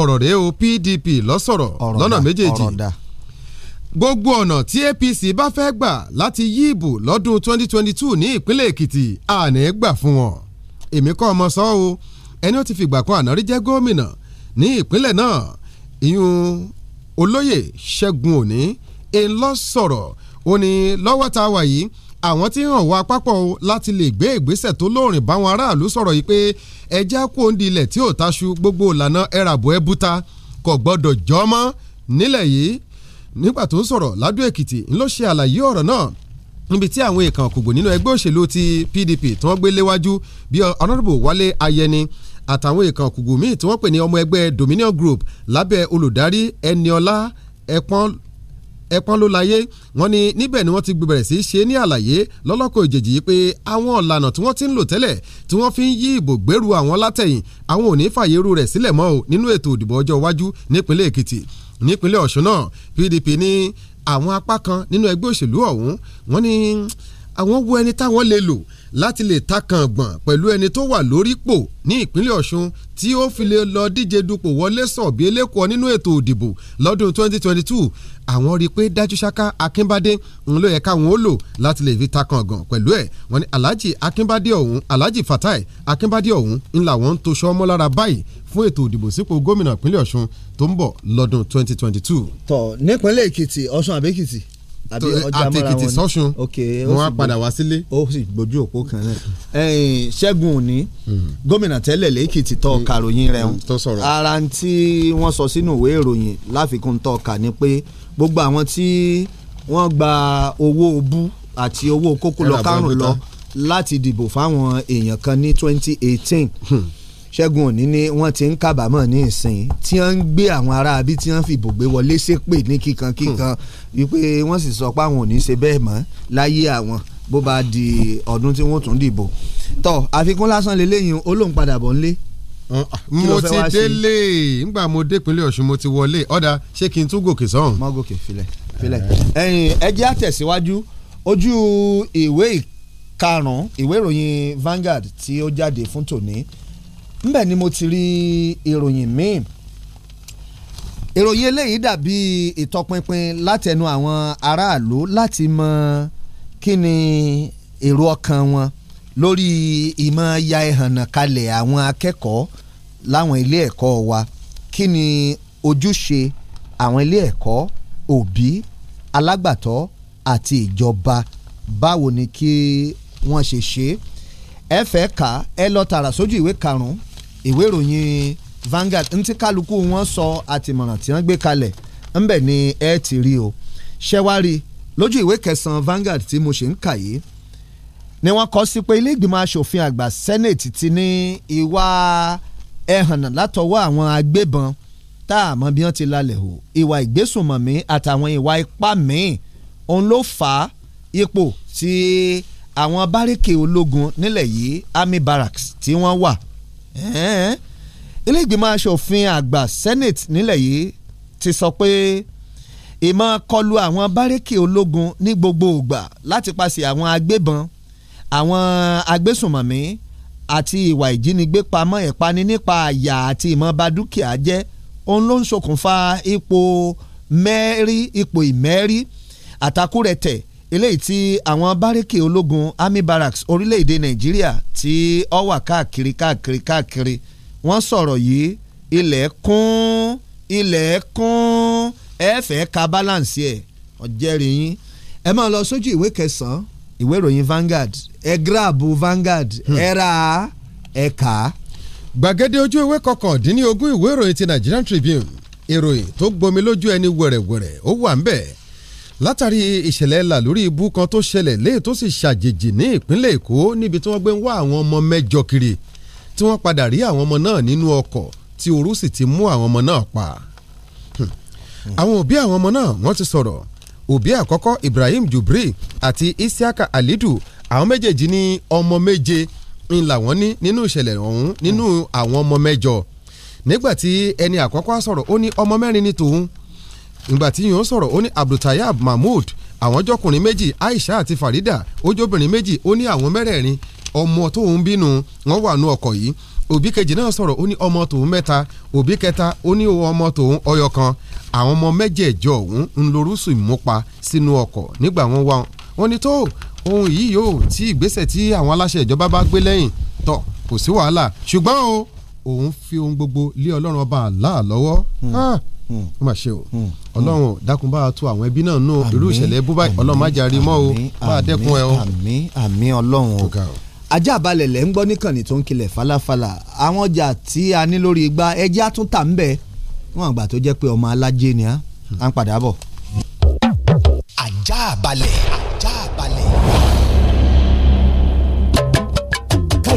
ọ̀rọ̀ rẹ̀ o pdp lọ́sọ̀rọ̀ lọ́nà méjèèjì ọ̀rọ̀ da ọ̀rọ̀ da gbogbo ọ̀nà tí APC bá fẹ́ gbà láti yí ìbò lọ́dún 2022 ní ìpínlẹ̀ Èkìtì àní gbà fún wọn èmi kọ́ ọmọ sọ́ o ẹni ó ti fìgbà kan ànárí jẹ́ gómìnà ní ìpínlẹ̀ náà ìyún olóyè Ṣẹ́gun Òní ń lọ ní lọ́wọ́ tá a wà yìí àwọn tí hàn wá pápọ̀ o láti lè gbé ìgbésẹ̀ tó lóòrìn báwọn aráàlú sọ̀rọ̀ yìí pé ẹja kó ń dilẹ̀ tí ò taṣu gbogbo ìlànà ẹ̀ràbọ̀ ẹ̀bùta kò gbọ́dọ̀ jọ́ mọ́ nílẹ̀ yìí nígbà tó ń sọ̀rọ̀ ládó èkìtì ńlọ ṣe àlàyé ọ̀rọ̀ náà níbi tí àwọn èèkàn kògbò nínú ẹgbẹ́ òṣèlú ti PDP tí wọ́n gbé léwájú bí ọ̀nàdìbò Wálé Ayẹni àtàwọn èèkàn kògbò míì tí wọ́n pè ní ọmọ ẹgbẹ́ Dominion Group lábẹ́ olùdarí Ẹniọlá Ẹpọ́n ẹpọ́n ló láyé wọ́n ní níbẹ̀ ni wọ́n ti bẹ̀rẹ̀ sí í ṣe ní àlàyé lọ́lọ́kọ̀ ìjèjì yìí pé àwọn ọ̀lànà tí wọ́n ti ń lò tẹ́lẹ̀ tí wọ́n fi ń yí ìbò gbèrú àwọn látẹ̀yìn àwọn ò ní fàyè irú rẹ̀ sílẹ̀ mọ́ o nínú ètò ìdìbò ọjọ́ iwájú nípínlẹ̀ Èkìtì nípínlẹ̀ Ọ̀ṣun náà PDP ní àwọn apá kan nínú ẹgbẹ́ òṣèlú ọ̀hún wọ́n ní àwọn wo ẹni táwọn lè lò láti lè takàngbọ̀n pẹ̀lú ẹni tó wà lórípò ní ìpínlẹ̀ Ọ̀ṣun tí ó fi lè lọ díje dupò wọlé sọ̀bí elékòó nínú ètò òdìbò lọ́dún 2022 àwọn rí i pé dájú ṣáká Akínbádé ń ló yẹ káwọn ó lò láti lè fi takàngbọ̀n pẹ̀lú ẹ̀ wọ́n ní Alhaji Akínbádé ọ̀hún Alhaji Fatai Akínbádé ọ̀hún ńlá wọn ń toṣọ́ mọ́ lára báyìí fún ètò òdìbò sípò gómìnà ìpínlẹ̀ Ọ̀ṣun tó ń bọ̀ lọ́dún 2022. tọ nípínlẹ̀ Èkìtì Ọ̀ṣun àbẹ́kìtì àbí ọjà mọ́ra wọn ni sọ́sùn wọn á padà wá sílé. ó sì gbójú òpó kan náà. ṣẹ́gun òní hmm. gómìnà tẹ́lẹ̀ lẹ́kìtì tó hmm. karòyìn rẹ̀ hmm, ara tí wọ́n sọ sínú ìwé ìròyìn láfikún tó kà ni pé gbogbo àwọn tí wọ́n gba owó bú àti owó kókó lọ lọ láti dìbò fáwọn èèyàn kan ní twenty eighteen ṣẹ́gun òní ni wọ́n ti ń kábàámọ̀ ní ìsìn tí wọ́n ń gbé àwọn ará abí tí wọ́n fi bògbé wọlé ṣépè ní kíkan wípé wọ́n sì sọ pé àwọn ò ṣe bẹ́ẹ̀ mọ́ láyé àwọn bó bá di ọdún tí wọ́n tún dìbò tó àfikún lásán lélẹ́yìn olóhùn padà bọ̀ ńlé ah, mo ti délé ngbà mo dépínlẹ̀ ọ̀ṣun mo ti wọlé ọ̀dà ṣé kí n tún gòkè sọ́hùn. mọ gòkè filẹ̀ filẹ̀ ẹ̀yin ẹ àtẹ̀síwájú ojú ìwé karùn-ún ìwé ìròyìn Vanguard tí ó jáde fún tòní ńbẹ̀ ni mo ti rí ìròyìn míì ìròyìn eléyìí dàbí ìtọpinpin látẹnu àwọn aráàlú láti mọ kí ni èrò ọkàn wọn lórí ìmọ̀ ya ìhànà kalẹ̀ àwọn akẹ́kọ̀ọ́ láwọn ilé ẹ̀kọ́ wa kí ni ojúṣe àwọn ilé ẹ̀kọ́ òbí alágbàtọ́ àti ìjọba báwo ni kí wọ́n ṣe ṣe ẹ fẹ́ kà ẹ lọ tààrà sójú ìwé karùn-ún ìwé ìròyìn Vanguard ntí kálukú wọn sọ àtìmọ̀ràn tí wọ́n gbé kalẹ̀ ńbẹ̀ ni ẹ ti rí o ṣẹ́wárí lójú ìwé kẹsàn-án Vanguard tí mo ṣe ń kà yìí ni wọ́n kọ sí pé ilé ìgbìmọ̀ asòfin àgbà senate ti ní ìwà ẹ̀hànnà látọwọ́ àwọn agbébọn tá a mọ̀ bí wọ́n ti lálẹ́ o ìwà ìgbésùnmọ̀mí àtàwọn ìwà ipá míì òun ló fà á ipò tí àwọn báríkì ológun nílẹ̀ yìí army barracks tí wọ́n wà ilé ìgbìmọ̀ asòfin àgbà senate nílẹ̀ yìí ti sọ pé ìmọ̀ kọlù àwọn bárékè ológun ní gbogbo ògbà láti paṣẹ àwọn agbébọn àwọn agbésùnmọ̀mí àti ìwà ìjínigbé pamọ́ ìpani nípa àyà àti ìmọ̀ ba dúkìá jẹ́ òun ló ń ṣokùnfà ipò mẹ́rí ipò ìmẹ́rí àtàkùrẹ̀tẹ̀ eléyìí tí àwọn bárékè ológun army barracks orílẹ̀-èdè nàìjíríà tí ó wà káàkiri káàkiri káàkiri wọ́n sọ̀rọ̀ yìí ilẹ̀ kún ilẹ̀ kún ẹ̀fẹ̀ ka balance ẹ̀ ọ̀jẹ̀rì yín ẹ máa lọ sójú ìwé kẹsàn-án ìwé ìròyìn Vanguard ẹ gírààbù Vanguard hmm. ẹ ra ẹ kà á. gbàgede ojú ìwé kọkàndínlógún ìwé ìròyìn ti Nigerian Tribune ìròyìn tó gbomi lójú ẹni wẹ̀rẹ̀wẹ̀rẹ̀ ó wà ń bẹ́ẹ̀ látàrí ìṣẹ̀lẹ̀ làlórí ibú kan tó ṣẹlẹ̀ léyìí tó sì ṣàjèjì ní ìpínlẹ̀ èkó níbi tí wọ́n gbé ń wá àwọn ọmọ mẹ́jọ kiri tí wọ́n padà rí àwọn ọmọ náà nínú ọkọ̀ tí orú sì ti mú àwọn ọmọ náà pa. Hmm. àwọn òbí àwọn ọmọ náà wọ́n ti sọ̀rọ̀ òbí àkọ́kọ́ Ibrahim Jubri àti Isiaka Alidu àwọn méjèèjì ní ọmọ méje ń làwọn ní nínú ìṣẹ̀lẹ̀ ọ̀hún nínú hmm. àwọn ọmọ mẹ́jọ nígbàtí ẹni àkọ́kọ́ sọ̀rọ̀ ó ní ọmọ mẹ́rin ní tòun ìgbà tí yìnyín sọ̀rọ̀ ó ní abdultayab mahmood àwọn jọkùnrin méjì aisha àti farida ojóbìnrin méjì ó ní àwọn mẹ́rẹ̀ẹ̀rin ọmọ tóun bínú wọn wà nú ọkọ̀ yìí òbí kejì náà sọ̀rọ̀ ó ní ọmọ tòun mẹ́ta òbí kẹta ó ní ọmọ tòun ọyọ kan àwọn ọmọ mẹ́jẹ̀ẹ̀jọ ọ̀hún ń lorúsùn ìmúpa sínú ọkọ̀ nígbà wọn wá wọn ni tó ohun yìí yóò tí ìgbésẹ̀ tí àwọn aláṣẹ ìjọba bá gbé lẹ́yìn tọ̀ kò sí wàhálà ṣùgbọ́n o òun fi ohun gbogbo lé ọlọ́run ọba àlá lọ́wọ́. Hmm. Ah, ó mà ṣe o hmm. ọlọ́run dákun bá a tú àwọn ẹbí náà nù irú ìṣẹ̀lẹ̀ bó báyìí ọlọ́run má jàre mọ́ o bá a dẹ́kun ẹ o. àmín àmín ọlọ́run o ajá balẹ̀ lẹ́ ń gbọ́ níkànnì tó ń kilẹ̀ falafala àwọn ọjà tí a ní lórí igba ẹjẹ́ àtúntà ń bẹ̀ wọ́n àgbà tó jẹ́ pé ọmọ alájẹ ni a ń padà bọ̀. ajá balẹ̀ ajá balẹ̀.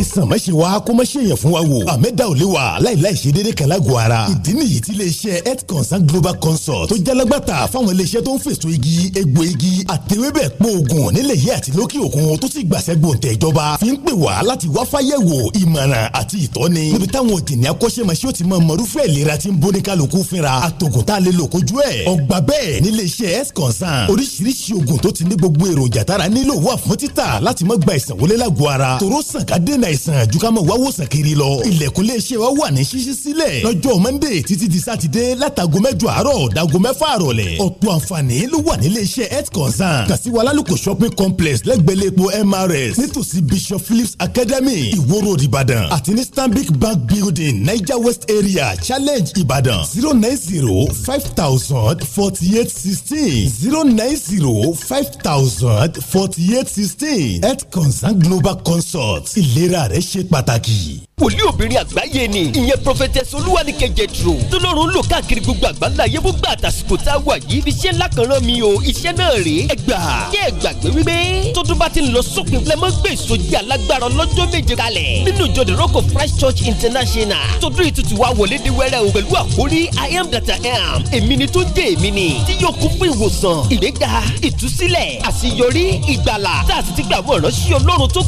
káìsàn má ṣe wa kó má ṣe yẹn fún wa wò àmẹ́dá ò lè wa láìláì ṣe déédéé kan lágọ̀ọ́ ara ìdí nìyí tí iléeṣẹ́ health consult global consult tó jalagbàtà fáwọn iléeṣẹ́ tó ń fèsò igi egbò igi àtẹwébẹ̀ pòògùn nílẹ̀ yìí àti lókè òkun tó sì gbàṣẹ́ gbòǹtẹ̀ ìjọba fi ń pè wá láti wá fáyẹ̀wò ìmọ̀ràn àti ìtọ́ni níbi táwọn òjìní akọ́ṣẹ́mọṣẹ́ ò ti mọ mọ̀rúfẹ́ ìlera tí ń bóni kálukú fínra àtògùn tá a lè lò kojú ẹ̀ ọgbà bẹ́ẹ̀ nílé health consult oríṣiríṣi ògùn tó ti ní gbogbo èròjà tára nílò wà fún títà láti má gba ìsàn wọlé lágọ̀ọ́ ara tòró sàn ká dènà àìsàn àjùkámọ̀ wá wòsàn kiri lọ. ilẹ̀kùn lè ṣe wa wà ní ṣíṣí sílẹ̀ lọ́jọ́ monday títí di sátidé látago mẹ́jọ àárọ̀ dago mẹ́fà àrọ̀lẹ̀. ọ̀pọ̀ àǹfààní ló wà nílé iṣẹ́ health concern kàṣíwá lálùkò shopping complex lẹ́gbẹ̀lẹ́ epo mrs nítòsí bishop phillips academy ìwó ìbàdàn àti ní stanbic bank building niger west area challenge ìbàdàn zero nine zero five thousand forty eight sixteen zero nine zero five thousand forty eight sixteen health concern global consult ìlera rẹ̀ ṣe pàtàkì wòlíì obìnrin àgbáyé ni ìyẹn prophetess olúwaníkẹ́ jẹtro tọ́lọ́run lò káàkiri gbogbo àgbáńlá yẹ gbogbo àtàsìkò tá a wà yìí iṣẹ́ ńlá kan rán mi o iṣẹ́ náà rèé ẹ gbà yẹ ẹ gbàgbé wípé tótó bá ti lọ sópin lẹ́mọ́ gbé ìsọjí alágbára lọ́jọ́ méje kalẹ̀ nínú ìjọ the rock of christ church international tọdún ìtutù wa wọlé dé wẹ́rẹ́ o pẹ̀lú àkórí i am that i am èmi ni tó ń jẹ́ èmi ni tí yóò kún fún ìwòsàn ìgbéga ìtúsílẹ̀ àṣeyọrí ìgbàlà tá a sì ti gbà wọ́n ránṣẹ́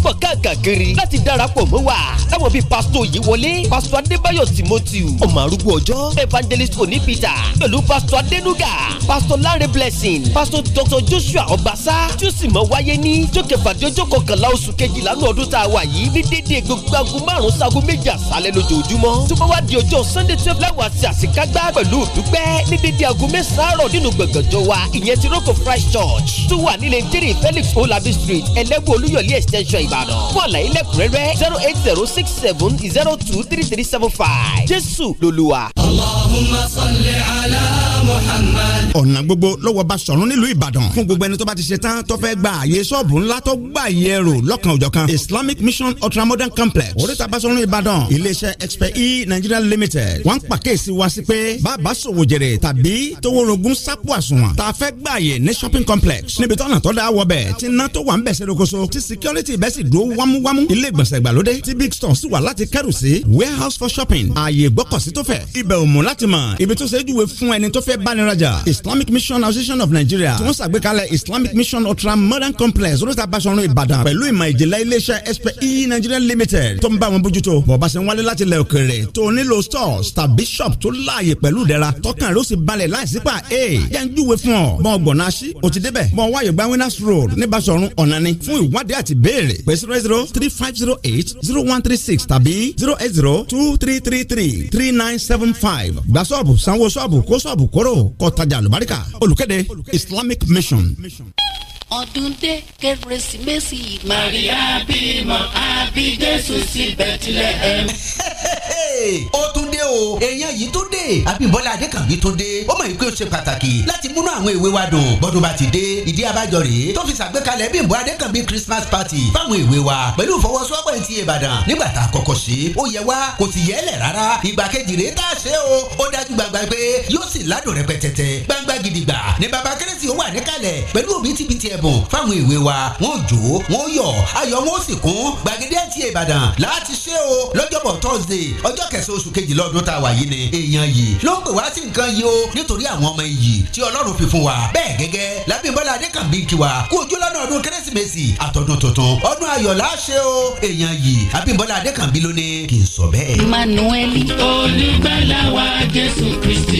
pas pásítọ̀ yìí wọlé pásítọ̀ adébáyọ̀ timothy ọmọ arúgbó ọjọ́ evangelist oní peter pẹ̀lú pásítọ̀ adénúgà pásítọ̀ lánrẹ blessing pásítọ̀ dr joshua ọbaṣá tí ó sì mọ wáyé ní jókèfàdéjọ́ kọkànlá oṣù kejìlá ní ọdún tá a wà yìí ní déédéé gbogbo aago márùn-ún sago méjì àṣálẹ́ lójoojúmọ́ tó bá wá di ọjọ́ sunday twelve láwọn àti àṣekágbá pẹ̀lú òdúpẹ́ ní déédéé aago mẹ́sàn-án àárọ̀ nínú gbọ̀ngànjọ́ wa ìyẹn ti roko christ church tó wà nílé jerry felix olabi street ẹlẹ́gbẹ̀ẹ́ olúyọ̀lé extension ìbàdàn fún àlàyé lẹ́kùnrẹ́rẹ́ zero eight zero six seven seven zero two three three seven five jésù lolúwa. Allahumma salli ala Muhammad. ọ̀nà gbogbo lọ́wọ́ Basọ̀rún nílùú Ìbàdàn fún gbogbo ẹni tó bá ti ṣe tán tó fẹ́ gba àyè ṣọ́ọ̀bù ńlá tó gbà yẹ rò lọ́kàn òjọ̀kan Islamic Mission Ultramodern Complex oríta Basọ̀rún Ìbàdàn iléeṣẹ́ expert e Nigeria Limited wọ́n ń pàkíyèsí wa sí pé bàbá sòwò jèrè tàbí tówórogún sápò àsùnwọ̀n tá a fẹ́ gba àyè ní shopping complex níbi tọ́nà tó dáa wọ bẹ̀ tí iná tó wà ń bẹ̀ ṣe rokoṣo tí security bẹ́ẹ̀ sì dúró big store sì wà láti kẹ́rù sí warehouse for shopping ààyè ìgbọ́kọ̀sí tó fẹ̀. ibẹ̀ ò mú láti mọ̀ ibi tó ṣe é júwe fún ẹni tó fẹ́ báni rajà islamic mission association of nigeria tí wọ́n ṣàgbékalẹ̀ islamic mission ultra modern complex olóòtú abáṣọrun ìbàdàn pẹ̀lú ìmọ̀ ìjìnlẹ̀ iléeṣẹ́ expe nigeria limited tó ń bá wọn bójútó bọ̀bá ṣe ń wálé láti ilẹ̀ òkèèrè tó nílò stores tàbí Bishop tó láàyè pẹ̀lú ìdẹ̀ra tọkàn rẹ̀ ó sì balẹ̀ láìsí pa e yẹn júwe fún ọ bọ́n gbọ̀nà sí o ti débẹ̀ bọ́n wáyé gba winners road ní Basọ̀run ọ̀nani fún ìwádìí àti béèrè pé zero zero three five zero eight zero one three six tàbí tàbí zero eight zero two three three three three nine seven five gba sọ́ọ̀bù sanwó sọ́ọ̀bù kó sọ́ọ̀bù kóró kọ́ tajà lùbáríkà olùkéde Islamic Mission ọdún dé kérésìmesì ìmàrí. Màríà bímọ àbí Jésù sí Bẹ́tílẹ́hẹ́mù. ó tún dé o èèyàn yìí tún dé àbí Bọ́lá Adékànbí tún dé ó mọ̀ wípé ó ṣe pàtàkì láti múnú àwọn èwe wa dùn bọ́dún bá ti dé ìdí abájọ rèé tó fi ṣàgbékalẹ̀ Bímbọ́ Adékànbí Christmas party fáwọn èwe wa pẹ̀lú ìfọwọ́sowọ́pọ̀ ti Ìbàdàn nígbà tá a kọ́kọ́ ṣe ó yẹ wá kò sì yẹ lẹ̀ rárá ìgbà kejì rèé tá a ṣe o ó dájú gbàgbà pé yóò sì ládùn rẹpẹtẹtẹ gbangba gidigba ni baba kérésì ó wà níkàlẹ̀ pẹ̀lú òbí ẹ̀bùn fáwọn ìwé wa wọn ò jó wọn ò yọ̀ ayọ̀ wọn ò sì kún gbàgede ẹ̀tì ìbàdàn láti ṣe o lọ́jọ́bọ̀ thursday ọjọ́ kẹsàn-án oṣù kejì lọ́dún tá a wà yìí ni èèyàn yìí ló ń pè wá sí nǹkan yìí o nítorí àwọn ọmọ iyì tí ọlọ́run fi fún wa bẹ́ẹ̀ gẹ́gẹ́ lábímbọ́lá adékànbí kí wa kú ojú lọ́nà ọdún kérésìmesì àtọ̀dún tuntun ọdún ayọ̀ láṣẹ o èèyàn yìí abímbọ́lá adékànbí ló ní kì í sọ bẹ́ẹ̀. manuel olùgbàlà wa jésù kristi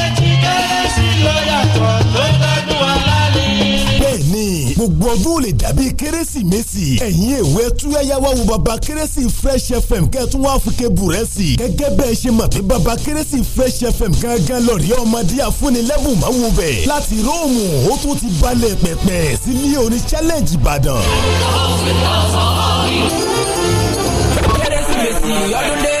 gbogbo ọdún ò lè dàbí kérésìmesì ẹ̀yin èwe túyáyáwá wo baba kérésì fresh fm kẹ́tún wá fúnkẹ́ búrẹ́sì gẹ́gẹ́ bẹ́ẹ̀ ṣe mọ̀ pé baba kérésì fresh fm gángan lọ́ọ̀rì ọmọdé àfúnilẹ́bùn máa wù bẹ̀ láti róòmù ó tún ti balẹ̀ pẹ̀pẹ̀ sílé oní challenge ìbàdàn. kérésìmesì ọdún dé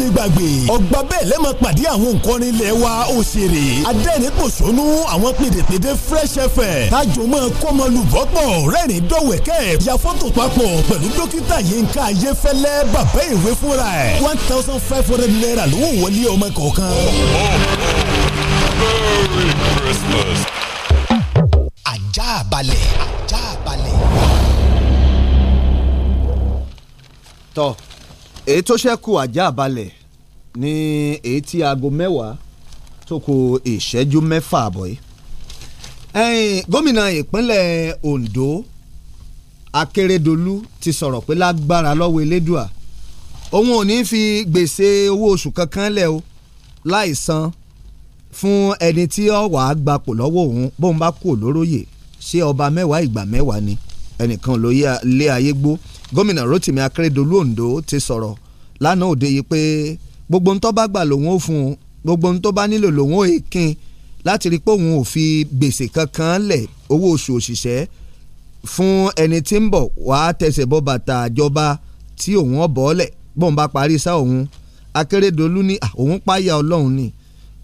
ní gbàgbé ọgbà bẹ́ẹ̀ lẹ́mọ̀ pàdé àwọn nǹkan ilẹ̀ wa òṣèré adẹ́rìn pòṣónú àwọn pèdèpèdè fresh fm tájò máa kọ́mọ rẹ́rìn dọ́wẹ̀kẹ́ ya fọ́tò papọ̀ pẹ̀lú dókítà yínká ayéfẹ́lẹ́ bàbá ìwé fúnra ẹ̀ one thousand five hundred naira ló wò wọlé ọmọ kọ̀ọ̀kan. Merry Christmas. ajá balẹ̀ ajá balẹ̀. tọ́ èyí tó ṣẹ́kù àjà balẹ̀ ní èyí tí aago mẹ́wàá tó kù ìṣẹ́jú mẹ́fà àbọ̀ yìí. gómìnà ìpínlẹ̀ Ondo Akérédolú ti sọ̀rọ̀ pé lágbára lọ́wọ́ Elédùà òun ò ní fi gbèsè owó oṣù kankan lẹ̀ o láì san fún ẹni tí ọ̀wà gbapò lọ́wọ́ òun bóun bá kú olóróyè ṣé ọba mẹ́wàá ìgbà mẹ́wàá ni ẹnìkan ló lé ayé gbó gómìnà Rotimi Akeredolu Ondo ti sọ̀rọ̀ lánàá òde yìí pé gbogbo ń tó bá gbà lòun ó fún un gbogbo ń tó bá nílò lòun ó èkin láti rí pé òun ò fi gbèsè kankan lẹ̀ owó oṣù òṣìṣẹ́ fún ẹni tí ń bọ̀ wàá tẹsẹ̀ bọ́ bàtà àjọba tí òun ọ̀bọ̀ lẹ̀ bóun bá parí sá òun Akérédolú ní òun páyà Ọlọ́run ni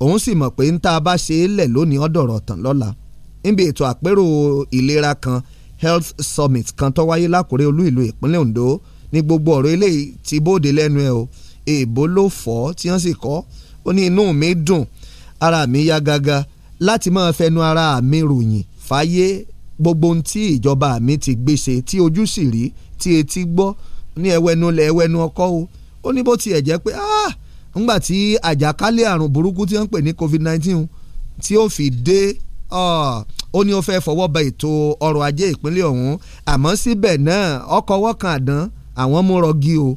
òun sì mọ̀ pé ń tá a bá ṣe é lẹ̀ lónìí ọ̀dọ̀rọ̀ tán lọ́la níbi ètò àpérò ìlera kan health summit kan tó wáyé lákùrẹ́ olú ìlú ìpínlẹ̀ Ondo ní gbogbo ọ̀rọ̀ eléyìí ti bóde lẹ́nu ẹ̀ o èèbó ló fọ́ tí wọ́n sì kọ́ ó ní inú mi dùn ara mi yá gágá láti máa fẹnu ara mi ròyìn fáyé gbogbo ohun tí ìjọba mi ti gbé ṣe tí ojú sì rí tí etí gbọ́ ní ẹwẹ́nu lẹ ẹwẹ́nu ọkọ o ó ní bó tiẹ̀ jẹ́ pé ah ńgbà tí àjàkálẹ̀ àrùn burúkú tí wọ́n ń pè ní covid nineteen tí ó fi dé ó ní ó fẹ́ fọwọ́ bẹ ètò ọrọ̀ ajé ìpínlẹ̀ ọ̀hún àmọ́ síbẹ̀ náà ọkọ̀ ọwọ́ kan àdán àwọn mú rọgí o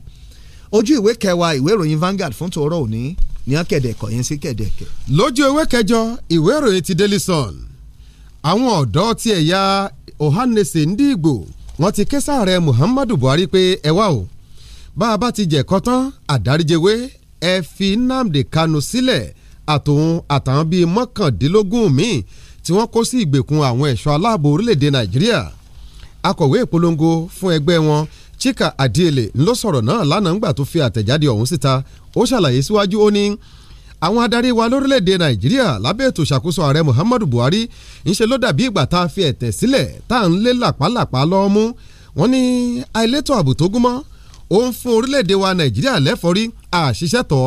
ojú ìwé kẹwàá ìwé ìròyìn Vanguard fún tòórọ́ òní ní wọn kẹ̀dẹ̀kọ̀ yẹn sí kẹ̀dẹ̀kẹ̀. lójú ewé kẹjọ ìwé ìròyìn ti Daily Sun àwọn ọ̀dọ́ ti ẹ̀yà Ohanaeze Ndigbo wọ́n ti ké sáàrẹ Muhammadu Buhari pé ẹ wá o bá a bá ti jẹ̀kọ́ tán àdáríjẹwé ẹ fi Nnamdi Kanu sílẹ̀ àtòun àtàwọn bíi mọ́kàndínlógún míì tí wọ́n kó sí ìgbèkùn àwọn ẹ̀ṣọ́ aláàbò orílẹ̀-èdè nàìjíríà akọ̀wé ìpolongo fún ẹgbẹ́ wọn chika adiele ló sọ̀rọ̀ náà lánàá ńgbà tó fi àtẹ̀jáde ọ̀hún síta ó ṣàlàyé síwájú ó ní àwọn adarí wa lórílẹ̀‐èdè nàìjíríà lábẹ́ ètò ìṣàkóso ààrẹ muhammadu buhari ń ṣe ló dàbí ìgbà tá a fi ẹ̀tẹ̀ sílẹ̀ tá à ń lé làpálàpá lọ́ọ́ mú wọ́n ní àìlétò ààbò tó gúnmọ́ ó ń fún orílẹ̀‐èdè wa nàìjíríà lẹ́fọ́rí àṣìṣẹ́ tọ́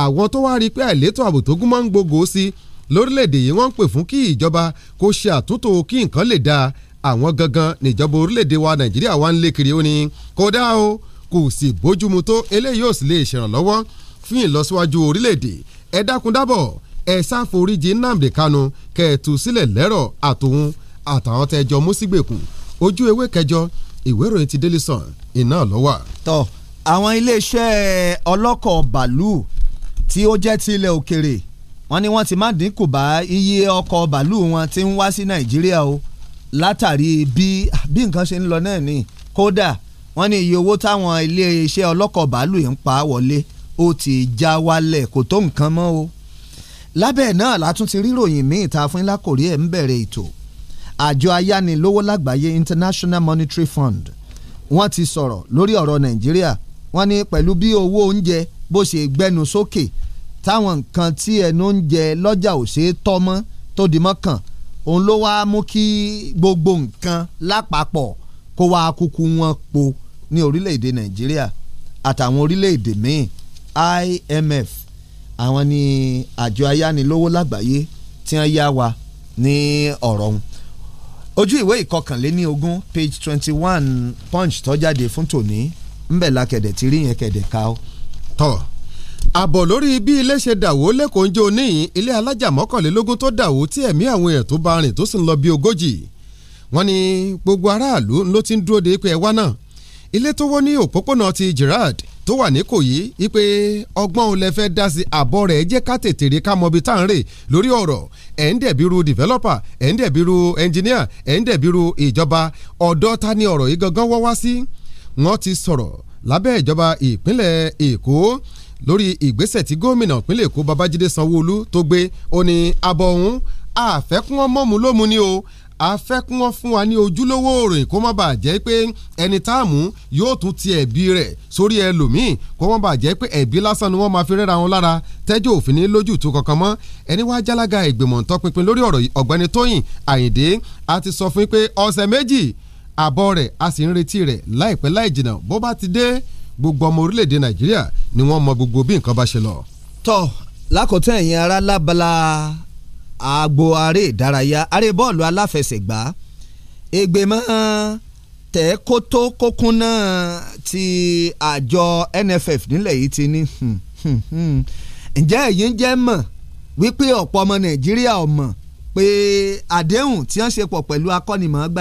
àwọn tó wá rí i pé àìlétò ààbò tó gúnmọ́ ń gbogbo sí i lórílẹ̀‐èdè yìí wọ́n ń pè fún kí ìjọba kó ṣe àtúntò kí nǹkan lè dáa àwọn gangan níjọba orílẹ̀‐èdè wa nàìjíríà wa ń lé kiri ó ní kódà o kò sì bójúmu tó eléyìí ò sì lè ṣèrànlọ́wọ́ fún ìlọsíwájú orílẹ̀‐èdè ẹ dákun dábọ̀ ẹ sáforíjì nnamdi kanu kẹẹ̀tù sílẹ̀ lẹ́rọ̀ àtòun àtàwọn tẹjọ músígbèkùn ojú ewé kẹjọ ìwé ìròyìn ti Daily Sun iná ló wà. tọ́ àwọn iléeṣẹ́ ọlọ́kọ̀ bàálù tí ó jẹ́ ti ilẹ̀ òkèrè wọ́n ní wọ́n ti má dínkù bá iye ọkọ̀ bàálù wọn tí ń wá sí nàìjíríà o látàrí bí bí nǹkan ṣe ń lọ náà ni kódà wọ́n ní iye owó táwọn iléeṣẹ́ ọlọ́kọ̀ bàálù yìí ń pa wọlé ó ti já wálẹ̀ kò tó nǹkan mọ́ o lábẹ́ náà látún ti ríròyìn míì ta fún lákòrí ẹ̀ ń bẹ̀rẹ̀ ètò àjọ ayánilówó lágbàáyé International Monetary Fund wọ́n ti sọ̀rọ̀ lórí ọ̀rọ̀ Nàìjíríà wọ́n ní pẹ̀lú bí owó oúnjẹ bó ṣe gbẹnu sókè táwọn nǹkan tí ẹnu ń jẹ lọ́jà ò ṣeé tọ́mọ́ tó di mọ́kàn òun ló wá mú kí gbogbo nǹkan lápapọ̀ kó wá kúkú wọn po ní orílẹ̀-èdè nàìjíríà àtàwọn orílẹ̀-èdè míì IMF àwọn ni àjọ ayánilówó lágbàáyé tí wọ́n yá wa ní ọ̀rọ̀ ọ̀hún ojú ìwé ìkọkànléní ogún page twenty one punch tó jáde fún tòní ńbẹ̀ la kẹ̀dẹ̀ ti rí yẹn kẹ̀dẹ̀ ká o. tọ́ àbọ̀ lórí bí ilé ṣe dàwó lẹ́kọ̀ọ́ ń jẹ́ oníyìn ilé alájà mọ́kànlélógún tó dàwó tí ẹ̀mí àwọn èèyàn tó bá rìn tó sì ń lọ bí ogójì wọ́n ní gbogbo aráàlú ló ti ń dúró de pé ẹ náà ilé tó wó ní òpópónà ti Gerard tó wà ní Ìkòyí ipe ọgbọ́n òun lè fẹ́ dá sí àbọ̀ rẹ̀ jẹ́ ká tètè rí ká mọ ibi tá rè lórí ọ̀rọ̀ ẹ̀ ń dẹ̀bíru developer ẹ̀ ń dẹ̀bíru engineer ẹ̀ ń dẹ̀bíru ìjọba ọ̀dọ́ ta ni ọ̀rọ̀ yìí gangan wọ́ wá sí wọ́n ti sọ̀rọ̀ lábẹ́ ìjọba ìpínlẹ̀ Èkó lórí ìgbésẹ̀ tí gómìnà ìpínlẹ̀ èkó babájídé sanwóolu tó gbé ó ní abọ́ ọ̀hún àfẹ́kún ọmọ mu ló mu ni o afẹ́kún wọn fún wa ní ojúlówó òròyìn kó má bàa jẹ́ pé ẹni tá a mú yóò tún ti ẹ̀bi rẹ̀ sórí ẹlòmíì kó má bàa jẹ́ pé ẹ̀bi lásán ni wọ́n máa fi rẹ́ra wọn lára tẹ́jọ́ òfin ní lójútùú kankan mọ́ ẹni wá jálága ìgbìmọ̀ ntọ́pinpin lórí ọ̀rọ̀ ọ̀gbẹ́ni tóyìn àyìndé a ti sọ fún yín pé ọ̀sẹ̀ méjì àbọ̀ rẹ̀ a sì ń retí rẹ̀ láìpẹ́ láì jìnnà bó bá ti dé gbogbo ọmọ orílẹ̀-èdè nàìjíríà ni wọ́n mọ gbogbo bí nǹkan bá ṣe lọ. tọ́ lákòótán ẹ̀yin ará lábala àgbo aré ìdárayá aré bọ́ọ̀lù aláfẹsẹ̀gbá ègbèmọ́ tẹ̀ kó tó kókún náà ti àjọ NFF nílẹ̀ yìí ti ní hmm, hmm, hmm. ǹjẹ́ ẹ̀yin jẹ́ mọ̀ wípé ọ̀pọ̀ ọmọ nàìjíríà ò mọ̀ pé àdéhùn tí wọ́n ṣe pọ̀ pẹ̀lú akọ́nimọ̀ọ́gbà